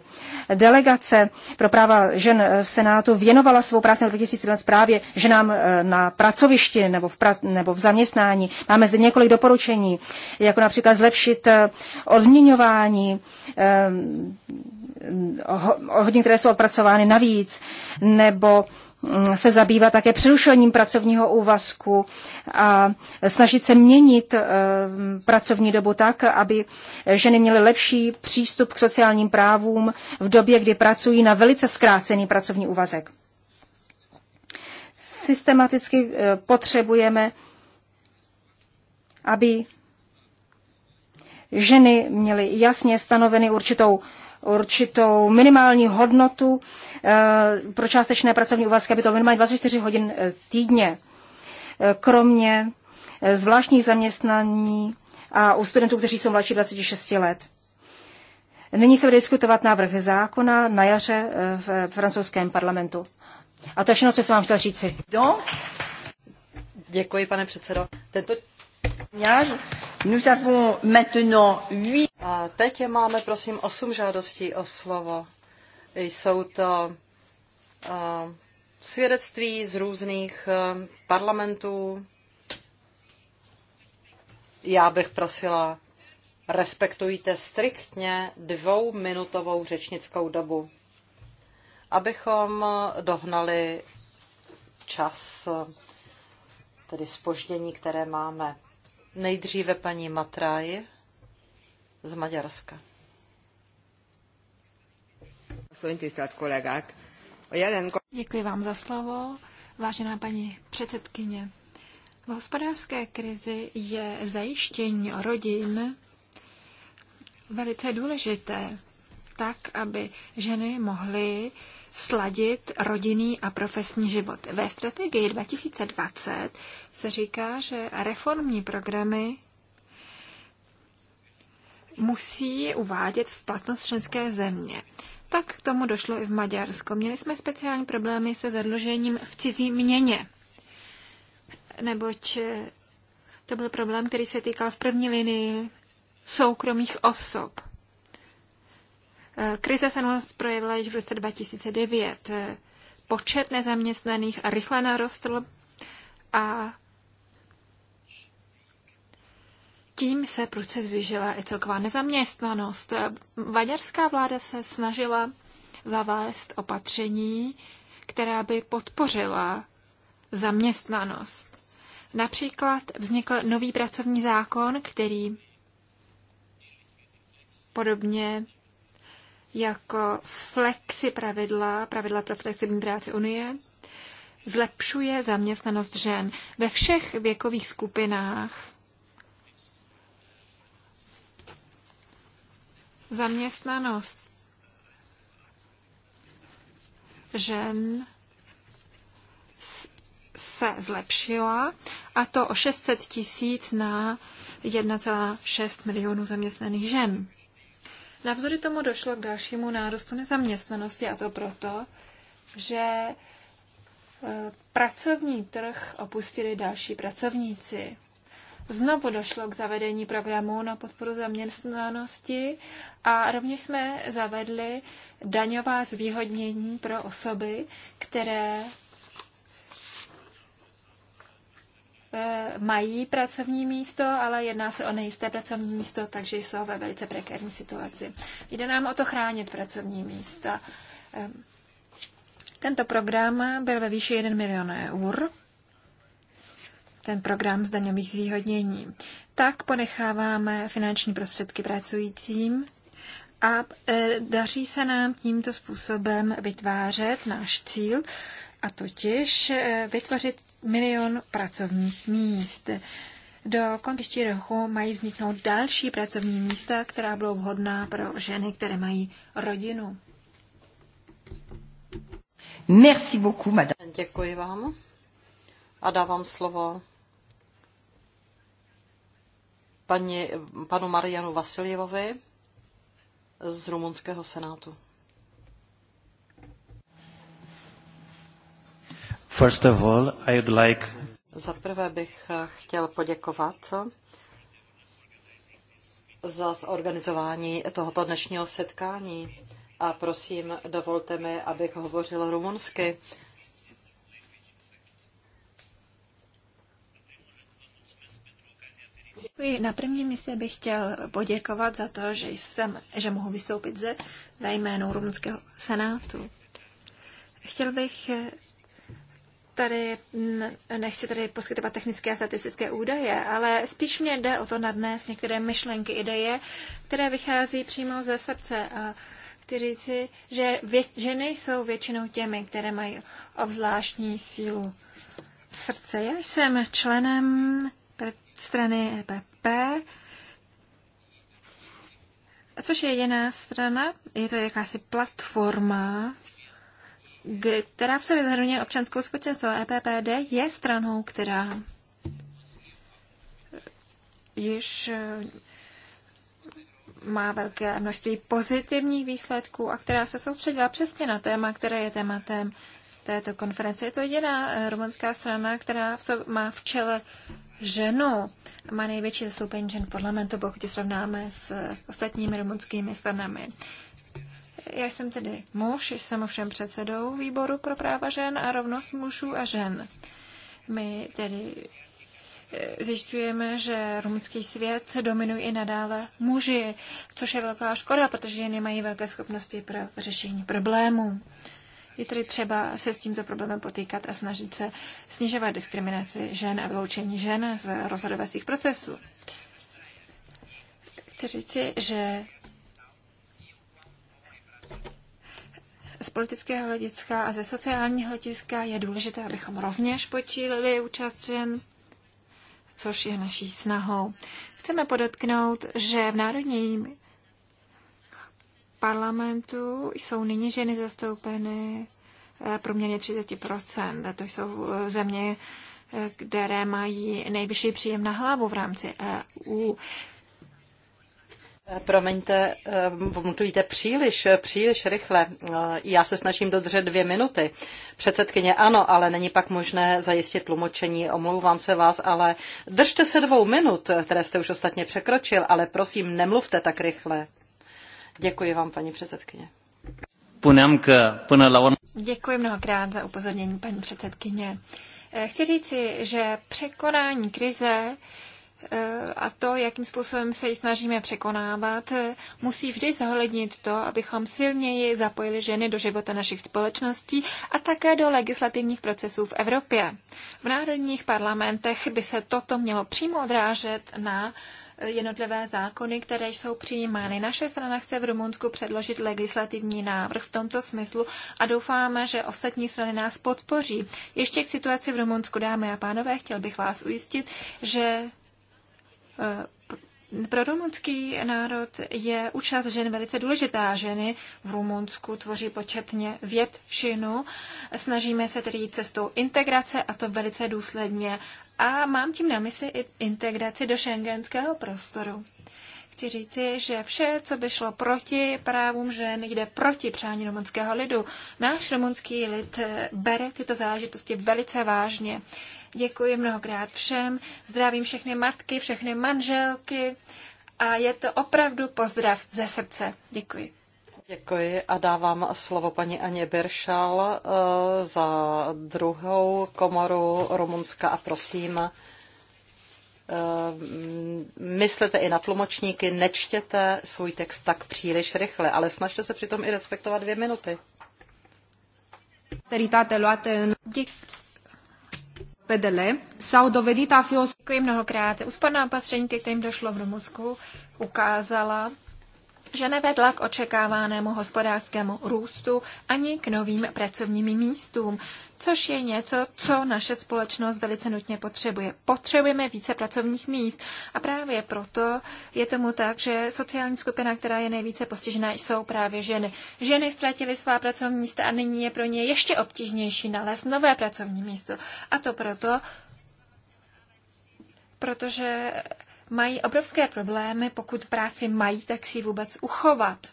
delegace pro práva žen v Senátu věnovala svou práci na 2017 právě ženám eh, na pracovišti nebo v, pra, nebo v zaměstnání. Máme zde několik doporučení, jako například zlepšit eh, odměňování eh, hodin, které jsou odpracovány navíc, nebo Mm, se zabývat také přerušením pracovního úvazku a snažit se měnit eh, pracovní dobu tak, aby ženy měly lepší přístup k sociálním právům v době, kdy pracují na velice zkrácený pracovní úvazek. Systematicky eh, potřebujeme, aby ženy měly jasně stanoveny určitou určitou minimální hodnotu eh, pro částečné pracovní úvazky, aby to minimálně 24 hodin eh, týdně. Eh, kromě zvláštních zaměstnání a u studentů, kteří jsou mladší 26 let. Nyní se bude diskutovat návrh zákona na jaře v francouzském parlamentu. A to je všechno, co jsem vám chtěl říci. Děkuji, pane předsedo. Tento... Nous avons maintenant 8... A teď máme, prosím, osm žádostí o slovo. Jsou to uh, svědectví z různých uh, parlamentů. Já bych prosila, respektujte striktně dvouminutovou řečnickou dobu, abychom dohnali čas, tedy spoždění, které máme. Nejdříve paní Matráj z Maďarska. Děkuji vám za slovo, vážená paní předsedkyně. V hospodářské krizi je zajištění rodin velice důležité, tak aby ženy mohly sladit rodinný a profesní život. Ve strategii 2020 se říká, že reformní programy musí uvádět v platnost členské země. Tak k tomu došlo i v Maďarsku. Měli jsme speciální problémy se zadlužením v cizí měně, neboť eh, to byl problém, který se týkal v první linii soukromých osob. Krize se nás projevila již v roce 2009. Počet nezaměstnaných a rychle narostl a tím se proces zvýšila i celková nezaměstnanost. Maďarská vláda se snažila zavést opatření, která by podpořila zaměstnanost. Například vznikl nový pracovní zákon, který podobně jako flexi pravidla, pravidla pro flexibilní práci Unie, zlepšuje zaměstnanost žen ve všech věkových skupinách. Zaměstnanost žen se zlepšila, a to o 600 tisíc na 1,6 milionů zaměstnaných žen. Navzory tomu došlo k dalšímu nárostu nezaměstnanosti a to proto, že e, pracovní trh opustili další pracovníci. Znovu došlo k zavedení programu na podporu zaměstnanosti a rovněž jsme zavedli daňová zvýhodnění pro osoby, které E, mají pracovní místo, ale jedná se o nejisté pracovní místo, takže jsou ve velice prekérní situaci. Jde nám o to chránit pracovní místa. E, tento program byl ve výši 1 milion eur, ten program z daňových zvýhodnění. Tak ponecháváme finanční prostředky pracujícím a e, daří se nám tímto způsobem vytvářet náš cíl, a totiž eh, vytvořit milion pracovních míst. Do konce roku mají vzniknout další pracovní místa, která budou vhodná pro ženy, které mají rodinu. Merci beaucoup, madame. Děkuji vám a dávám slovo paní, panu Marianu Vasiljevovi z rumunského senátu. First of all, I would like... Za prvé bych eh, chtěl poděkovat eh, za zorganizování tohoto dnešního setkání a prosím, dovolte mi, abych hovořil rumunsky. Děkuji. Na první místě bych chtěl poděkovat za to, že jsem, že mohu vystoupit ze, ve jménu rumunského senátu. Chtěl bych eh, tady, nechci tady poskytovat technické a statistické údaje, ale spíš mě jde o to nadnést některé myšlenky, ideje, které vychází přímo ze srdce a chci říci, že vě, ženy jsou většinou těmi, které mají obzvláštní sílu srdce. Já jsem členem strany EPP, což je jiná strana, je to jakási platforma, která v sobě občanskou společenstvo. EPPD je stranou, která již eh, má velké množství pozitivních výsledků a která se soustředila přesně na téma, které je tématem této konference. Je to jediná eh, rumunská strana, která má v čele ženu. Má největší zastoupení žen v parlamentu, pokud ji srovnáme s eh, ostatními rumunskými stranami. Já jsem tedy muž, jsem ovšem předsedou výboru pro práva žen a rovnost mužů a žen. My tedy eh, zjišťujeme, že rumunský svět dominují i nadále muži, což je velká škoda, protože ženy mají velké schopnosti pro řešení problémů. Je tedy třeba se s tímto problémem potýkat a snažit se snižovat diskriminaci žen a vyloučení žen z rozhodovacích procesů. Chci říci, že z politického hlediska a ze sociálního hlediska je důležité, abychom rovněž počílili účast žen, což je naší snahou. Chceme podotknout, že v Národním parlamentu jsou nyní ženy zastoupeny eh, průměrně 30%. A to jsou eh, země, eh, které mají nejvyšší příjem na hlavu v rámci EU. Eh, promiňte, eh, mluvíte příliš, eh, příliš rychle. Já se snažím dodržet dvě minuty. Předsedkyně, ano, ale není pak možné zajistit tlumočení. Omlouvám se vás, ale držte se dvou minut, které jste už ostatně překročil, ale prosím, nemluvte tak rychle. Děkuji vám, paní předsedkyně. Děkuji mnohokrát za upozornění, paní předsedkyně. Chci říci, že překonání krize Eh, a to, jakým způsobem se ji snažíme překonávat, eh, musí vždy zohlednit to, abychom silněji zapojili ženy do života našich společností a také do legislativních procesů v Evropě. V národních parlamentech by se toto mělo přímo odrážet na eh, jednotlivé zákony, které jsou přijímány. Naše strana chce v Rumunsku předložit legislativní návrh v tomto smyslu a doufáme, že ostatní strany nás podpoří. Ještě k situaci v Rumunsku, dámy a pánové, chtěl bych vás ujistit, že Eh, pro rumunský národ je účast žen velice důležitá. Ženy v Rumunsku tvoří početně většinu. Snažíme se tedy jít cestou integrace a to velice důsledně. A mám tím na mysli i integraci do šengenského prostoru. Chci říci, že vše, co by šlo proti právům žen, jde proti přání rumunského lidu. Náš rumunský lid eh, bere tyto záležitosti velice vážně. Děkuji mnohokrát všem. Zdravím všechny matky, všechny manželky a je to opravdu pozdrav ze srdce. Děkuji. Děkuji a dávám slovo paní Aně Biršal eh, za druhou komoru Rumunska a prosím, eh, myslete i na tlumočníky, nečtěte svůj text tak příliš rychle, ale snažte se přitom i respektovat dvě minuty. Děkuji. PDL s-au dovedit a fi o... Děkuji mnohokrát. Úsporná opatření, ke kterým došlo v Rumunsku, ukázala, že nevedla k očekávanému hospodářskému růstu ani k novým pracovním místům, což je něco, co naše společnost velice nutně potřebuje. Potřebujeme více pracovních míst a právě proto je tomu tak, že sociální skupina, která je nejvíce postižená, jsou právě ženy. Ženy ztratily svá pracovní místa a nyní je pro ně ještě obtížnější nalézt nové pracovní místo. A to proto, protože mají obrovské problémy, pokud práci mají, tak si ji vůbec uchovat.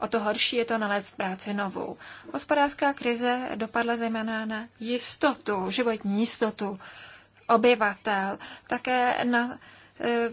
O to horší je to nalézt práci novou. Hospodářská krize dopadla zejména na jistotu, životní jistotu obyvatel, také na eh,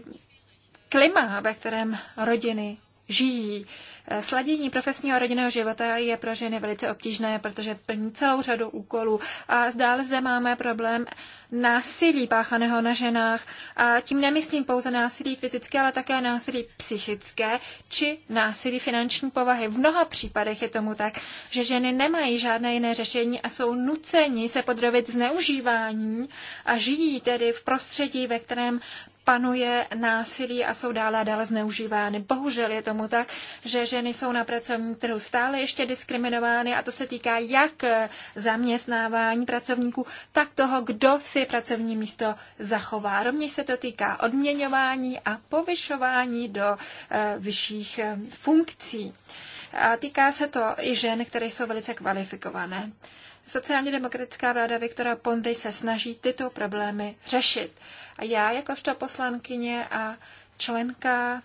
klima, ve kterém rodiny žijí. Eh, sladění profesního a rodinného života je pro ženy velice obtížné, protože plní celou řadu úkolů. A zdále zde máme problém násilí páchaného na ženách. A tím nemyslím pouze násilí fyzické, ale také násilí psychické či násilí finanční povahy. V mnoha případech je tomu tak, že ženy nemají žádné jiné řešení a jsou nuceni se podrobit zneužívání a žijí tedy v prostředí, ve kterém panuje násilí a jsou dále a dále zneužívány. Bohužel je tomu tak, že ženy jsou na pracovním trhu stále ještě diskriminovány a to se týká jak zaměstnávání pracovníků, tak toho, kdo si pracovní místo zachová. Rovněž se to týká odměňování a povyšování do eh, vyšších eh, funkcí. A týká se to i žen, které jsou velice kvalifikované. Sociálně demokratická vláda Viktora Ponty se snaží tyto problémy řešit. A já jakožto poslankyně a členka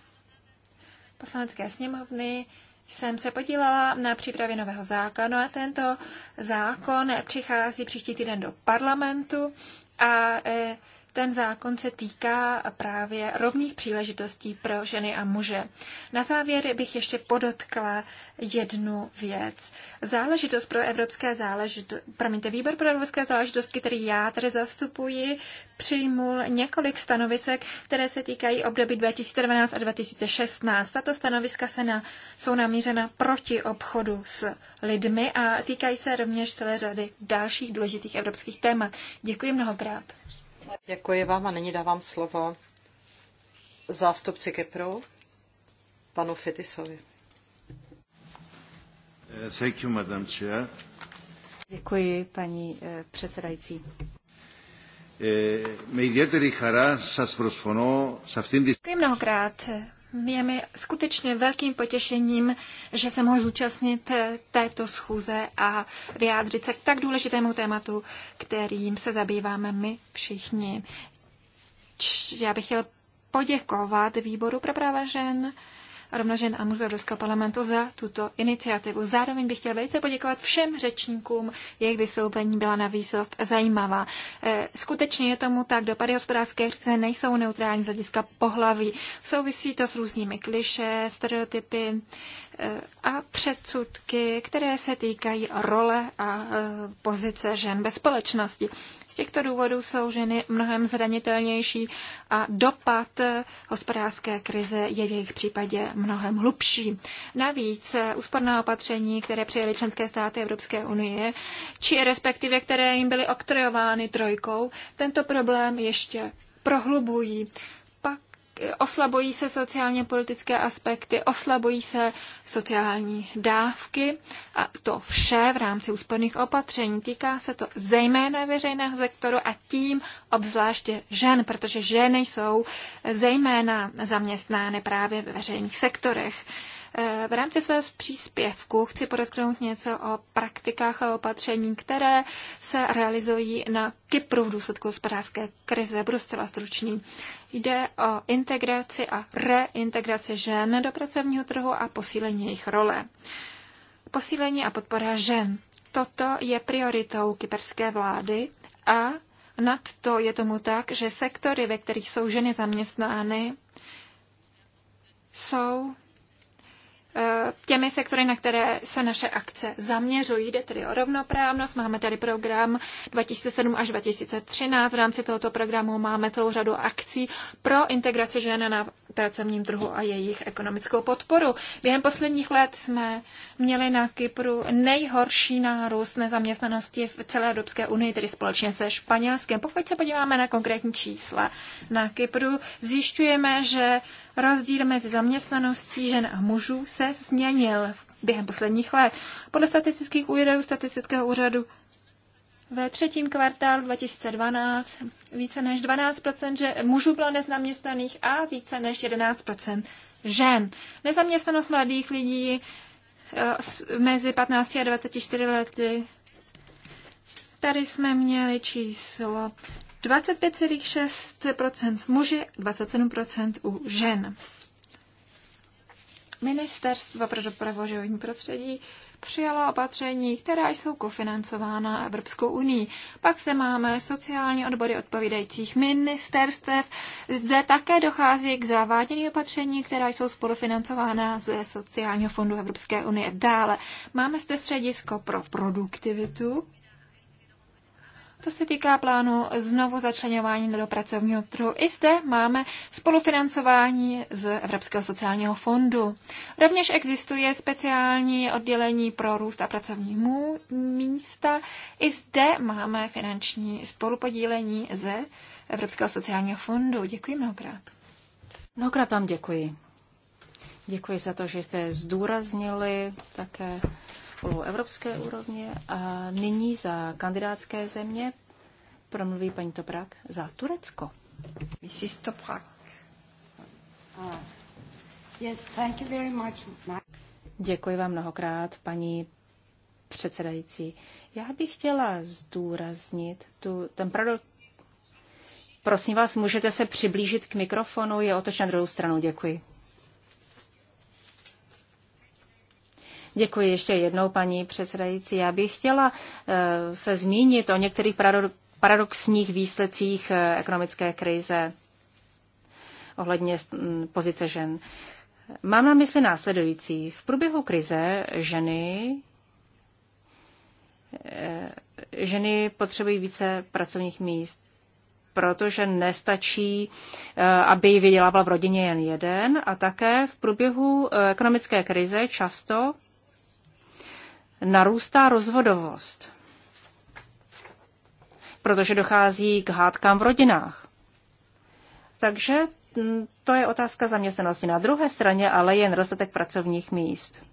poslanecké sněmovny jsem se podílela na přípravě nového zákona a tento zákon přichází příští týden do parlamentu a eh, ten zákon se týká právě rovných příležitostí pro ženy a muže. Na závěr bych ještě podotkla jednu věc. Záležitost pro evropské záležitosti, promiňte, výbor pro evropské záležitosti, který já tady zastupuji, přijmul několik stanovisek, které se týkají období 2012 a 2016. Tato stanoviska se na, jsou namířena proti obchodu s lidmi a týkají se rovněž celé řady dalších důležitých evropských témat. Děkuji mnohokrát. Děkuji vám a nyní dávám slovo zástupci Kepru, panu Fetisovi. Eh, thank you, Madam Chair. Děkuji, paní eh, předsedající. Με ιδιαίτερη χαρά σας προσφωνώ σε Děkuji mnohokrát, eh, je mi skutečně velkým potěšením, že se mohu zúčastnit eh, této schůze a vyjádřit se k tak důležitému tématu, kterým se zabýváme my všichni. Já bych chtěl poděkovat výboru pro práva žen a žen a mužů Evropského parlamentu za tuto iniciativu. Zároveň bych chtěla velice poděkovat všem řečníkům, jejich vystoupení byla na výsost zajímavá. Eh, skutečně je tomu tak, dopady hospodářské krize nejsou neutrální z hlediska pohlaví. Souvisí to s různými kliše, stereotypy eh, a předsudky, které se týkají role a eh, pozice žen ve společnosti těchto důvodů jsou ženy mnohem zranitelnější a dopad hospodářské krize je v jejich případě mnohem hlubší. Navíc úsporná opatření, které přijaly členské státy Evropské unie, či respektive které jim byly oktrojovány trojkou, tento problém ještě prohlubují oslabují se sociálně politické aspekty, oslabují se sociální dávky a to vše v rámci úsporných opatření. Týká se to zejména veřejného sektoru a tím obzvláště žen, protože ženy jsou zejména zaměstnány právě ve veřejných sektorech. Eh, v rámci svého příspěvku chci podotknout něco o praktikách a opatření, které se realizují na Kypru v důsledku hospodářské krize. Budu zcela stručný. Jde o integraci a reintegraci žen do pracovního trhu a posílení jejich role. Posílení a podpora žen. Toto je prioritou kyperské vlády a nad to je tomu tak, že sektory, ve kterých jsou ženy zaměstnány, jsou Eh, těmi sektory, na které se naše akce zaměřují. Jde tedy o rovnoprávnost. Máme tady program 2007 až 2013. V rámci tohoto programu máme celou řadu akcí pro integraci žen na pracovním trhu a jejich ekonomickou podporu. Během posledních let jsme měli na Kypru nejhorší nárůst nezaměstnanosti v celé Evropské unii, tedy společně se Španělskem. Pokud se podíváme na konkrétní čísla na Kypru, zjišťujeme, že rozdíl mezi zaměstnaností žen a mužů se změnil během posledních let. Podle statistických údajů statistického úřadu ve třetím kvartálu 2012 více než 12 že mužů bylo nezaměstnaných a více než 11 žen. Nezaměstnanost mladých lidí eh, mezi 15 a 24 lety. Tady jsme měli číslo 25,6 muži, 27 u žen. Ministerstvo pro dopravu životní prostředí přijalo opatření, která jsou kofinancována Evropskou unii. Pak se máme sociální odbory odpovídajících ministerstev. Zde také dochází k zavádění opatření, která jsou spolufinancována ze sociálního fondu Evropské unie. Dále máme zde středisko pro produktivitu, co se týká plánu znovu začlenování do pracovního trhu. I zde máme spolufinancování z Evropského sociálního fondu. Rovněž existuje speciální oddělení pro růst a pracovní místa. I zde máme finanční spolupodílení ze Evropského sociálního fondu. Děkuji mnohokrát. Mnohokrát vám děkuji. Děkuji za to, že jste zdůraznili také poloevropské evropské úrovně. A nyní za kandidátské země promluví paní Toprak za Turecko. Mrs. Toprak. Ah. Yes, thank you very much. Děkuji vám mnohokrát, paní předsedající. Já bych chtěla zdůraznit tu, ten pravdu. Prosím vás, můžete se přiblížit k mikrofonu, je otočen na druhou stranu. Děkuji. Děkuji ještě jednou, paní předsedající. Já bych chtěla eh, se zmínit o některých paradoxních výsledcích eh, ekonomické krize ohledně mm, pozice žen. Mám na mysli následující. V průběhu krize ženy eh, ženy potřebují více pracovních míst, protože nestačí, aby vydělával v rodině jen jeden a také v průběhu ekonomické krize často narůstá rozvodovost, protože dochází k hádkám v rodinách. Takže mm, to je otázka zaměstnanosti. Na druhé straně ale je nedostatek pracovních míst.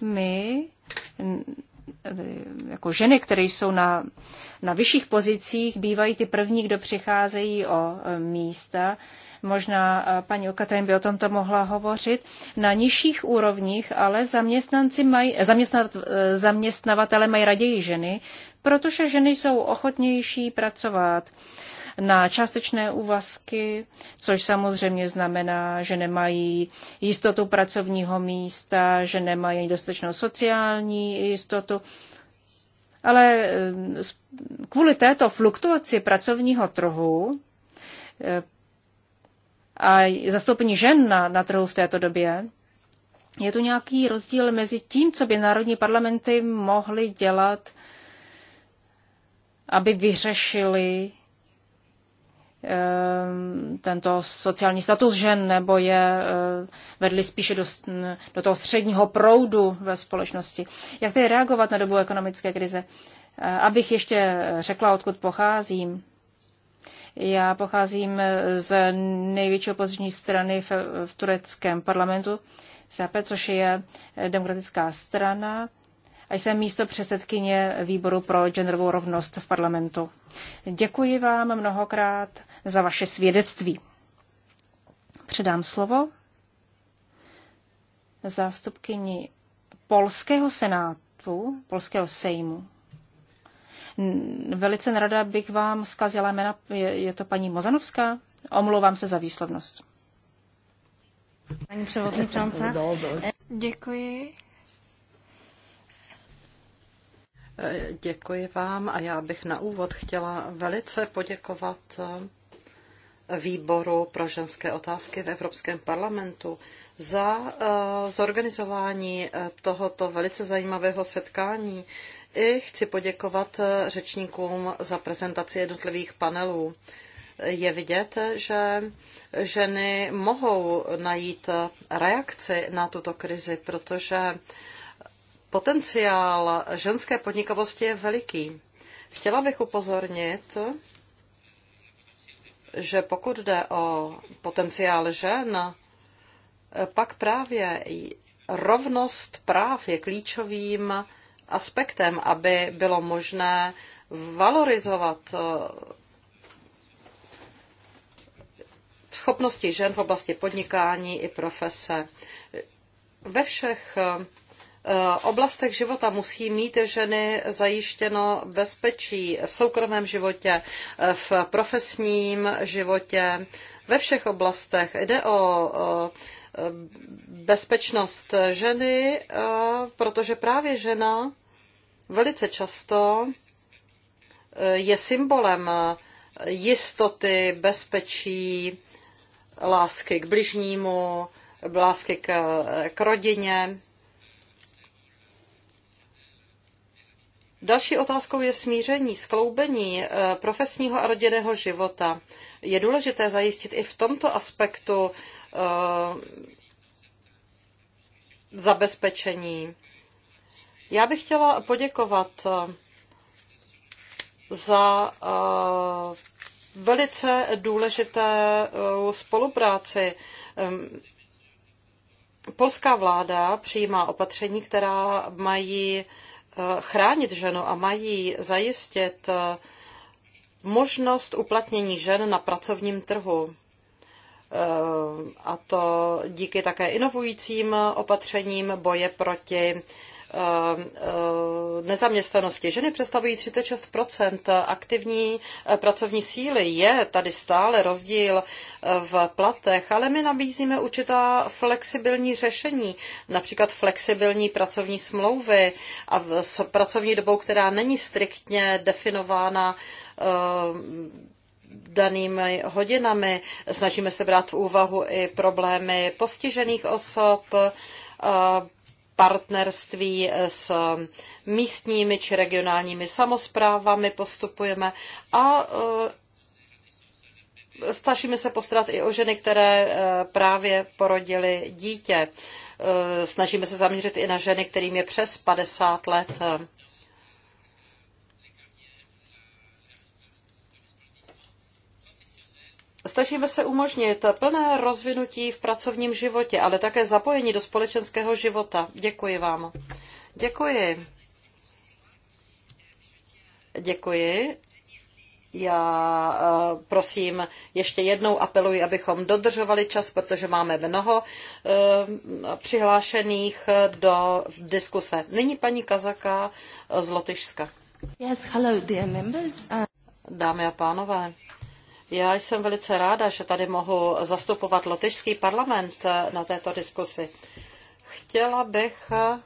My, jako ženy, které jsou na, na vyšších pozicích, bývají ty první, kdo přicházejí o e, místa, možná eh, paní Okatarin by o tomto mohla hovořit, na nižších úrovních, ale zaměstnanci mají, eh, zaměstnat, eh, zaměstnavatele mají raději ženy, protože ženy jsou ochotnější pracovat na částečné úvazky, což samozřejmě znamená, že nemají jistotu pracovního místa, že nemají dostatečnou sociální jistotu. Ale kvůli této fluktuaci pracovního trhu a zastoupení žen na, na trhu v této době, je tu nějaký rozdíl mezi tím, co by národní parlamenty mohly dělat, aby vyřešili ehm, tento sociální status žen, nebo je eh, vedli spíše do, do toho středního proudu ve společnosti. Jak tedy reagovat na dobu ekonomické krize? Eh, abych ještě řekla, odkud pocházím. Já pocházím z největší opoziční strany v, v tureckém parlamentu, SAP, což je demokratická strana, a jsem místo předsedkyně výboru pro genderovou rovnost v parlamentu. Děkuji vám mnohokrát za vaše svědectví. Předám slovo zástupkyni Polského senátu, Polského sejmu. Velice nerada bych vám zkazila jména, je, je to paní Mozanovská? Omlouvám se za výslovnost. Paní převodničance. Děkuji. E, děkuji vám a já bych na úvod chtěla velice poděkovat e, výboru pro ženské otázky v Evropském parlamentu za eh, zorganizování eh, tohoto velice zajímavého setkání. I chci poděkovat eh, řečníkům za prezentaci jednotlivých panelů. Je vidět, že ženy mohou najít reakci na tuto krizi, protože potenciál ženské podnikavosti je veliký. Chtěla bych upozornit že pokud jde o potenciál žen, pak právě rovnost práv je klíčovým aspektem, aby bylo možné valorizovat eh, schopnosti žen v oblasti podnikání i profese. Ve všech eh, Eh, oblastech života musí mít ženy zajištěno bezpečí v soukromém životě, eh, v profesním životě, ve všech oblastech. Jde o eh, bezpečnost ženy, protože právě žena velice často je symbolem jistoty, bezpečí, lásky k bližnímu, lásky k, k rodině. Další otázkou je smíření, skloubení eh, profesního a rodinného života. Je důležité zajistit i v tomto aspektu eh, zabezpečení. Já bych chtěla poděkovat eh, za velice důležité spolupráci. Ehm, polská vláda přijímá opatření, která mají Eh, chránit ženu a mají zajistit eh, možnost uplatnění žen na pracovním trhu. Eh, a to díky také inovujícím opatřením boje proti Eh, eh, nezaměstnanosti. Ženy představují 36 aktivní eh, pracovní síly. Je tady stále rozdíl v platech, ale my nabízíme určitá flexibilní řešení, například flexibilní pracovní smlouvy a s pracovní dobou, která není striktně definována danými hodinami. Snažíme se brát v úvahu i problémy postižených osob, partnerství eh, s místními či regionálními samozprávami postupujeme a eh, snažíme se postarat i o ženy, které eh, právě porodily dítě. Snažíme se zaměřit i na ženy, kterým je přes 50 let. Snažíme se umožnit plné rozvinutí v pracovním životě, ale také zapojení do společenského života. Děkuji vám. Děkuji. Děkuji. Já eh, prosím, ještě jednou apeluji, abychom dodržovali čas, protože máme mnoho eh, přihlášených do diskuse. Nyní paní Kazaka eh, z Lotyšska. Yes, hello, dear members. Dámy a pánové, já jsem velice ráda, že tady mohu zastupovat lotyšský parlament eh, na této diskusi. Chtěla bych eh,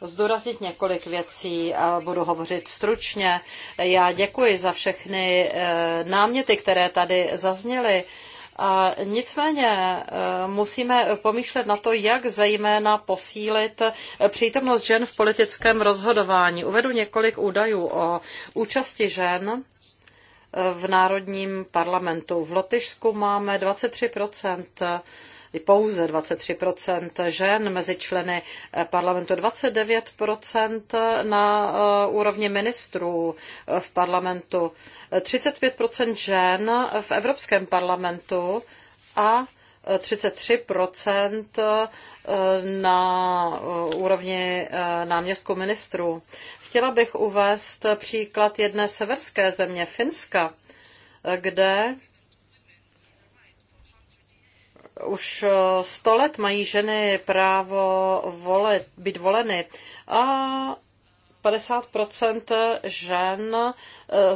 zdůraznit několik věcí a budu hovořit stručně. Já děkuji za všechny eh, náměty, které tady zazněly. A nicméně musíme pomýšlet na to, jak zejména posílit přítomnost žen v politickém rozhodování. Uvedu několik údajů o účasti žen v Národním parlamentu. V Lotyšsku máme 23 pouze 23% žen mezi členy parlamentu, 29% na eh, úrovni ministrů eh, v parlamentu, 35% žen v Evropském parlamentu a 33 eh, na eh, úrovni eh, náměstku ministrů. Chtěla bych uvést příklad jedné severské země, Finska, kde už sto let mají ženy právo volit, být voleny a 50 žen eh,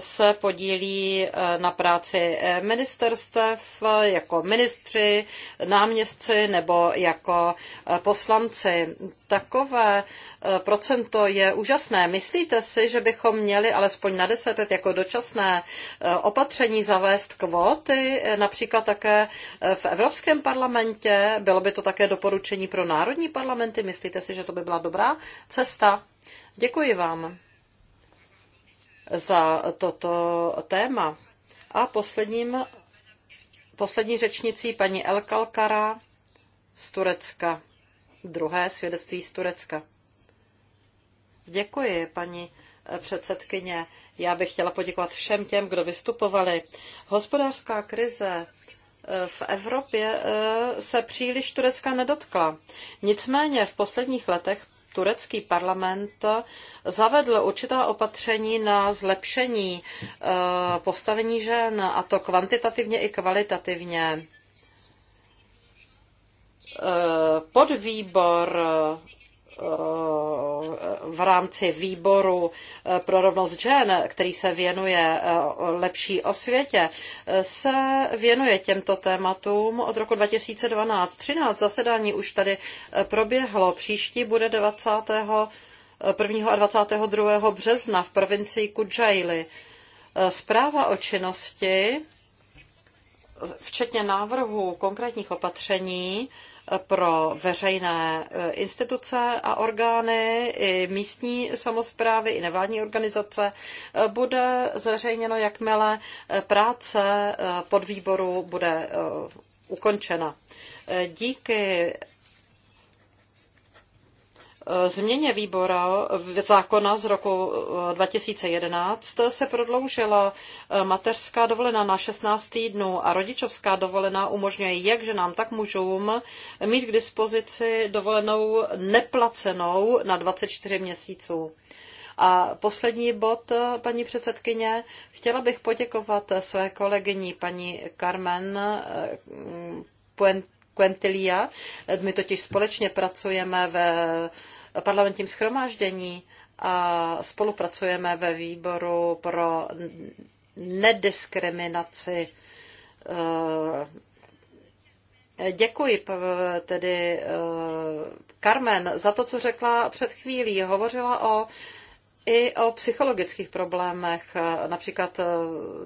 se podílí eh, na práci ministerstev jako ministři, náměstci nebo jako eh, poslanci. Takové procento je úžasné. Myslíte si, že bychom měli alespoň na deset let jako dočasné opatření zavést kvóty, například také v Evropském parlamentě? Bylo by to také doporučení pro národní parlamenty? Myslíte si, že to by byla dobrá cesta? Děkuji vám za toto téma. A posledním, poslední řečnicí paní Elkalkara z Turecka. Druhé svědectví z Turecka. Děkuji, paní předsedkyně. Já bych chtěla poděkovat všem těm, kdo vystupovali. Hospodářská krize eh, v Evropě eh, se příliš Turecka nedotkla. Nicméně v posledních letech turecký parlament zavedl určitá opatření na zlepšení eh, postavení žen, a to kvantitativně i kvalitativně. Eh, podvýbor v rámci výboru eh, pro rovnost žen, který se věnuje eh, lepší osvětě, se věnuje těmto tématům od roku 2012. 13 zasedání už tady eh, proběhlo. Příští bude 20. 1. a 22. března v provincii Kudžajli. Zpráva o činnosti, včetně návrhu konkrétních opatření, pro veřejné eh, instituce a orgány, i místní samozprávy, i nevládní organizace eh, bude zveřejněno, jakmile eh, práce podvýboru bude ukončena. Díky Eh, změně výbora v zákona z roku 2011 eh, se prodloužila eh, mateřská dovolená na 16 týdnů a rodičovská dovolená umožňuje jak ženám, tak mužům mít k dispozici dovolenou neplacenou na 24 měsíců. A poslední bod, paní předsedkyně, chtěla bych poděkovat své kolegyni paní Carmen mm, Puent My totiž společně pracujeme ve parlamentním schromáždění a spolupracujeme ve výboru pro nediskriminaci. Eh, děkuji tedy eh, Carmen za to, co řekla před chvílí. Hovořila o i o psychologických problémech, eh, například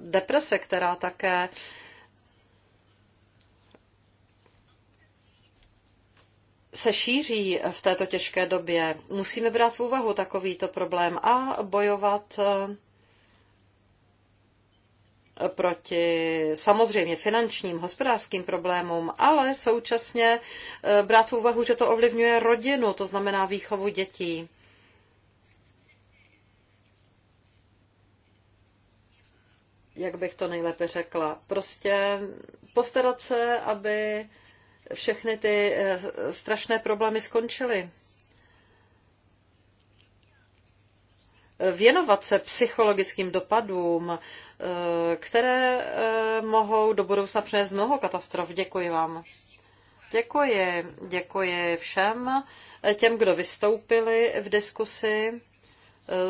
deprese, která také se šíří v této těžké době. Musíme brát v úvahu takovýto problém a bojovat eh, proti samozřejmě finančním, hospodářským problémům, ale současně eh, brát v úvahu, že to ovlivňuje rodinu, to znamená výchovu dětí. Jak bych to nejlépe řekla? Prostě postarat se, aby všechny ty eh, strašné problémy skončily. Věnovat se psychologickým dopadům, eh, které eh, mohou do budoucna přinést mnoho katastrof. Děkuji vám. Děkuji. Děkuji všem těm, kdo vystoupili v diskusi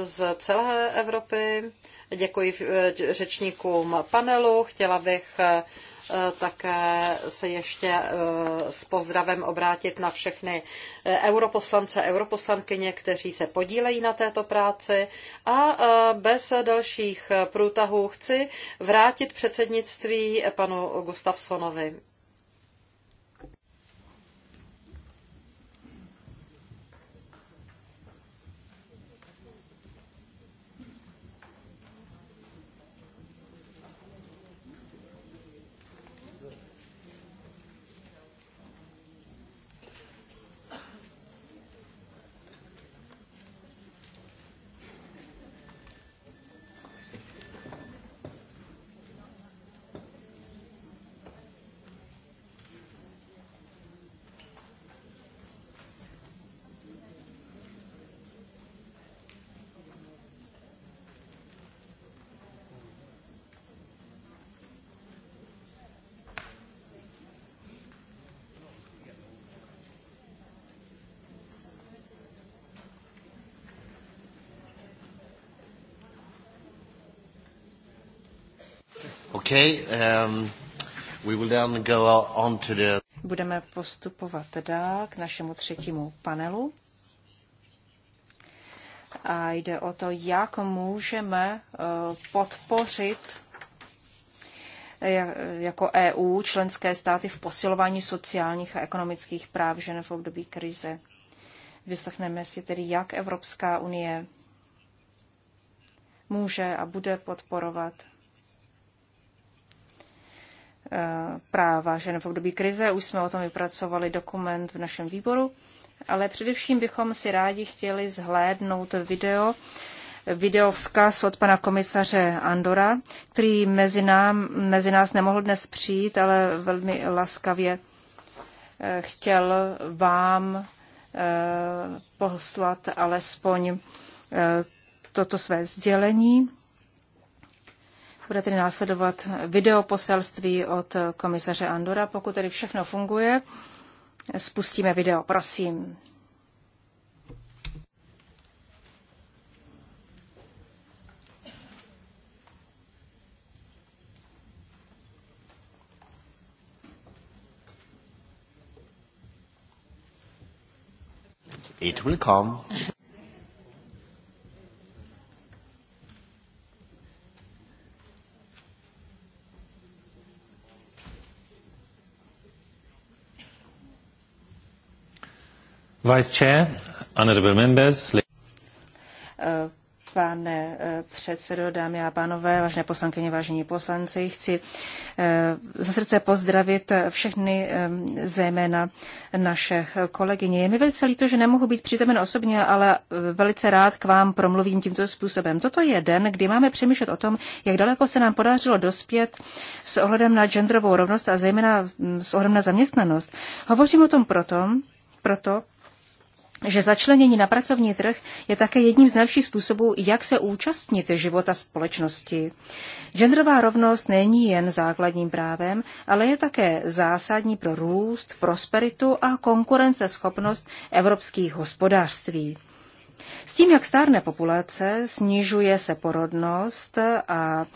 z celé Evropy. Děkuji řečníkům panelu. Chtěla bych Eh, také se ještě eh, s pozdravem obrátit na všechny eh, europoslance, europoslankyně, kteří se podílejí na této práci a bez dalších průtahů chci vrátit předsednictví panu Gustavsonovi. Okay, um, we will then go on to the... Budeme postupovat dál k našemu třetímu panelu. A jde o to, jak můžeme uh, podpořit jako EU členské státy v posilování sociálních a ekonomických práv žen v období krize. Vyslechneme si tedy, jak Evropská unie může a bude podporovat Eh, práva žen v období krize. Už jsme o tom vypracovali dokument v našem výboru, ale především bychom si rádi chtěli zhlédnout video, video vzkaz od pana komisaře Andora, který mezi, nám, mezi nás nemohl dnes přijít, ale velmi laskavě eh, chtěl vám eh, poslat alespoň toto své sdělení. Bude tedy následovat videoposelství od komisaře Andora. Pokud tedy všechno funguje, spustíme video, prosím. It will come. Vice Chair, honorable members. Pane eh, předsedo, dámy a pánové, vážné poslankyně, vážení poslanci, chci eh, ze srdce pozdravit všechny, eh, zejména naše kolegyně. Je mi velice líto, že nemohu být přítomen osobně, ale velice rád k vám promluvím tímto způsobem. Toto je den, kdy máme přemýšlet o tom, jak daleko se nám podařilo dospět s ohledem na genderovou rovnost a zejména mm, s ohledem na zaměstnanost. Hovořím o tom proto, proto, že začlenění na pracovní trh je také jedním z nejlepších způsobů, jak se účastnit života společnosti. Genderová rovnost není jen základním právem, ale je také zásadní pro růst, prosperitu a konkurenceschopnost evropských hospodářství. S tím, jak stárne populace, snižuje se porodnost a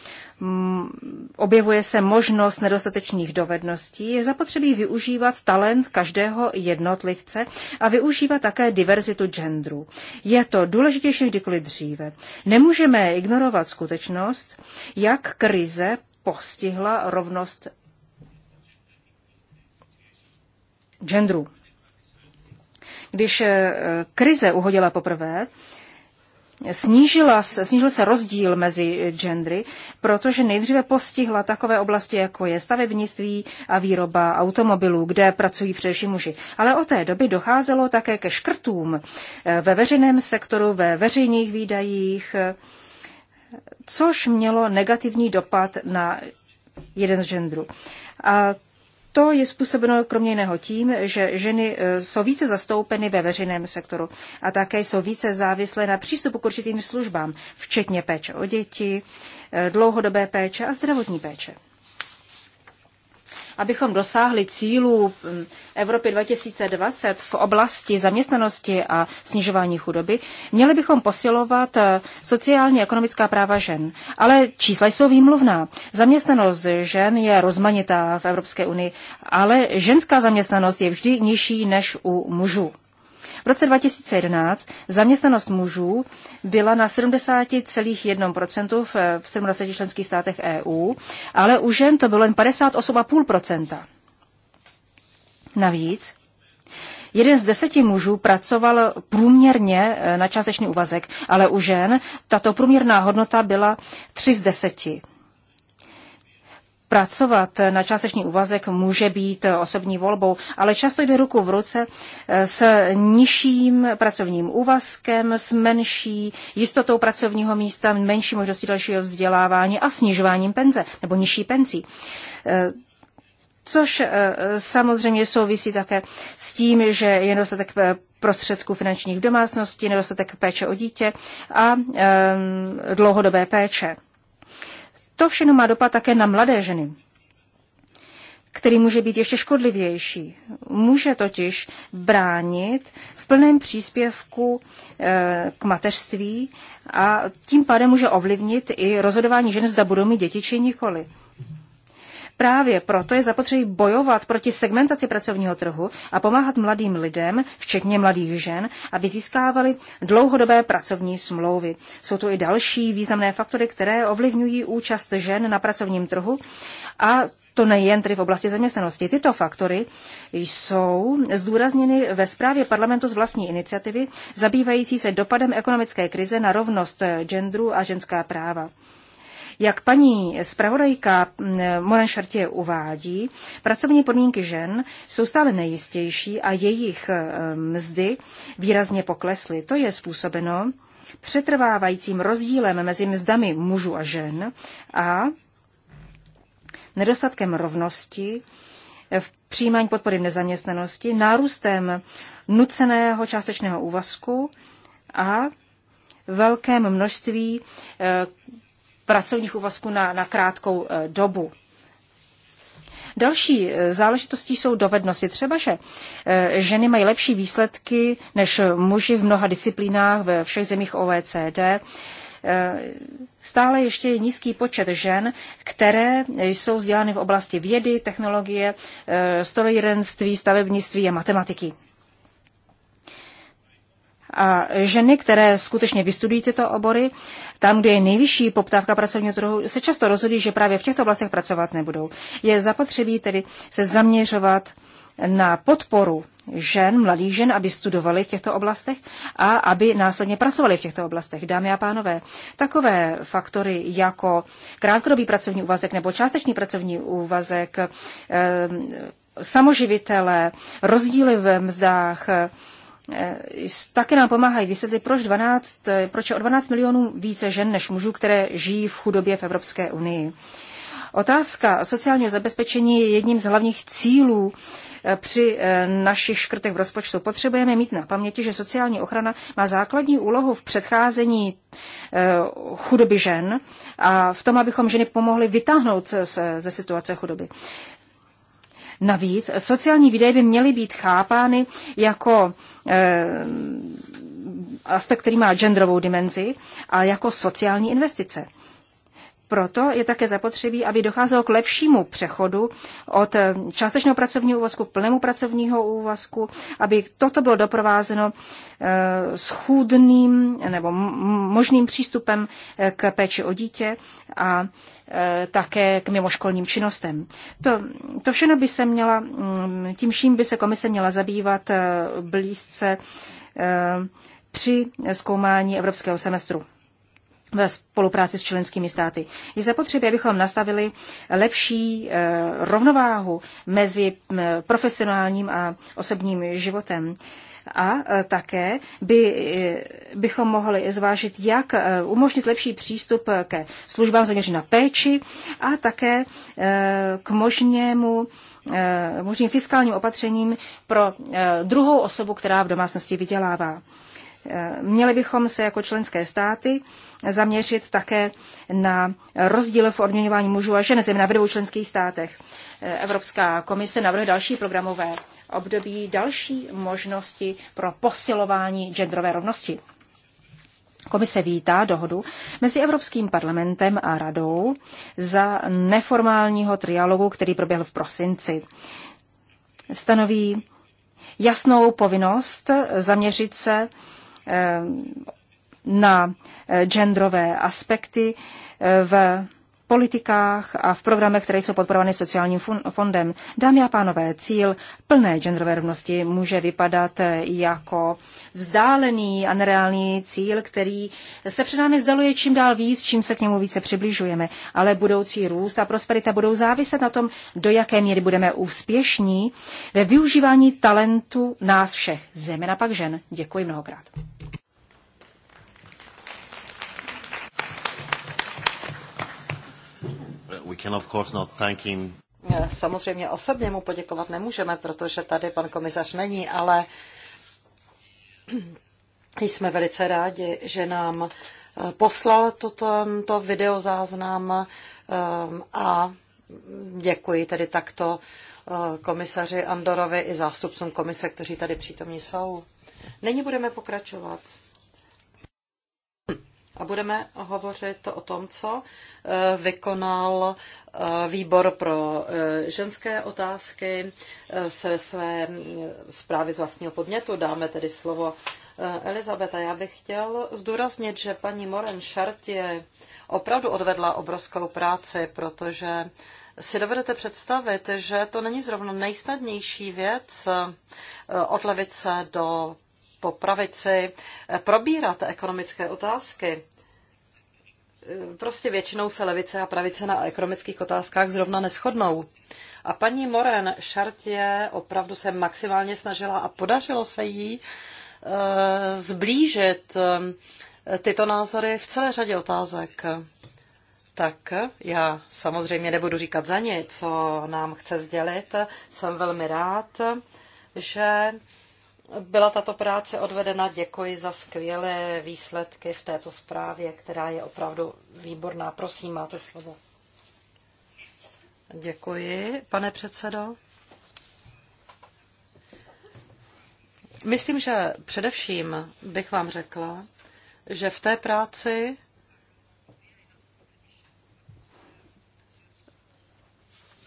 mm, objevuje se možnost nedostatečných dovedností, je zapotřebí využívat talent každého jednotlivce a využívat také diverzitu genderů. Je to důležitější kdykoliv dříve. Nemůžeme ignorovat skutečnost, jak krize postihla rovnost genderů. Když eh, krize uhodila poprvé, Snížila se, snížil se rozdíl mezi eh, gendry, protože nejdříve postihla takové oblasti, jako je stavebnictví a výroba automobilů, kde pracují především muži. Ale od té doby docházelo také ke škrtům eh, ve veřejném sektoru, ve veřejných výdajích, což mělo negativní dopad na jeden z genderů. A to je způsobeno kromě jiného tím, že ženy e, jsou více zastoupeny ve veřejném sektoru a také jsou více závislé na přístupu k určitým službám, včetně péče o děti, e, dlouhodobé péče a zdravotní péče abychom dosáhli cílů Evropy 2020 v oblasti zaměstnanosti a snižování chudoby, měli bychom posilovat e, sociální a ekonomická práva žen. Ale čísla jsou výmluvná. Zaměstnanost žen je rozmanitá v Evropské unii, ale ženská zaměstnanost je vždy nižší než u mužů. V roce 2011 zaměstnanost mužů byla na 70,1% v 70 členských státech EU, ale u žen to bylo jen 58,5%. Navíc Jeden z deseti mužů pracoval průměrně e, na částečný úvazek, ale u žen tato průměrná hodnota byla 3 z deseti pracovat na částečný úvazek může být osobní volbou, ale často jde ruku v ruce eh, s nižším pracovním úvazkem, s menší jistotou pracovního místa, menší možností dalšího vzdělávání a snižováním penze nebo nižší penzí. Eh, což eh, samozřejmě souvisí také s tím, že je nedostatek prostředků finančních domácností, nedostatek péče o dítě a ehm, dlouhodobé péče. To všechno má dopad také na mladé ženy který může být ještě škodlivější. Může totiž bránit v plném příspěvku eh, k mateřství a tím pádem může ovlivnit i rozhodování žen, zda budou mít děti či nikoli. Právě proto je zapotřebí bojovat proti segmentaci pracovního trhu a pomáhat mladým lidem, včetně mladých žen, aby získávali dlouhodobé pracovní smlouvy. Jsou tu i další významné faktory, které ovlivňují účast žen na pracovním trhu a to nejen tedy v oblasti zaměstnanosti. Tyto faktory jsou zdůrazněny ve zprávě parlamentu z vlastní iniciativy, zabývající se dopadem ekonomické krize na rovnost genderu a ženská práva. Jak paní zpravodajka mm, Moran Šartě uvádí, pracovní podmínky žen jsou stále nejistější a jejich eh, mzdy výrazně poklesly. To je způsobeno přetrvávajícím rozdílem mezi mzdami mužů a žen a nedostatkem rovnosti v přijímání podpory v nezaměstnanosti, nárůstem nuceného částečného úvazku a velkém množství eh, pracovních úvazků na, na krátkou eh, dobu. Další eh, záležitostí jsou dovednosti. Třeba, že eh, ženy mají lepší výsledky než muži v mnoha disciplínách ve všech zemích OECD. Stále ještě je nízký počet žen, které jsou vzdělány v oblasti vědy, technologie, strojírenství, stavebnictví a matematiky. A ženy, které skutečně vystudují tyto obory, tam, kde je nejvyšší poptávka pracovního trhu, se často rozhodují, že právě v těchto oblastech pracovat nebudou. Je zapotřebí tedy se zaměřovat na podporu žen, mladých žen, aby studovali v těchto oblastech a aby následně pracovali v těchto oblastech. Dámy a pánové, takové faktory jako krátkodobý pracovní úvazek nebo částečný pracovní úvazek, eh, samoživitelé, rozdíly ve mzdách, Eh, také nám pomáhají vysvětlit, proč, 12, eh, proč je o 12 milionů více žen než mužů, které žijí v chudobě v Evropské unii. Otázka sociálního zabezpečení je jedním z hlavních cílů eh, při našich škrtech v rozpočtu. Potřebujeme mít na paměti, že sociální ochrana má základní úlohu v předcházení chudoby žen a v tom, abychom ženy pomohli vytáhnout se ze situace chudoby. Navíc sociální výdaje by měly být chápány jako eh, aspekt, který má genderovou dimenzi, a jako sociální investice. Proto je také zapotřebí, aby docházelo k lepšímu přechodu od eh, částečného pracovního úvazku k plnému pracovního úvazku, aby toto bylo doprovázeno eh, schůdným nebo možným přístupem eh, k péči o dítě a Eh, také k mimoškolním činnostem. To, to všechno by se měla, mm, tím vším by se komise měla zabývat eh, blízce eh, při zkoumání evropského semestru ve spolupráci s členskými státy. Je zapotřebí, abychom nastavili lepší rovnováhu mezi mm, profesionálním a osobním životem. A e, také by, e, bychom mohli zvážit, jak e, umožnit lepší přístup ke službám zaměřeným na péči a také k možnému možným fiskálním opatřením pro druhou osobu, která v domácnosti vydělává. Měli bychom se jako členské státy zaměřit také na rozdíl v odměňování mužů a žen, zejména ve dvou členských státech. Evropská komise navrhuje další programové období, další možnosti pro posilování genderové rovnosti. Komise vítá dohodu mezi Evropským parlamentem a radou za neformálního trialogu, který proběhl v prosinci. Stanoví jasnou povinnost zaměřit se Eh, na eh, genderové aspekty eh, v politikách a v programech, které jsou podporovány sociálním fondem. Dámy a pánové, cíl plné genderové rovnosti může vypadat jako vzdálený a nereálný cíl, který se před námi zdaluje čím dál víc, čím se k němu více přibližujeme. Ale budoucí růst a prosperita budou záviset na tom, do jaké míry budeme úspěšní ve využívání talentu nás všech, zejména pak žen. Děkuji mnohokrát. we can of course not thank him. Samozřejmě osobně mu poděkovat nemůžeme, protože tady pan komisař není, ale *clears throat* jsme velice rádi, že nám eh, poslal toto to videozáznam eh, a děkuji tedy takto eh, komisaři Andorovi i zástupcům komise, kteří tady přítomní jsou. Nyní budeme pokračovat. A budeme hovořit o tom, co e, vykonal e, výbor pro e, ženské otázky se své zprávy z vlastního podnětu. Dáme tedy slovo Elizabeta, já bych chtěl zdůraznit, že paní Moren je opravdu odvedla obrovskou práci, protože si dovedete představit, že to není zrovna nejsnadnější věc od se do po pravici eh, probírat ekonomické otázky. Eh, prostě většinou se levice a pravice na ekonomických otázkách zrovna neschodnou. A paní Moren Šartě opravdu se maximálně snažila a podařilo se jí eh, zblížit tyto názory v celé řadě otázek. Tak já samozřejmě nebudu říkat za ní, co nám chce sdělit. Jsem velmi rád, že byla tato práce odvedena. Děkuji za skvělé výsledky v této zprávě, která je opravdu výborná. Prosím, máte slovo. Děkuji, pane předsedo. Myslím, že především bych vám řekla, že v té práci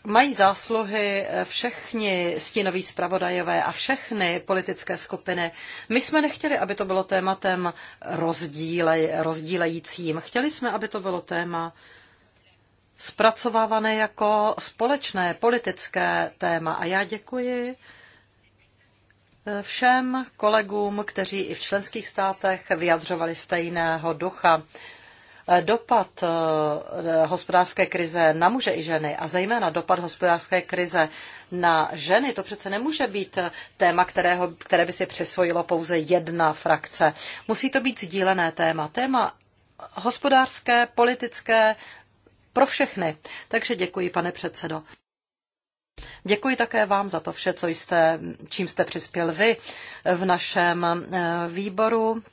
mají zásluhy všichni stínoví zpravodajové a všechny politické skupiny. My jsme nechtěli, aby to bylo tématem rozdíle, rozdílejícím. Chtěli jsme, aby to bylo téma zpracovávané jako společné politické téma. A já děkuji eh, všem kolegům, kteří i v členských státech vyjadřovali stejného ducha. Eh, dopad eh, hospodářské krize na muže i ženy a zejména dopad hospodářské krize na ženy, to přece nemůže být eh, téma, kterého, které by si přisvojilo pouze jedna frakce. Musí to být sdílené téma. Téma hospodářské, politické, pro všechny. Takže děkuji, pane předsedo. Děkuji také vám za to vše, co jste, čím jste přispěl vy v našem výboru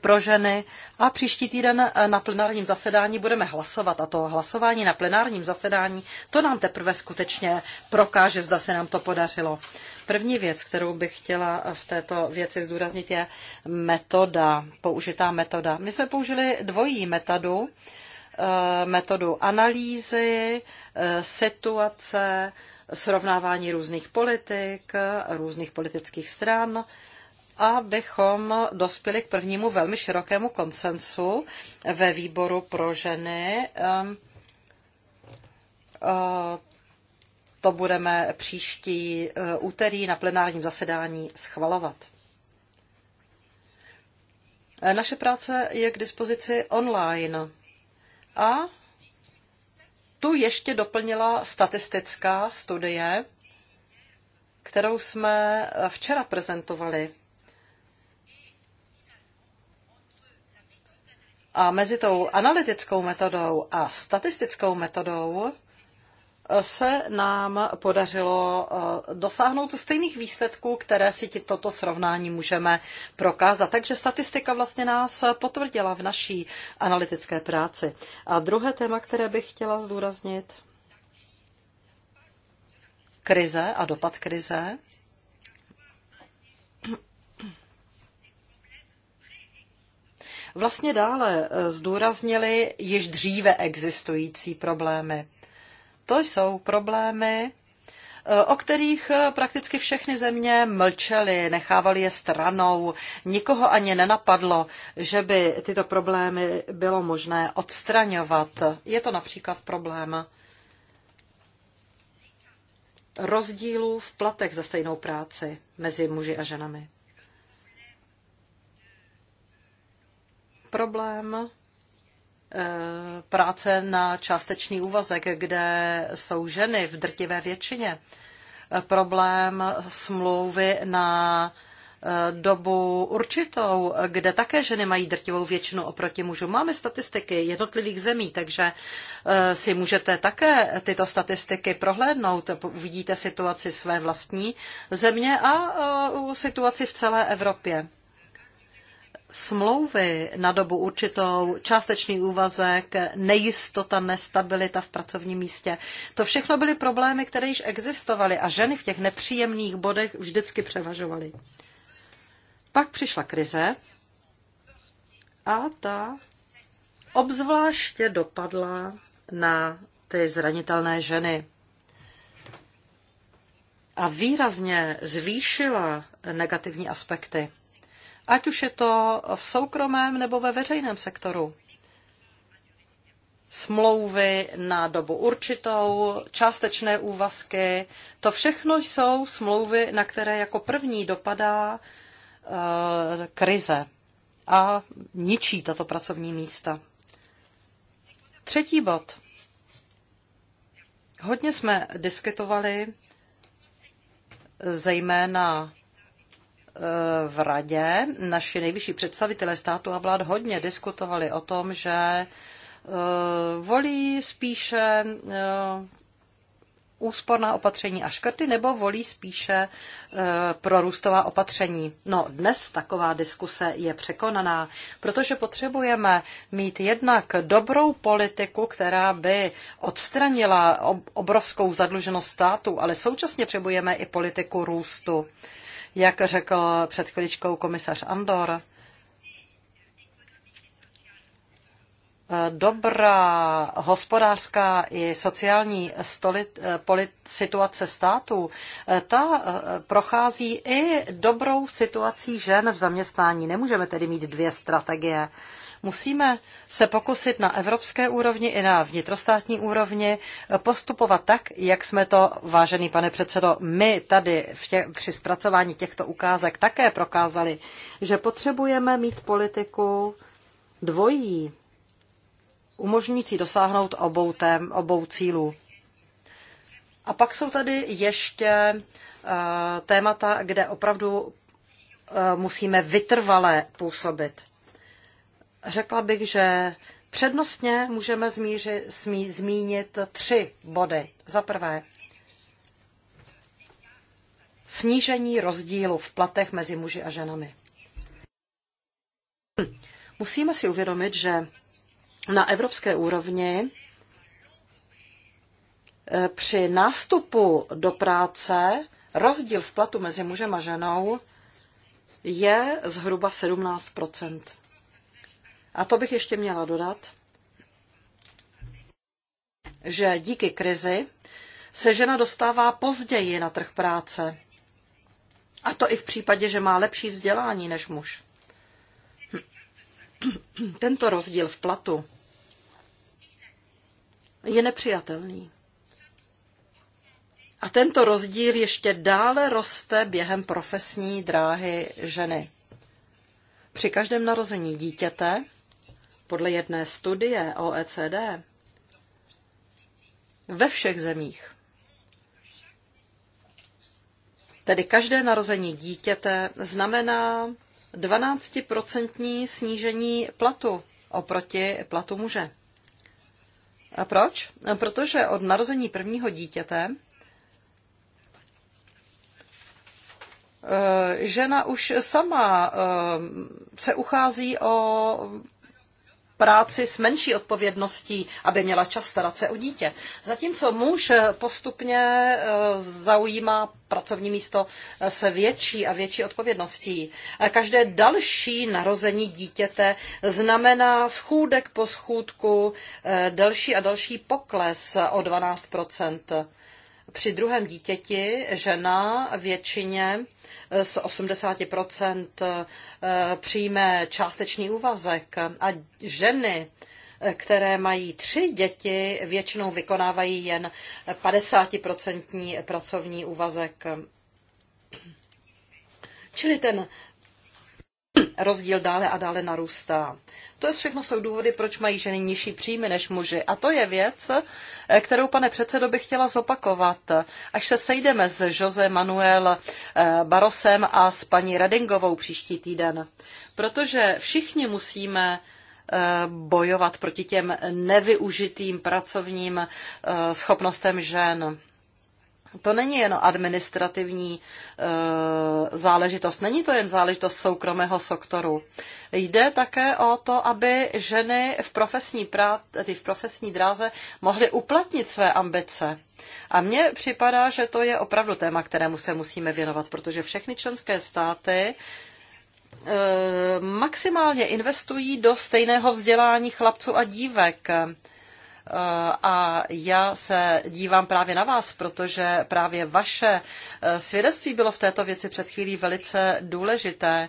pro ženy a příští týden eh, na plenárním zasedání budeme hlasovat a to hlasování na plenárním zasedání, to nám teprve skutečně prokáže, zda se nám to podařilo. První věc, kterou bych chtěla v této věci zdůraznit, je metoda, použitá metoda. My jsme použili dvojí metodu, eh, metodu analýzy, eh, situace, srovnávání různých politik, různých politických stran, abychom dospěli k prvnímu velmi širokému konsensu ve výboru pro ženy. Ehm, ehm, to budeme příští eh, úterý na plenárním zasedání schvalovat. Eh, naše práce je k dispozici online a tu ještě doplnila statistická studie, kterou jsme včera prezentovali A mezi tou analytickou metodou a statistickou metodou eh, se nám podařilo eh, dosáhnout stejných výsledků, které si toto srovnání můžeme prokázat. Takže statistika vlastně nás potvrdila v naší analytické práci. A druhé téma, které bych chtěla zdůraznit, krize a dopad krize vlastně dále eh, zdůraznili již dříve existující problémy. To jsou problémy, eh, o kterých eh, prakticky všechny země mlčely, nechávali je stranou. Nikoho ani nenapadlo, že by tyto problémy bylo možné odstraňovat. Je to například problém rozdílů v platech za stejnou práci mezi muži a ženami. problém eh, práce na částečný úvazek, kde jsou ženy v drtivé většině. Eh, problém smlouvy na eh, dobu určitou, kde také ženy mají drtivou většinu oproti mužům. Máme statistiky jednotlivých zemí, takže si můžete také tyto statistiky prohlédnout. Uvidíte situaci své vlastní země a situaci v celé Evropě smlouvy na dobu určitou, částečný úvazek, nejistota, nestabilita v pracovním místě. To všechno byly problémy, které již existovaly a ženy v těch nepříjemných bodech vždycky převažovaly. Pak přišla krize a ta obzvláště dopadla na ty zranitelné ženy a výrazně zvýšila negativní aspekty ať už je to v soukromém nebo ve veřejném sektoru. Smlouvy na dobu určitou, částečné úvazky, to všechno jsou smlouvy, na které jako první dopadá eh, krize a ničí tato pracovní místa. Třetí bod. Hodně jsme diskutovali zejména v radě naši nejvyšší představitelé státu a vlád hodně diskutovali o tom, že eh, volí spíše eh, úsporná opatření a škrty, nebo volí spíše eh, prorůstová opatření. No dnes taková diskuse je překonaná, protože potřebujeme mít jednak dobrou politiku, která by odstranila obrovskou zadluženost státu, ale současně potřebujeme i politiku růstu. Jak řekl před chviličkou komisař Andor, dobrá hospodářská i sociální stolit, polit, situace států, ta prochází i dobrou situací žen v zaměstnání. Nemůžeme tedy mít dvě strategie. Musíme se pokusit na evropské úrovni i na vnitrostátní úrovni postupovat tak, jak jsme to, vážený pane předsedo, my tady v tě, při zpracování těchto ukázek také prokázali, že potřebujeme mít politiku dvojí, umožňující dosáhnout obou, tém, obou cílů. A pak jsou tady ještě uh, témata, kde opravdu eh, musíme vytrvale působit řekla bych, že přednostně můžeme zmíři, smí, zmínit tři body. Za prvé, snížení rozdílu v platech mezi muži a ženami. Musíme si uvědomit, že na evropské úrovni eh, při nástupu do práce rozdíl v platu mezi mužem a ženou je zhruba 17 a to bych ještě měla dodat, že díky krizi se žena dostává později na trh práce. A to i v případě, že má lepší vzdělání než muž. Tento rozdíl v platu je nepřijatelný. A tento rozdíl ještě dále roste během profesní dráhy ženy. Při každém narození dítěte podle jedné studie OECD ve všech zemích, tedy každé narození dítěte, znamená 12% snížení platu oproti platu muže. A proč? Protože od narození prvního dítěte eh, žena už sama eh, se uchází o práci s menší odpovědností, aby měla čas starat se o dítě. Zatímco muž postupně eh, zaujímá pracovní místo eh, se větší a větší odpovědností. Eh, každé další narození dítěte znamená schůdek po schůdku, další a další pokles o 12 při druhém dítěti žena většině z 80% eh, přijme částečný úvazek a ženy, eh, které mají tři děti, většinou vykonávají jen 50% pracovní úvazek. Čili ten rozdíl dále a dále narůstá. To je všechno jsou důvody, proč mají ženy nižší příjmy než muži. A to je věc, eh, kterou, pane předsedo, bych chtěla zopakovat. Až se sejdeme s Jose Manuel eh, Barosem a s paní Redingovou příští týden. Protože všichni musíme eh, bojovat proti těm nevyužitým pracovním schopnostem žen. To není jen administrativní e, záležitost, není to jen záležitost soukromého sektoru. Jde také o to, aby ženy v profesní, prá, tedy v profesní dráze mohly uplatnit své ambice. A mně připadá, že to je opravdu téma, kterému se musíme věnovat, protože všechny členské státy e, maximálně investují do stejného vzdělání chlapců a dívek. Eh, a já se dívám právě na vás, protože právě vaše eh, svědectví bylo v této věci před chvílí velice důležité.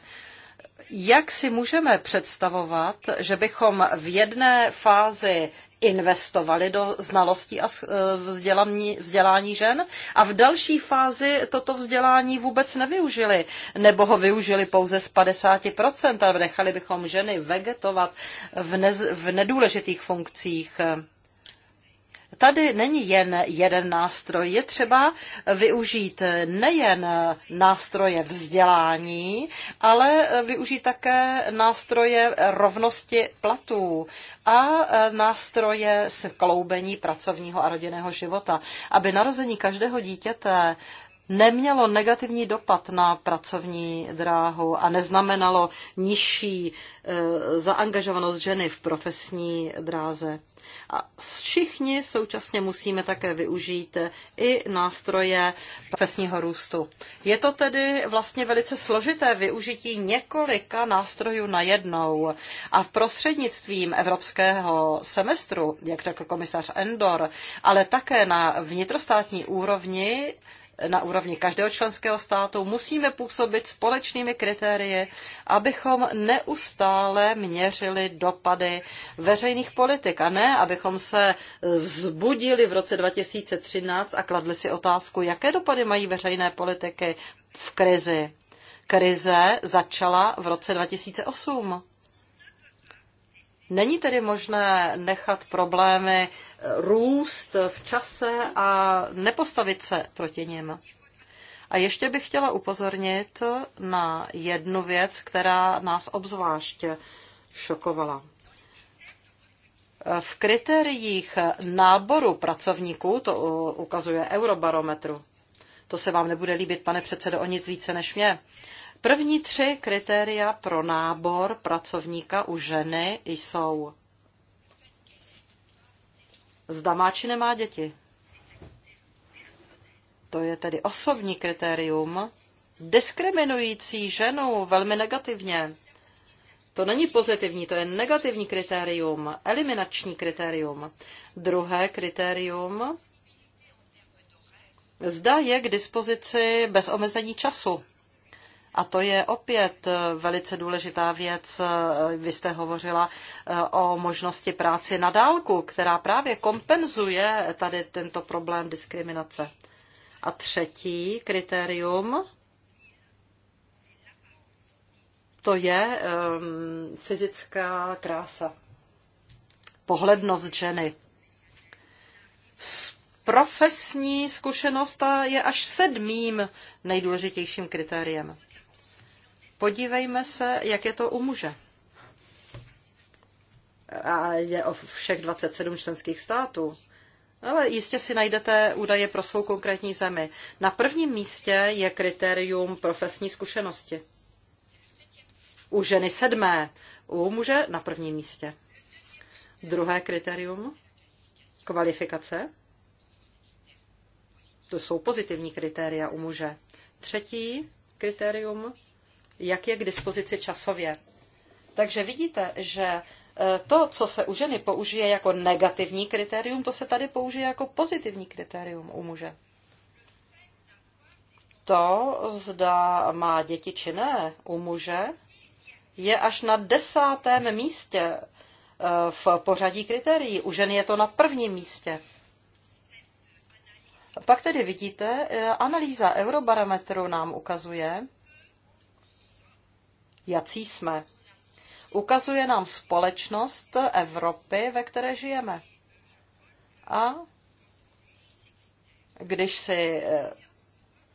Jak si můžeme představovat, že bychom v jedné fázi investovali do znalostí a eh, vzdělání, vzdělání žen a v další fázi toto vzdělání vůbec nevyužili, nebo ho využili pouze z 50% a nechali bychom ženy vegetovat v, nez, v nedůležitých funkcích. Tady není jen jeden nástroj, je třeba využít nejen nástroje vzdělání, ale využít také nástroje rovnosti platů a nástroje skloubení pracovního a rodinného života, aby narození každého dítěte nemělo negativní dopad na pracovní dráhu a neznamenalo nižší e, zaangažovanost ženy v profesní dráze. A všichni současně musíme také využít i nástroje profesního růstu. Je to tedy vlastně velice složité využití několika nástrojů na jednou. A v prostřednictvím evropského semestru, jak řekl komisař Endor, ale také na vnitrostátní úrovni na úrovni každého členského státu, musíme působit společnými kritérii, abychom neustále měřili dopady veřejných politik a ne, abychom se vzbudili v roce 2013 a kladli si otázku, jaké dopady mají veřejné politiky v krizi. Krize začala v roce 2008. Není tedy možné nechat problémy eh, růst v čase a nepostavit se proti nim. A ještě bych chtěla upozornit na jednu věc, která nás obzvlášť šokovala. V kritériích náboru pracovníků, to eh, ukazuje Eurobarometru, to se vám nebude líbit, pane předsedo, o nic více než mě, První tři kritéria pro nábor pracovníka u ženy jsou zda má či nemá děti. To je tedy osobní kritérium, diskriminující ženu velmi negativně. To není pozitivní, to je negativní kritérium, eliminační kritérium. Druhé kritérium, zda je k dispozici bez omezení času. A to je opět eh, velice důležitá věc. Eh, Vy jste hovořila eh, o možnosti práce na dálku, která právě kompenzuje tady tento problém diskriminace. A třetí kritérium, to je um, fyzická krása. Pohlednost ženy. Profesní zkušenost je až sedmým nejdůležitějším kritériem. Podívejme se, jak je to u muže. A je o všech 27 členských států. Ale jistě si najdete údaje pro svou konkrétní zemi. Na prvním místě je kritérium profesní zkušenosti. U ženy sedmé, u muže na prvním místě. Druhé kritérium kvalifikace. To jsou pozitivní kritéria u muže. Třetí kritérium jak je k dispozici časově. Takže vidíte, že e, to, co se u ženy použije jako negativní kritérium, to se tady použije jako pozitivní kritérium u muže. To, zda má děti či ne u muže, je až na desátém místě e, v pořadí kritérií. U ženy je to na prvním místě. Pak tedy vidíte, e, analýza Eurobarometru nám ukazuje, jací jsme. Ukazuje nám společnost Evropy, ve které žijeme. A když si eh,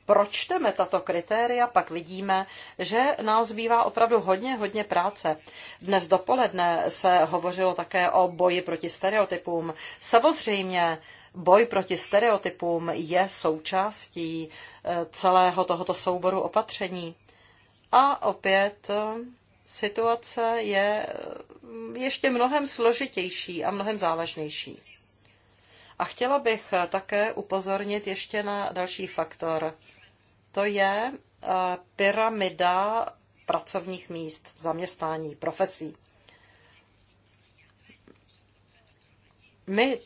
pročteme tato kritéria, pak vidíme, že nám zbývá opravdu hodně, hodně práce. Dnes dopoledne se hovořilo také o boji proti stereotypům. Samozřejmě boj proti stereotypům je součástí eh, celého tohoto souboru opatření. A opět eh, situace je eh, ještě mnohem složitější a mnohem závažnější. A chtěla bych eh, také upozornit ještě na další faktor. To je pyramida pracovních míst, zaměstnání, profesí. My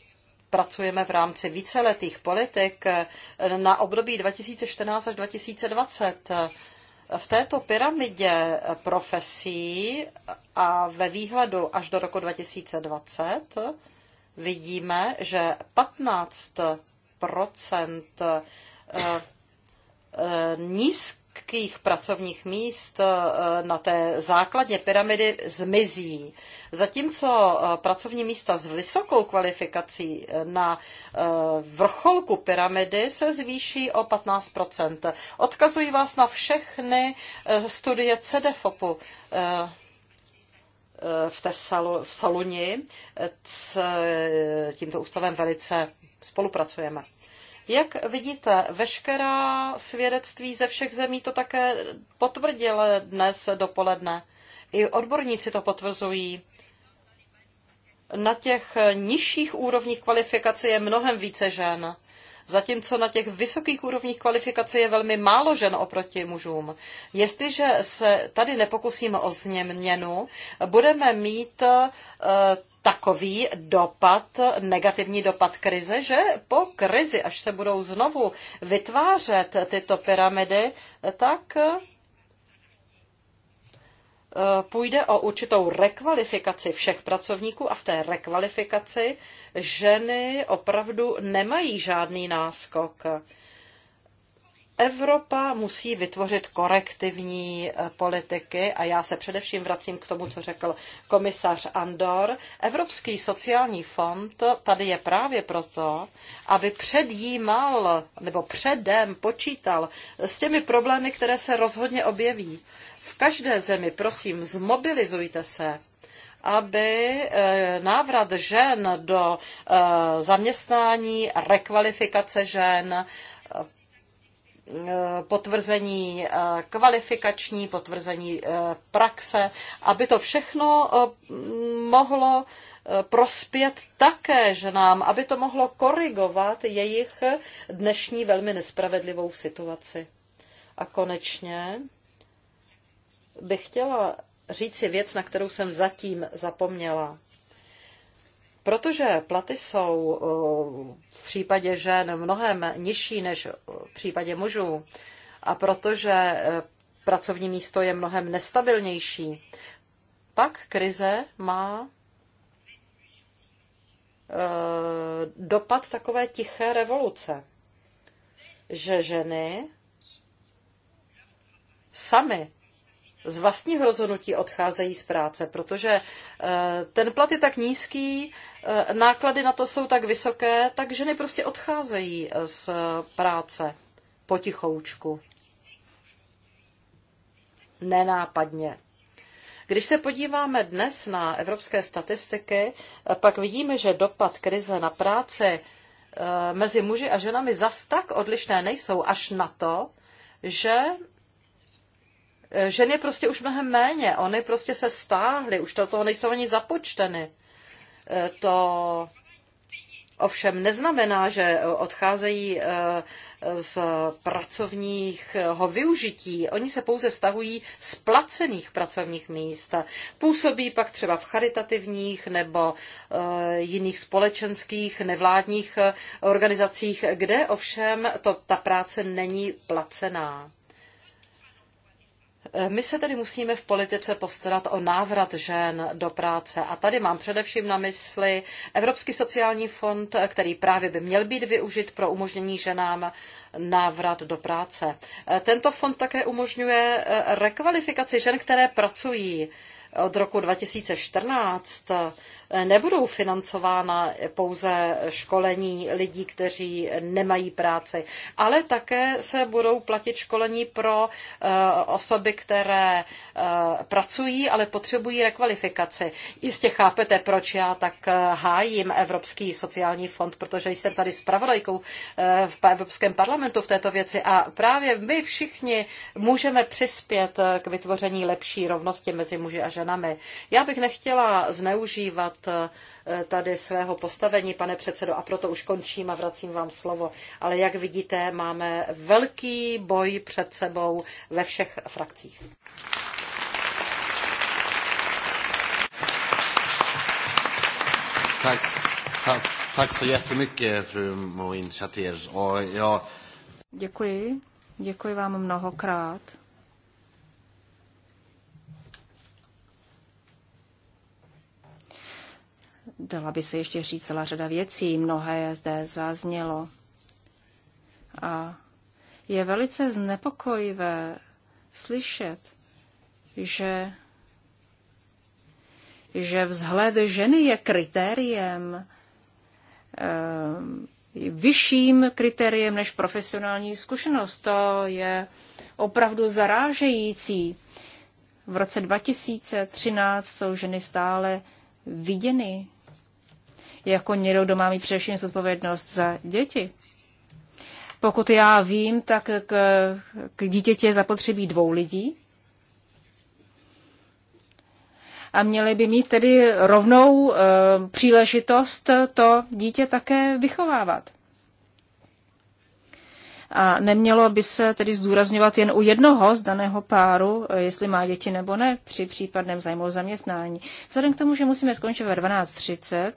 pracujeme v rámci víceletých politik na období 2014 až 2020 v této pyramidě profesí a ve výhledu až do roku 2020 vidíme, že 15 Eh, nízkých pracovních míst eh, na té základně pyramidy zmizí. Zatímco eh, pracovní místa s vysokou kvalifikací na vrcholku pyramidy se zvýší o 15 Odkazuji vás na všechny studie CDFOPu v, té salu, v s tímto ústavem velice spolupracujeme. Jak vidíte, veškerá svědectví ze všech zemí to také potvrdilo dnes dopoledne. I odborníci to potvrzují. Na těch nižších úrovních kvalifikace je mnohem více žen zatímco na těch vysokých úrovních kvalifikace je velmi málo žen oproti mužům. Jestliže se tady nepokusíme o změnu, budeme mít eh, takový dopad, negativní dopad krize, že po krizi, až se budou znovu vytvářet tyto pyramidy, tak eh, půjde o určitou rekvalifikaci všech pracovníků a v té rekvalifikaci ženy opravdu nemají žádný náskok. Evropa musí vytvořit korektivní eh, politiky a já se především vracím k tomu, co řekl komisař Andor. Evropský sociální fond tady je právě proto, aby předjímal nebo předem počítal s těmi problémy, které se rozhodně objeví. V každé zemi, prosím, zmobilizujte se, aby eh, návrat žen do eh, zaměstnání, rekvalifikace žen, Eh, potvrzení eh, kvalifikační, potvrzení eh, praxe, aby to všechno mohlo prospět také ženám, aby to mohlo korigovat jejich dnešní velmi nespravedlivou situaci. A konečně bych chtěla říci věc, na kterou jsem zatím zapomněla. Protože platy jsou eh, v případě žen mnohem nižší než v případě mužů a protože eh, pracovní místo je mnohem nestabilnější, pak krize má eh, dopad takové tiché revoluce, že ženy sami z vlastního rozhodnutí odcházejí z práce, protože eh, ten plat je tak nízký, eh, náklady na to jsou tak vysoké, tak ženy prostě odcházejí eh, z práce potichoučku. Nenápadně. Když se podíváme dnes na evropské statistiky, pak vidíme, že dopad krize na práci mezi muži a ženami zas tak odlišné nejsou až na to, že Eh, ženy prostě už mnohem méně, oni prostě se stáhly, už do toho nejsou ani započteny. Eh, to ovšem neznamená, že odcházejí eh, z pracovního využití. Oni se pouze stahují z placených pracovních míst. Působí pak třeba v charitativních nebo jiných společenských nevládních organizacích, kde ovšem to, ta práce není placená. Eh, my se tedy musíme v politice postarat o návrat žen do práce a tady mám především na mysli Evropský sociální fond, který právě by měl být využit pro umožnění ženám návrat do práce. Eh, tento fond také umožňuje eh, rekvalifikaci žen, které pracují od roku 2014 nebudou financována pouze školení lidí, kteří nemají práci, ale také se budou platit školení pro eh, osoby, které eh, pracují, ale potřebují rekvalifikaci. Jistě chápete, proč já tak eh, hájím Evropský sociální fond, protože jsem tady zpravodajkou v Evropském parlamentu v této věci a právě my všichni můžeme přispět k vytvoření lepší rovnosti mezi muži a ženami. Já bych nechtěla zneužívat Eh, tady svého postavení, pane předsedo, a proto už končím a vracím vám slovo. Ale jak vidíte, máme velký boj před sebou ve všech frakcích. Tak, tak, tak jättemycket, fru Moin Děkuji, děkuji vám mnohokrát. Dala by se ještě říct celá řada věcí, mnohé zde zaznělo. A je velice znepokojivé slyšet, že, že vzhled ženy je kritériem, eh, vyšším kritériem než profesionální zkušenost. To je opravdu zarážející. V roce 2013 jsou ženy stále viděny jako někdo, kdo má mít především zodpovědnost za děti. Pokud já vím, tak k, k dítěti je zapotřebí dvou lidí. A měli by mít tedy rovnou e, příležitost to dítě také vychovávat. A nemělo by se tedy zdůrazňovat jen u jednoho z daného páru, eh, jestli má děti nebo ne, při případném zájmu zaměstnání. Vzhledem k tomu, že musíme skončit ve 12.30,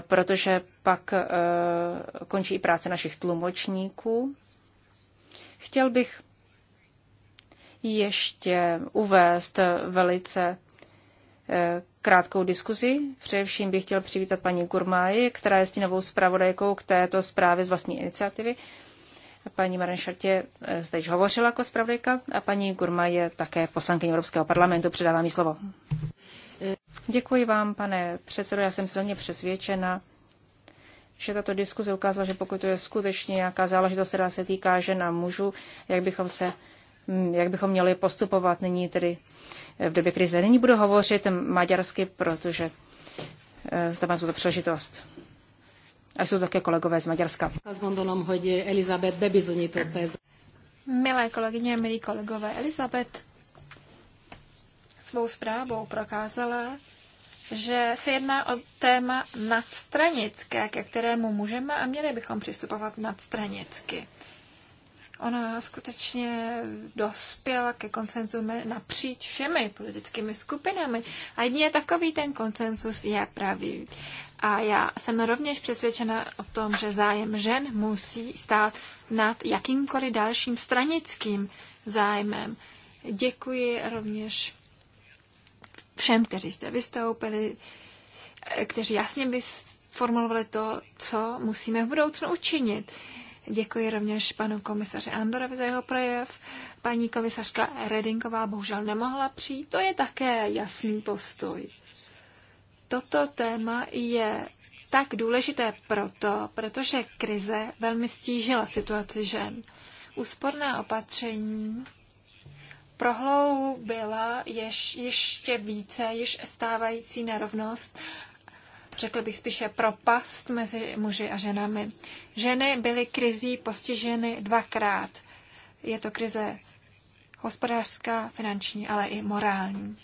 protože pak eh, končí i práce našich tlumočníků. Chtěl bych ještě uvést velice eh, krátkou diskuzi. Především bych chtěl přivítat paní Gurmáji, která je stínovou zpravodajkou k této zprávě z vlastní iniciativy. Paní Marenšartě eh, zde již hovořila jako zpravodajka a paní Gurma je také poslankyně Evropského parlamentu. Předávám jí slovo. Děkuji vám, pane předsedo. Já jsem silně přesvědčena, že tato diskuze ukázala, že pokud to je skutečně nějaká záležitost, která se týká žen a mužů, jak bychom se jak bychom měli postupovat nyní tedy v době krize. Nyní budu hovořit maďarsky, protože eh, zde mám tuto příležitost. A jsou také kolegové z Maďarska. Milé kolegyně, milí kolegové, Elizabeth svou zprávou prokázala, že se jedná o téma nadstranické, ke kterému můžeme a měli bychom přistupovat nadstranicky. Ona skutečně dospěla ke koncenzu napříč všemi politickými skupinami a jedině takový ten koncenzus je pravý. A já jsem rovněž přesvědčena o tom, že zájem žen musí stát nad jakýmkoliv dalším stranickým zájmem. Děkuji rovněž všem, kteří jste vystoupili, eh, kteří jasně by formulovali to, co musíme v budoucnu učinit. Děkuji rovněž panu komisaři Andorovi za jeho projev. Paní komisařka Redinková bohužel nemohla přijít. To je také jasný postoj. Toto téma je tak důležité proto, protože krize velmi stížila situaci žen. Úsporná opatření prohloubila jež, ještě více již stávající nerovnost, řekl bych spíše propast mezi muži a ženami. Ženy byly krizí postiženy dvakrát. Je to krize hospodářská, finanční, ale i morální.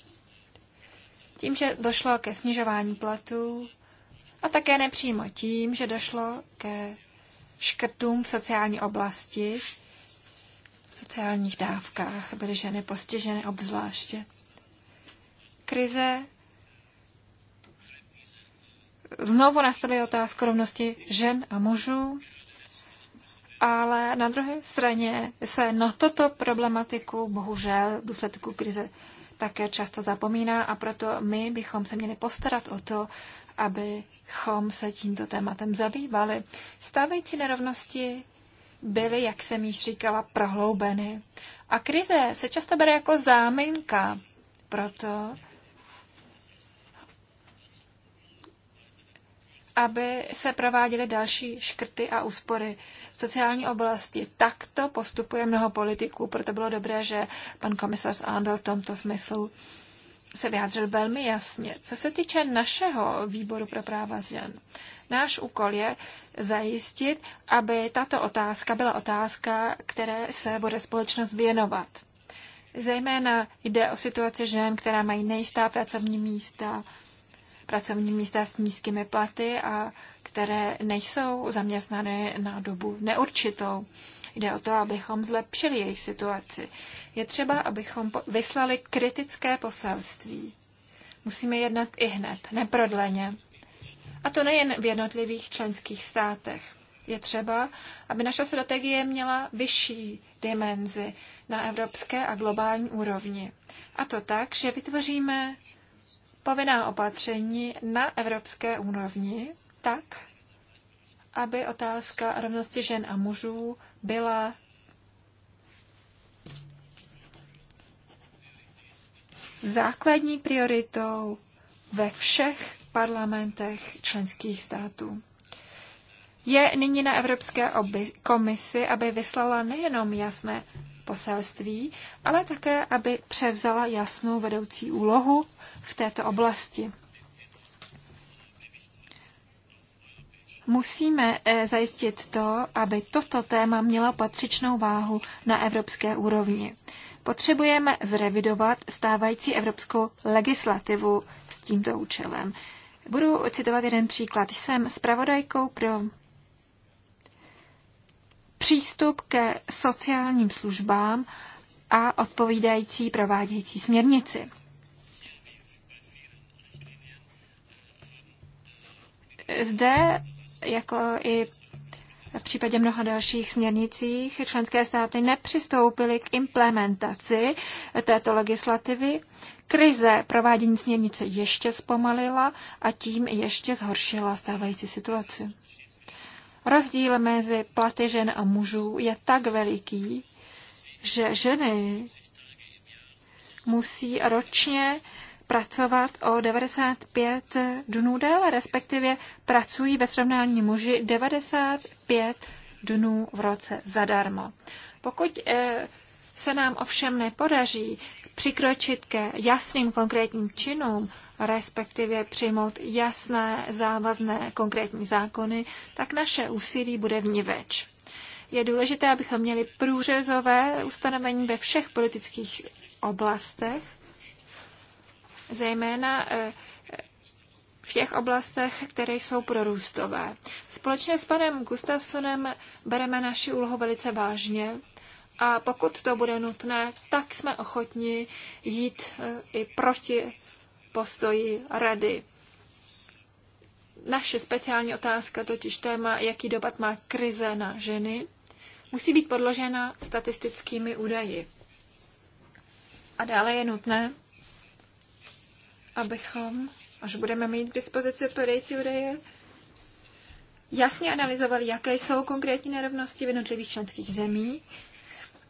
Tím, že došlo ke snižování platů a také nepřímo tím, že došlo ke škrtům v sociální oblasti, sociálních dávkách byly ženy postiženy obzvláště. Krize znovu nastaly otázku rovnosti žen a mužů, ale na druhé straně se na toto problematiku bohužel v důsledku krize také často zapomíná a proto my bychom se měli postarat o to, abychom se tímto tématem zabývali. Stávající nerovnosti byly, jak jsem již říkala, prohloubeny. A krize se často bere jako záminka, proto aby se prováděly další škrty a úspory v sociální oblasti. Takto postupuje mnoho politiků, proto bylo dobré, že pan komisař Ando v tomto smyslu se vyjádřil velmi jasně. Co se týče našeho výboru pro práva žen, náš úkol je zajistit, aby tato otázka byla otázka, které se bude společnost věnovat. Zejména jde o situaci žen, která mají nejistá pracovní místa, pracovní místa s nízkými platy a které nejsou zaměstnané na dobu neurčitou. Jde o to, abychom zlepšili jejich situaci. Je třeba, abychom vyslali kritické poselství. Musíme jednat i hned, neprodleně. A to nejen v jednotlivých členských státech. Je třeba, aby naše strategie měla vyšší dimenzi na evropské a globální úrovni. A to tak, že vytvoříme povinná opatření na evropské úrovni tak, aby otázka rovnosti žen a mužů byla základní prioritou ve všech parlamentech členských států. Je nyní na Evropské komisi, aby vyslala nejenom jasné poselství, ale také, aby převzala jasnou vedoucí úlohu v této oblasti. Musíme eh, zajistit to, aby toto téma mělo patřičnou váhu na evropské úrovni. Potřebujeme zrevidovat stávající evropskou legislativu s tímto účelem. Budu citovat jeden příklad. Jsem zpravodajkou pro přístup ke sociálním službám a odpovídající provádějící směrnici. Zde, jako i v případě mnoha dalších směrnicích členské státy nepřistoupily k implementaci této legislativy. Krize provádění směrnice ještě zpomalila a tím ještě zhoršila stávající situaci. Rozdíl mezi platy žen a mužů je tak veliký, že ženy musí ročně pracovat o 95 dnů déle, respektive pracují ve srovnání muži 95 dnů v roce zadarmo. Pokud eh, se nám ovšem nepodaří přikročit ke jasným konkrétním činům, respektive přijmout jasné, závazné, konkrétní zákony, tak naše úsilí bude vníveč. Je důležité, abychom měli průřezové ustanovení ve všech politických oblastech, zejména eh, v těch oblastech, které jsou prorůstové. Společně s panem Gustavsonem bereme naši úlohu velice vážně a pokud to bude nutné, tak jsme ochotni jít eh, i proti postoji rady. Naše speciální otázka, totiž téma, jaký dopad má krize na ženy, musí být podložena statistickými údaji. A dále je nutné, abychom, až budeme mít k dispozici odpovědající údaje, jasně analyzovali, jaké jsou konkrétní nerovnosti v jednotlivých členských zemích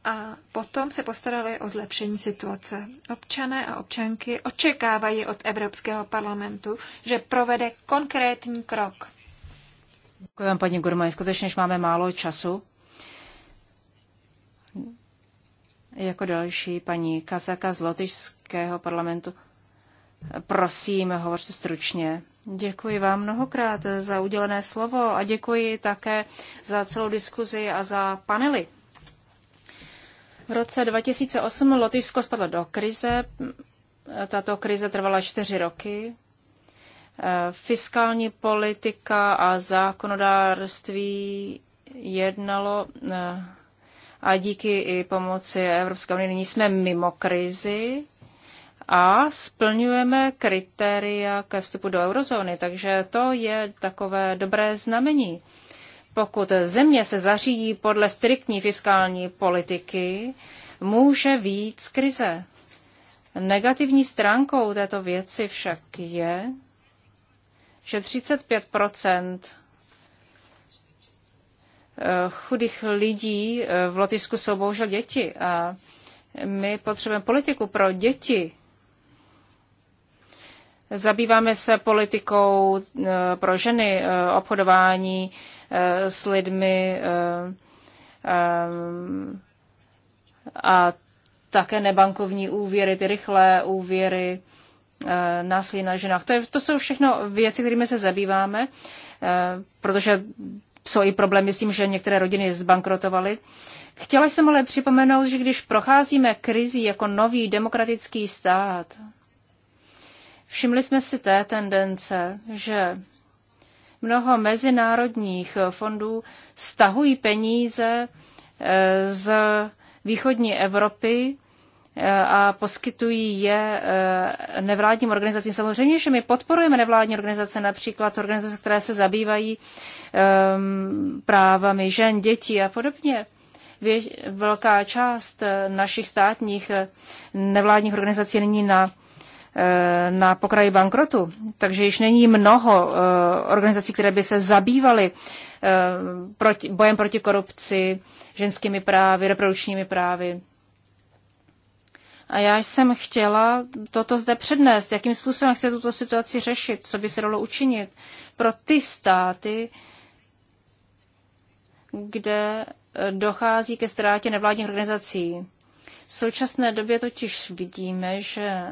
a potom se postarali o zlepšení situace. Občané a občanky očekávají od Evropského parlamentu, že provede konkrétní krok. Děkuji vám, paní Gurmaj. Skutečně, máme málo času. Jako další paní Kazaka z Lotyšského parlamentu. Prosím, hovořte stručně. Děkuji vám mnohokrát za udělené slovo a děkuji také za celou diskuzi a za panely. V roce 2008 Lotyšsko spadlo do krize. Tato krize trvala čtyři roky. Fiskální politika a zákonodárství jednalo eh, a díky i pomoci Evropské unie nyní jsme mimo krizi a splňujeme kritéria ke vstupu do eurozóny, takže to je takové dobré znamení. Pokud země se zařídí podle striktní fiskální politiky, může víc krize. Negativní stránkou této věci však je, že 35 eh, chudých lidí eh, v Lotyšsku jsou bohužel děti a my potřebujeme politiku pro děti, Zabýváme se politikou eh, pro ženy, eh, obchodování eh, s lidmi a také nebankovní úvěry, ty rychlé úvěry, násilí na ženách. To, je, to jsou všechno věci, kterými se zabýváme, protože jsou i problémy s tím, že některé rodiny zbankrotovaly. Chtěla jsem ale připomenout, že když procházíme krizi jako nový demokratický stát, Všimli jsme si té tendence, že mnoho mezinárodních fondů stahují peníze e, z východní Evropy e, a poskytují je e, nevládním organizacím. Samozřejmě, že my podporujeme nevládní organizace, například organizace, které se zabývají právami žen, dětí a podobně. Velká část našich státních nevládních organizací není na na pokraji bankrotu, takže již není mnoho eh, organizací, které by se zabývaly eh, bojem proti korupci, ženskými právy, reprodukčními právy. A já jsem chtěla toto zde přednést, jakým způsobem chce tuto situaci řešit, co by se dalo učinit pro ty státy, kde eh, dochází ke ztrátě nevládních organizací. V současné době totiž vidíme, že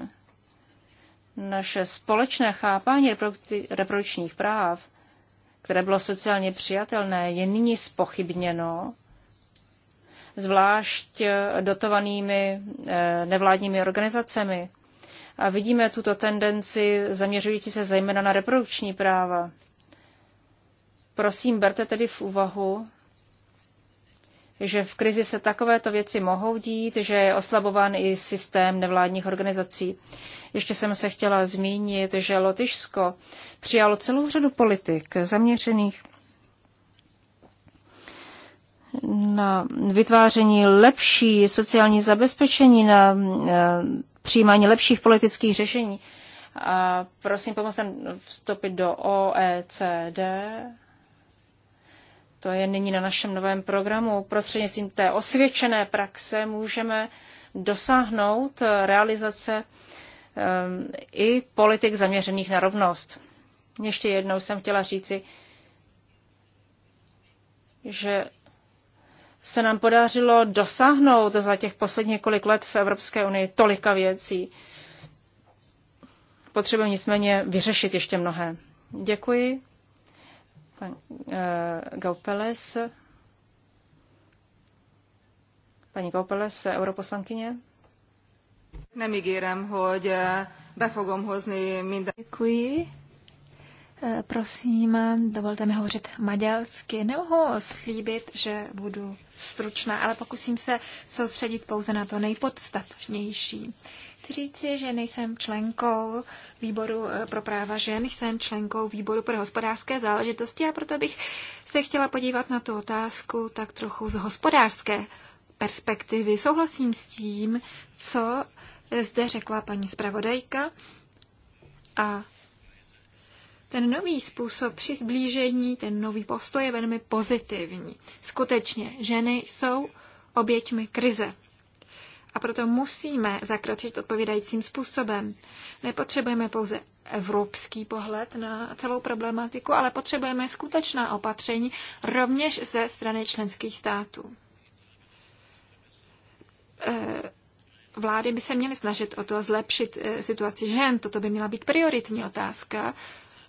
naše společné chápání reprodukčních práv, které bylo sociálně přijatelné, je nyní spochybněno, zvlášť eh, dotovanými eh, nevládními organizacemi. A vidíme tuto tendenci zaměřující se zejména na reprodukční práva. Prosím, berte tedy v úvahu, že v krizi se takovéto věci mohou dít, že je oslabován i systém nevládních organizací. Ještě jsem se chtěla zmínit, že Lotyšsko přijalo celou řadu politik zaměřených na vytváření lepší sociální zabezpečení, na eh, přijímání lepších politických řešení. A prosím, pomozte vstoupit do OECD to je nyní na našem novém programu. Prostřednictvím té osvědčené praxe můžeme dosáhnout eh, realizace eh, i politik zaměřených na rovnost. Ještě jednou jsem chtěla říci, že se nám podařilo dosáhnout za těch posledních několik let v Evropské unii tolika věcí. Potřebujeme nicméně vyřešit ještě mnohé. Děkuji pan e, Gaupeles, paní Gaupeles, europoslankyně. Nemígérem, hogy eh, be fogom hozni minden... Děkuji. Eh, prosím, dovolte mi hovořit maďarsky. Nemohu slíbit, že budu stručná, ale pokusím se soustředit pouze na to nejpodstatnější chci říci, že nejsem členkou výboru eh, pro práva žen, jsem členkou výboru pro hospodářské záležitosti a proto bych se chtěla podívat na tu otázku tak trochu z hospodářské perspektivy. Souhlasím s tím, co zde řekla paní zpravodajka a ten nový způsob při zblížení, ten nový postoj je velmi pozitivní. Skutečně, ženy jsou oběťmi krize a proto musíme zakročit odpovídajícím způsobem. Nepotřebujeme pouze evropský pohled na celou problematiku, ale potřebujeme skutečná opatření rovněž ze strany členských států. Eh, vlády by se měly snažit o to zlepšit eh, situaci žen. Toto by měla být prioritní otázka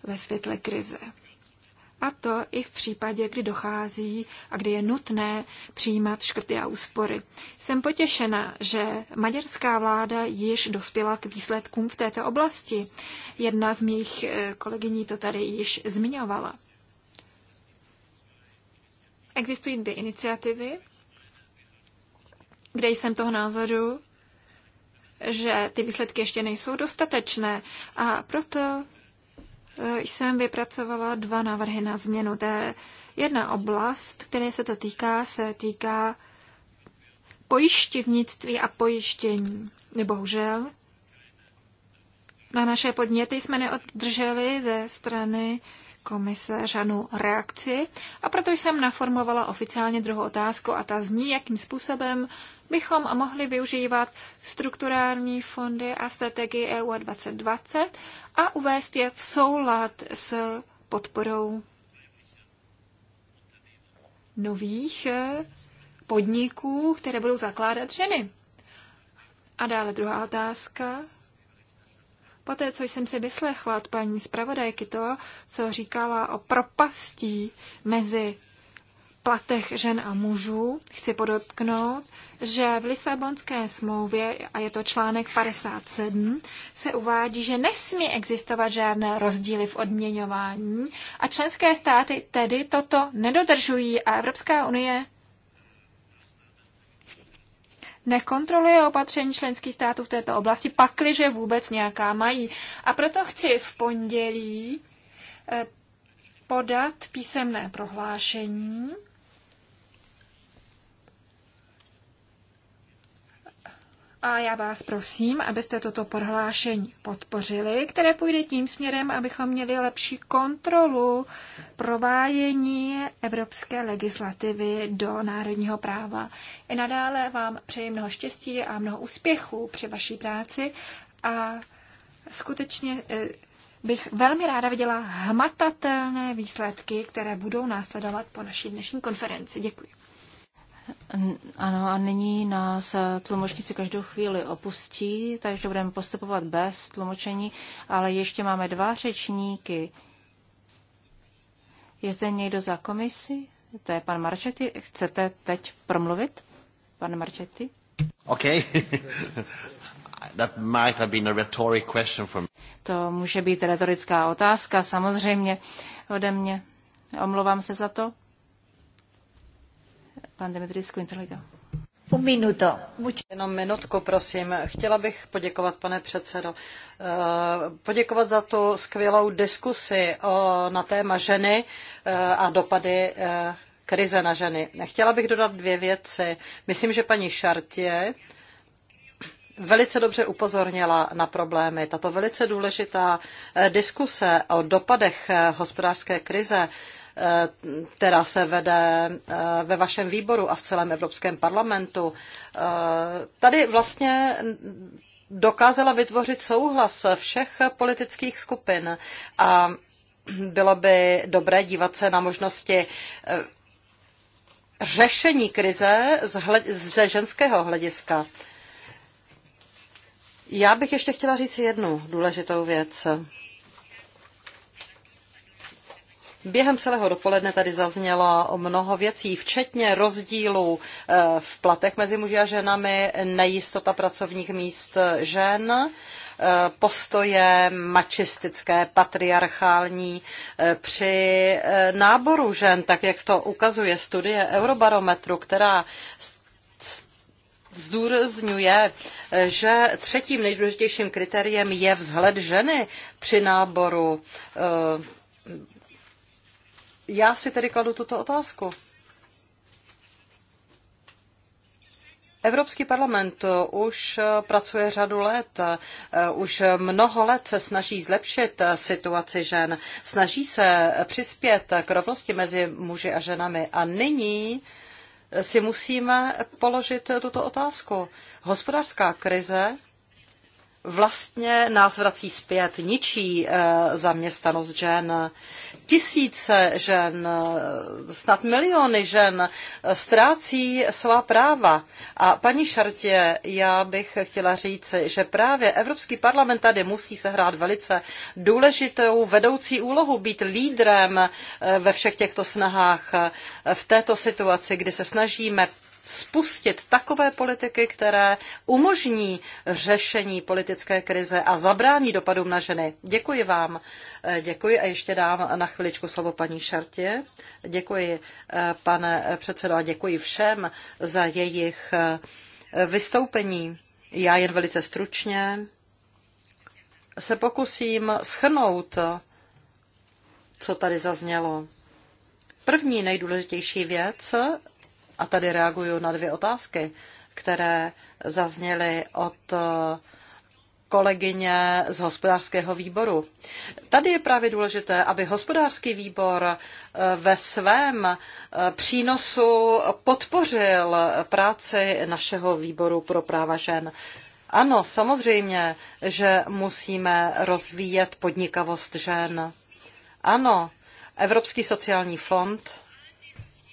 ve světle krize. A to i v případě, kdy dochází a kdy je nutné přijímat škrty a úspory. Jsem potěšena, že maďarská vláda již dospěla k výsledkům v této oblasti. Jedna z mých eh, kolegyní to tady již zmiňovala. Existují dvě iniciativy, kde jsem toho názoru, že ty výsledky ještě nejsou dostatečné a proto jsem vypracovala dva návrhy na změnu. Té jedna oblast, které se to týká, se týká pojištěvnictví a pojištění. Bohužel na naše podněty jsme neoddrželi ze strany komise řadu reakci a proto jsem naformovala oficiálně druhou otázku a ta zní, jakým způsobem bychom mohli využívat strukturální fondy a strategii EU 2020 a uvést je v soulad s podporou nových eh, podniků, které budou zakládat ženy. A dále druhá otázka. Poté, co jsem si vyslechla od paní zpravodajky to, co říkala o propastí mezi platech žen a mužů, chci podotknout, že v Lisabonské smlouvě, a je to článek 57, se uvádí, že nesmí existovat žádné rozdíly v odměňování a členské státy tedy toto nedodržují a Evropská unie nekontroluje opatření členských států v této oblasti, pakliže vůbec nějaká mají. A proto chci v pondělí eh, podat písemné prohlášení, A já vás prosím, abyste toto prohlášení podpořili, které půjde tím směrem, abychom měli lepší kontrolu provádění evropské legislativy do národního práva. I nadále vám přeji mnoho štěstí a mnoho úspěchů při vaší práci a skutečně eh, bych velmi ráda viděla hmatatelné výsledky, které budou následovat po naší dnešní konferenci. Děkuji. Ano, a nyní nás tlumočníci každou chvíli opustí, takže budeme postupovat bez tlumočení, ale ještě máme dva řečníky. Je zde někdo za komisi? To je pan Marčety. Chcete teď promluvit, pane Marčety? OK. *laughs* That might have been a rhetoric question from... To může být retorická otázka, samozřejmě, ode mě. Omlouvám se za to. Pan Demetris Quintalido. Minuto. Jenom minutku, prosím. Chtěla bych poděkovat, pane předsedo, eh, poděkovat za tu skvělou diskusi na téma ženy eh, a dopady eh, krize na ženy. Chtěla bych dodat dvě věci. Myslím, že paní Šartě velice dobře upozornila na problémy. Tato velice důležitá diskuse o dopadech hospodářské krize která eh, se vede eh, ve vašem výboru a v celém Evropském parlamentu, eh, tady vlastně dokázala vytvořit souhlas všech politických skupin a bylo by dobré dívat se na možnosti řešení krize ze ženského hlediska. Já bych ještě chtěla říct jednu důležitou věc. Během celého dopoledne tady zaznělo mnoho věcí, včetně rozdílů eh, v platech mezi muži a ženami, nejistota pracovních míst žen, eh, postoje mačistické, patriarchální eh, při náboru žen, tak jak to ukazuje studie Eurobarometru, která zdůrazňuje, že třetím nejdůležitějším kritériem je vzhled ženy při náboru já si tedy kladu tuto otázku. Evropský parlament eh, už eh, pracuje řadu let, eh, už mnoho let se snaží zlepšit situaci žen, snaží se přispět k rovnosti mezi muži a ženami. A nyní si musíme položit tuto otázku. Hospodářská krize vlastně nás vrací zpět, ničí zaměstnanost žen. Tisíce žen, snad miliony žen ztrácí svá práva. A paní Šartě, já bych chtěla říct, že právě Evropský parlament tady musí sehrát velice důležitou vedoucí úlohu, být lídrem eh, ve všech těchto snahách eh, v této situaci, kdy se snažíme spustit takové politiky, které umožní řešení politické krize a zabrání dopadům na ženy. Děkuji vám. Eh, děkuji a ještě dám na chviličku slovo paní Šartě. Děkuji, eh, pane předsedo, a děkuji všem za jejich eh, vystoupení. Já jen velice stručně se pokusím schrnout, co tady zaznělo. První nejdůležitější věc a tady reaguju na dvě otázky, které zazněly od eh, kolegyně z hospodářského výboru. Tady je právě důležité, aby hospodářský výbor eh, ve svém eh, přínosu podpořil práci našeho výboru pro práva žen. Ano, samozřejmě, že musíme rozvíjet podnikavost žen. Ano, Evropský sociální fond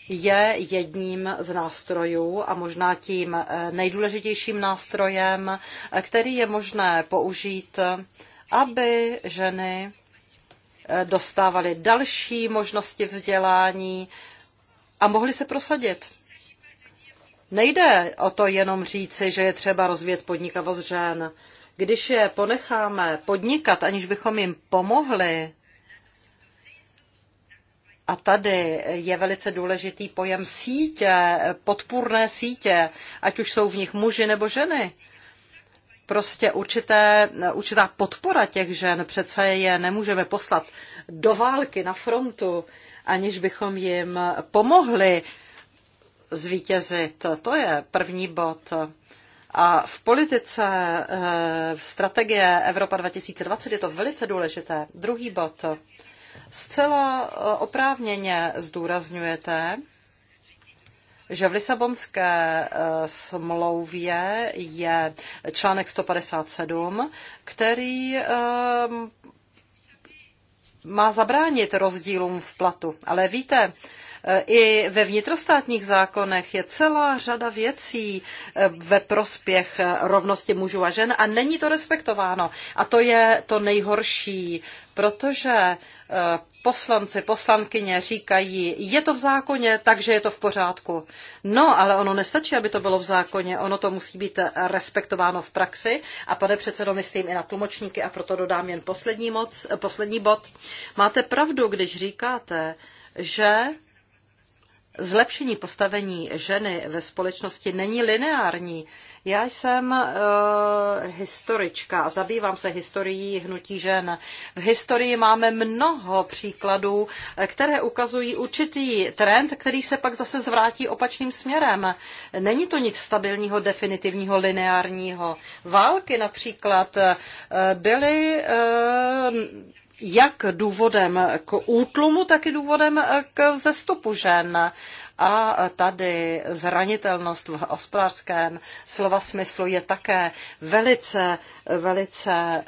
je jedním z nástrojů a možná tím eh, nejdůležitějším nástrojem, eh, který je možné použít, aby ženy eh, dostávaly další možnosti vzdělání a mohly se prosadit. Nejde o to jenom říci, že je třeba rozvíjet podnikavost žen. Když je ponecháme podnikat, aniž bychom jim pomohli, a tady je velice důležitý pojem sítě, podpůrné sítě, ať už jsou v nich muži nebo ženy. Prostě určité, určitá podpora těch žen přece je nemůžeme poslat do války na frontu, aniž bychom jim pomohli zvítězit. To je první bod. A v politice eh, v strategie Evropa 2020 je to velice důležité. Druhý bod Zcela e, oprávněně zdůrazňujete, že v Lisabonské e, smlouvě je článek 157, který e, má zabránit rozdílům v platu. Ale víte, i ve vnitrostátních zákonech je celá řada věcí ve prospěch rovnosti mužů a žen a není to respektováno. A to je to nejhorší protože eh, poslanci, poslankyně říkají, je to v zákoně, takže je to v pořádku. No, ale ono nestačí, aby to bylo v zákoně, ono to musí být respektováno v praxi. A pane předsedo, myslím i na tlumočníky a proto dodám jen poslední, moc, eh, poslední bod. Máte pravdu, když říkáte, že zlepšení postavení ženy ve společnosti není lineární. Já jsem uh, historička a zabývám se historií hnutí žen. V historii máme mnoho příkladů, eh, které ukazují určitý trend, který se pak zase zvrátí opačným směrem. Není to nic stabilního, definitivního, lineárního. Války například eh, byly uh, jak důvodem k útlumu, tak i důvodem k zestupu žen. A tady zranitelnost v hospodářském slova smyslu je také velice, velice eh,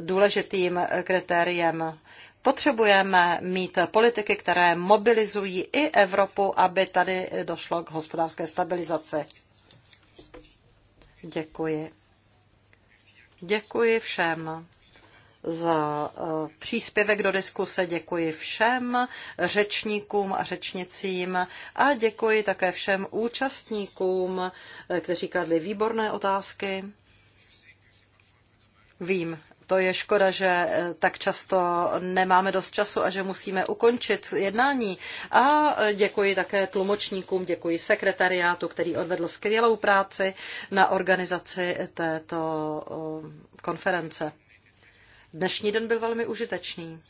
důležitým kritériem. Potřebujeme mít politiky, které mobilizují i Evropu, aby tady došlo k hospodářské stabilizaci. Děkuji. Děkuji všem za eh, příspěvek do diskuse, děkuji všem řečníkům a řečnicím a děkuji také všem účastníkům, eh, kteří kladli výborné otázky. Vím, to je škoda, že eh, tak často nemáme dost času a že musíme ukončit jednání. A děkuji také tlumočníkům, děkuji sekretariátu, který odvedl skvělou práci na organizaci této konference. Dnešní den byl velmi užitečný.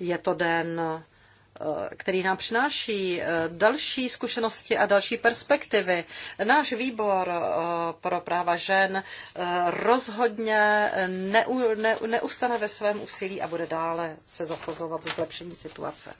Je to den, eh, který nám přináší eh, další zkušenosti a další perspektivy. Náš výbor eh, pro práva žen rozhodně neu, ne, neustane ve svém úsilí a bude dále se zasazovat za zlepšení situace.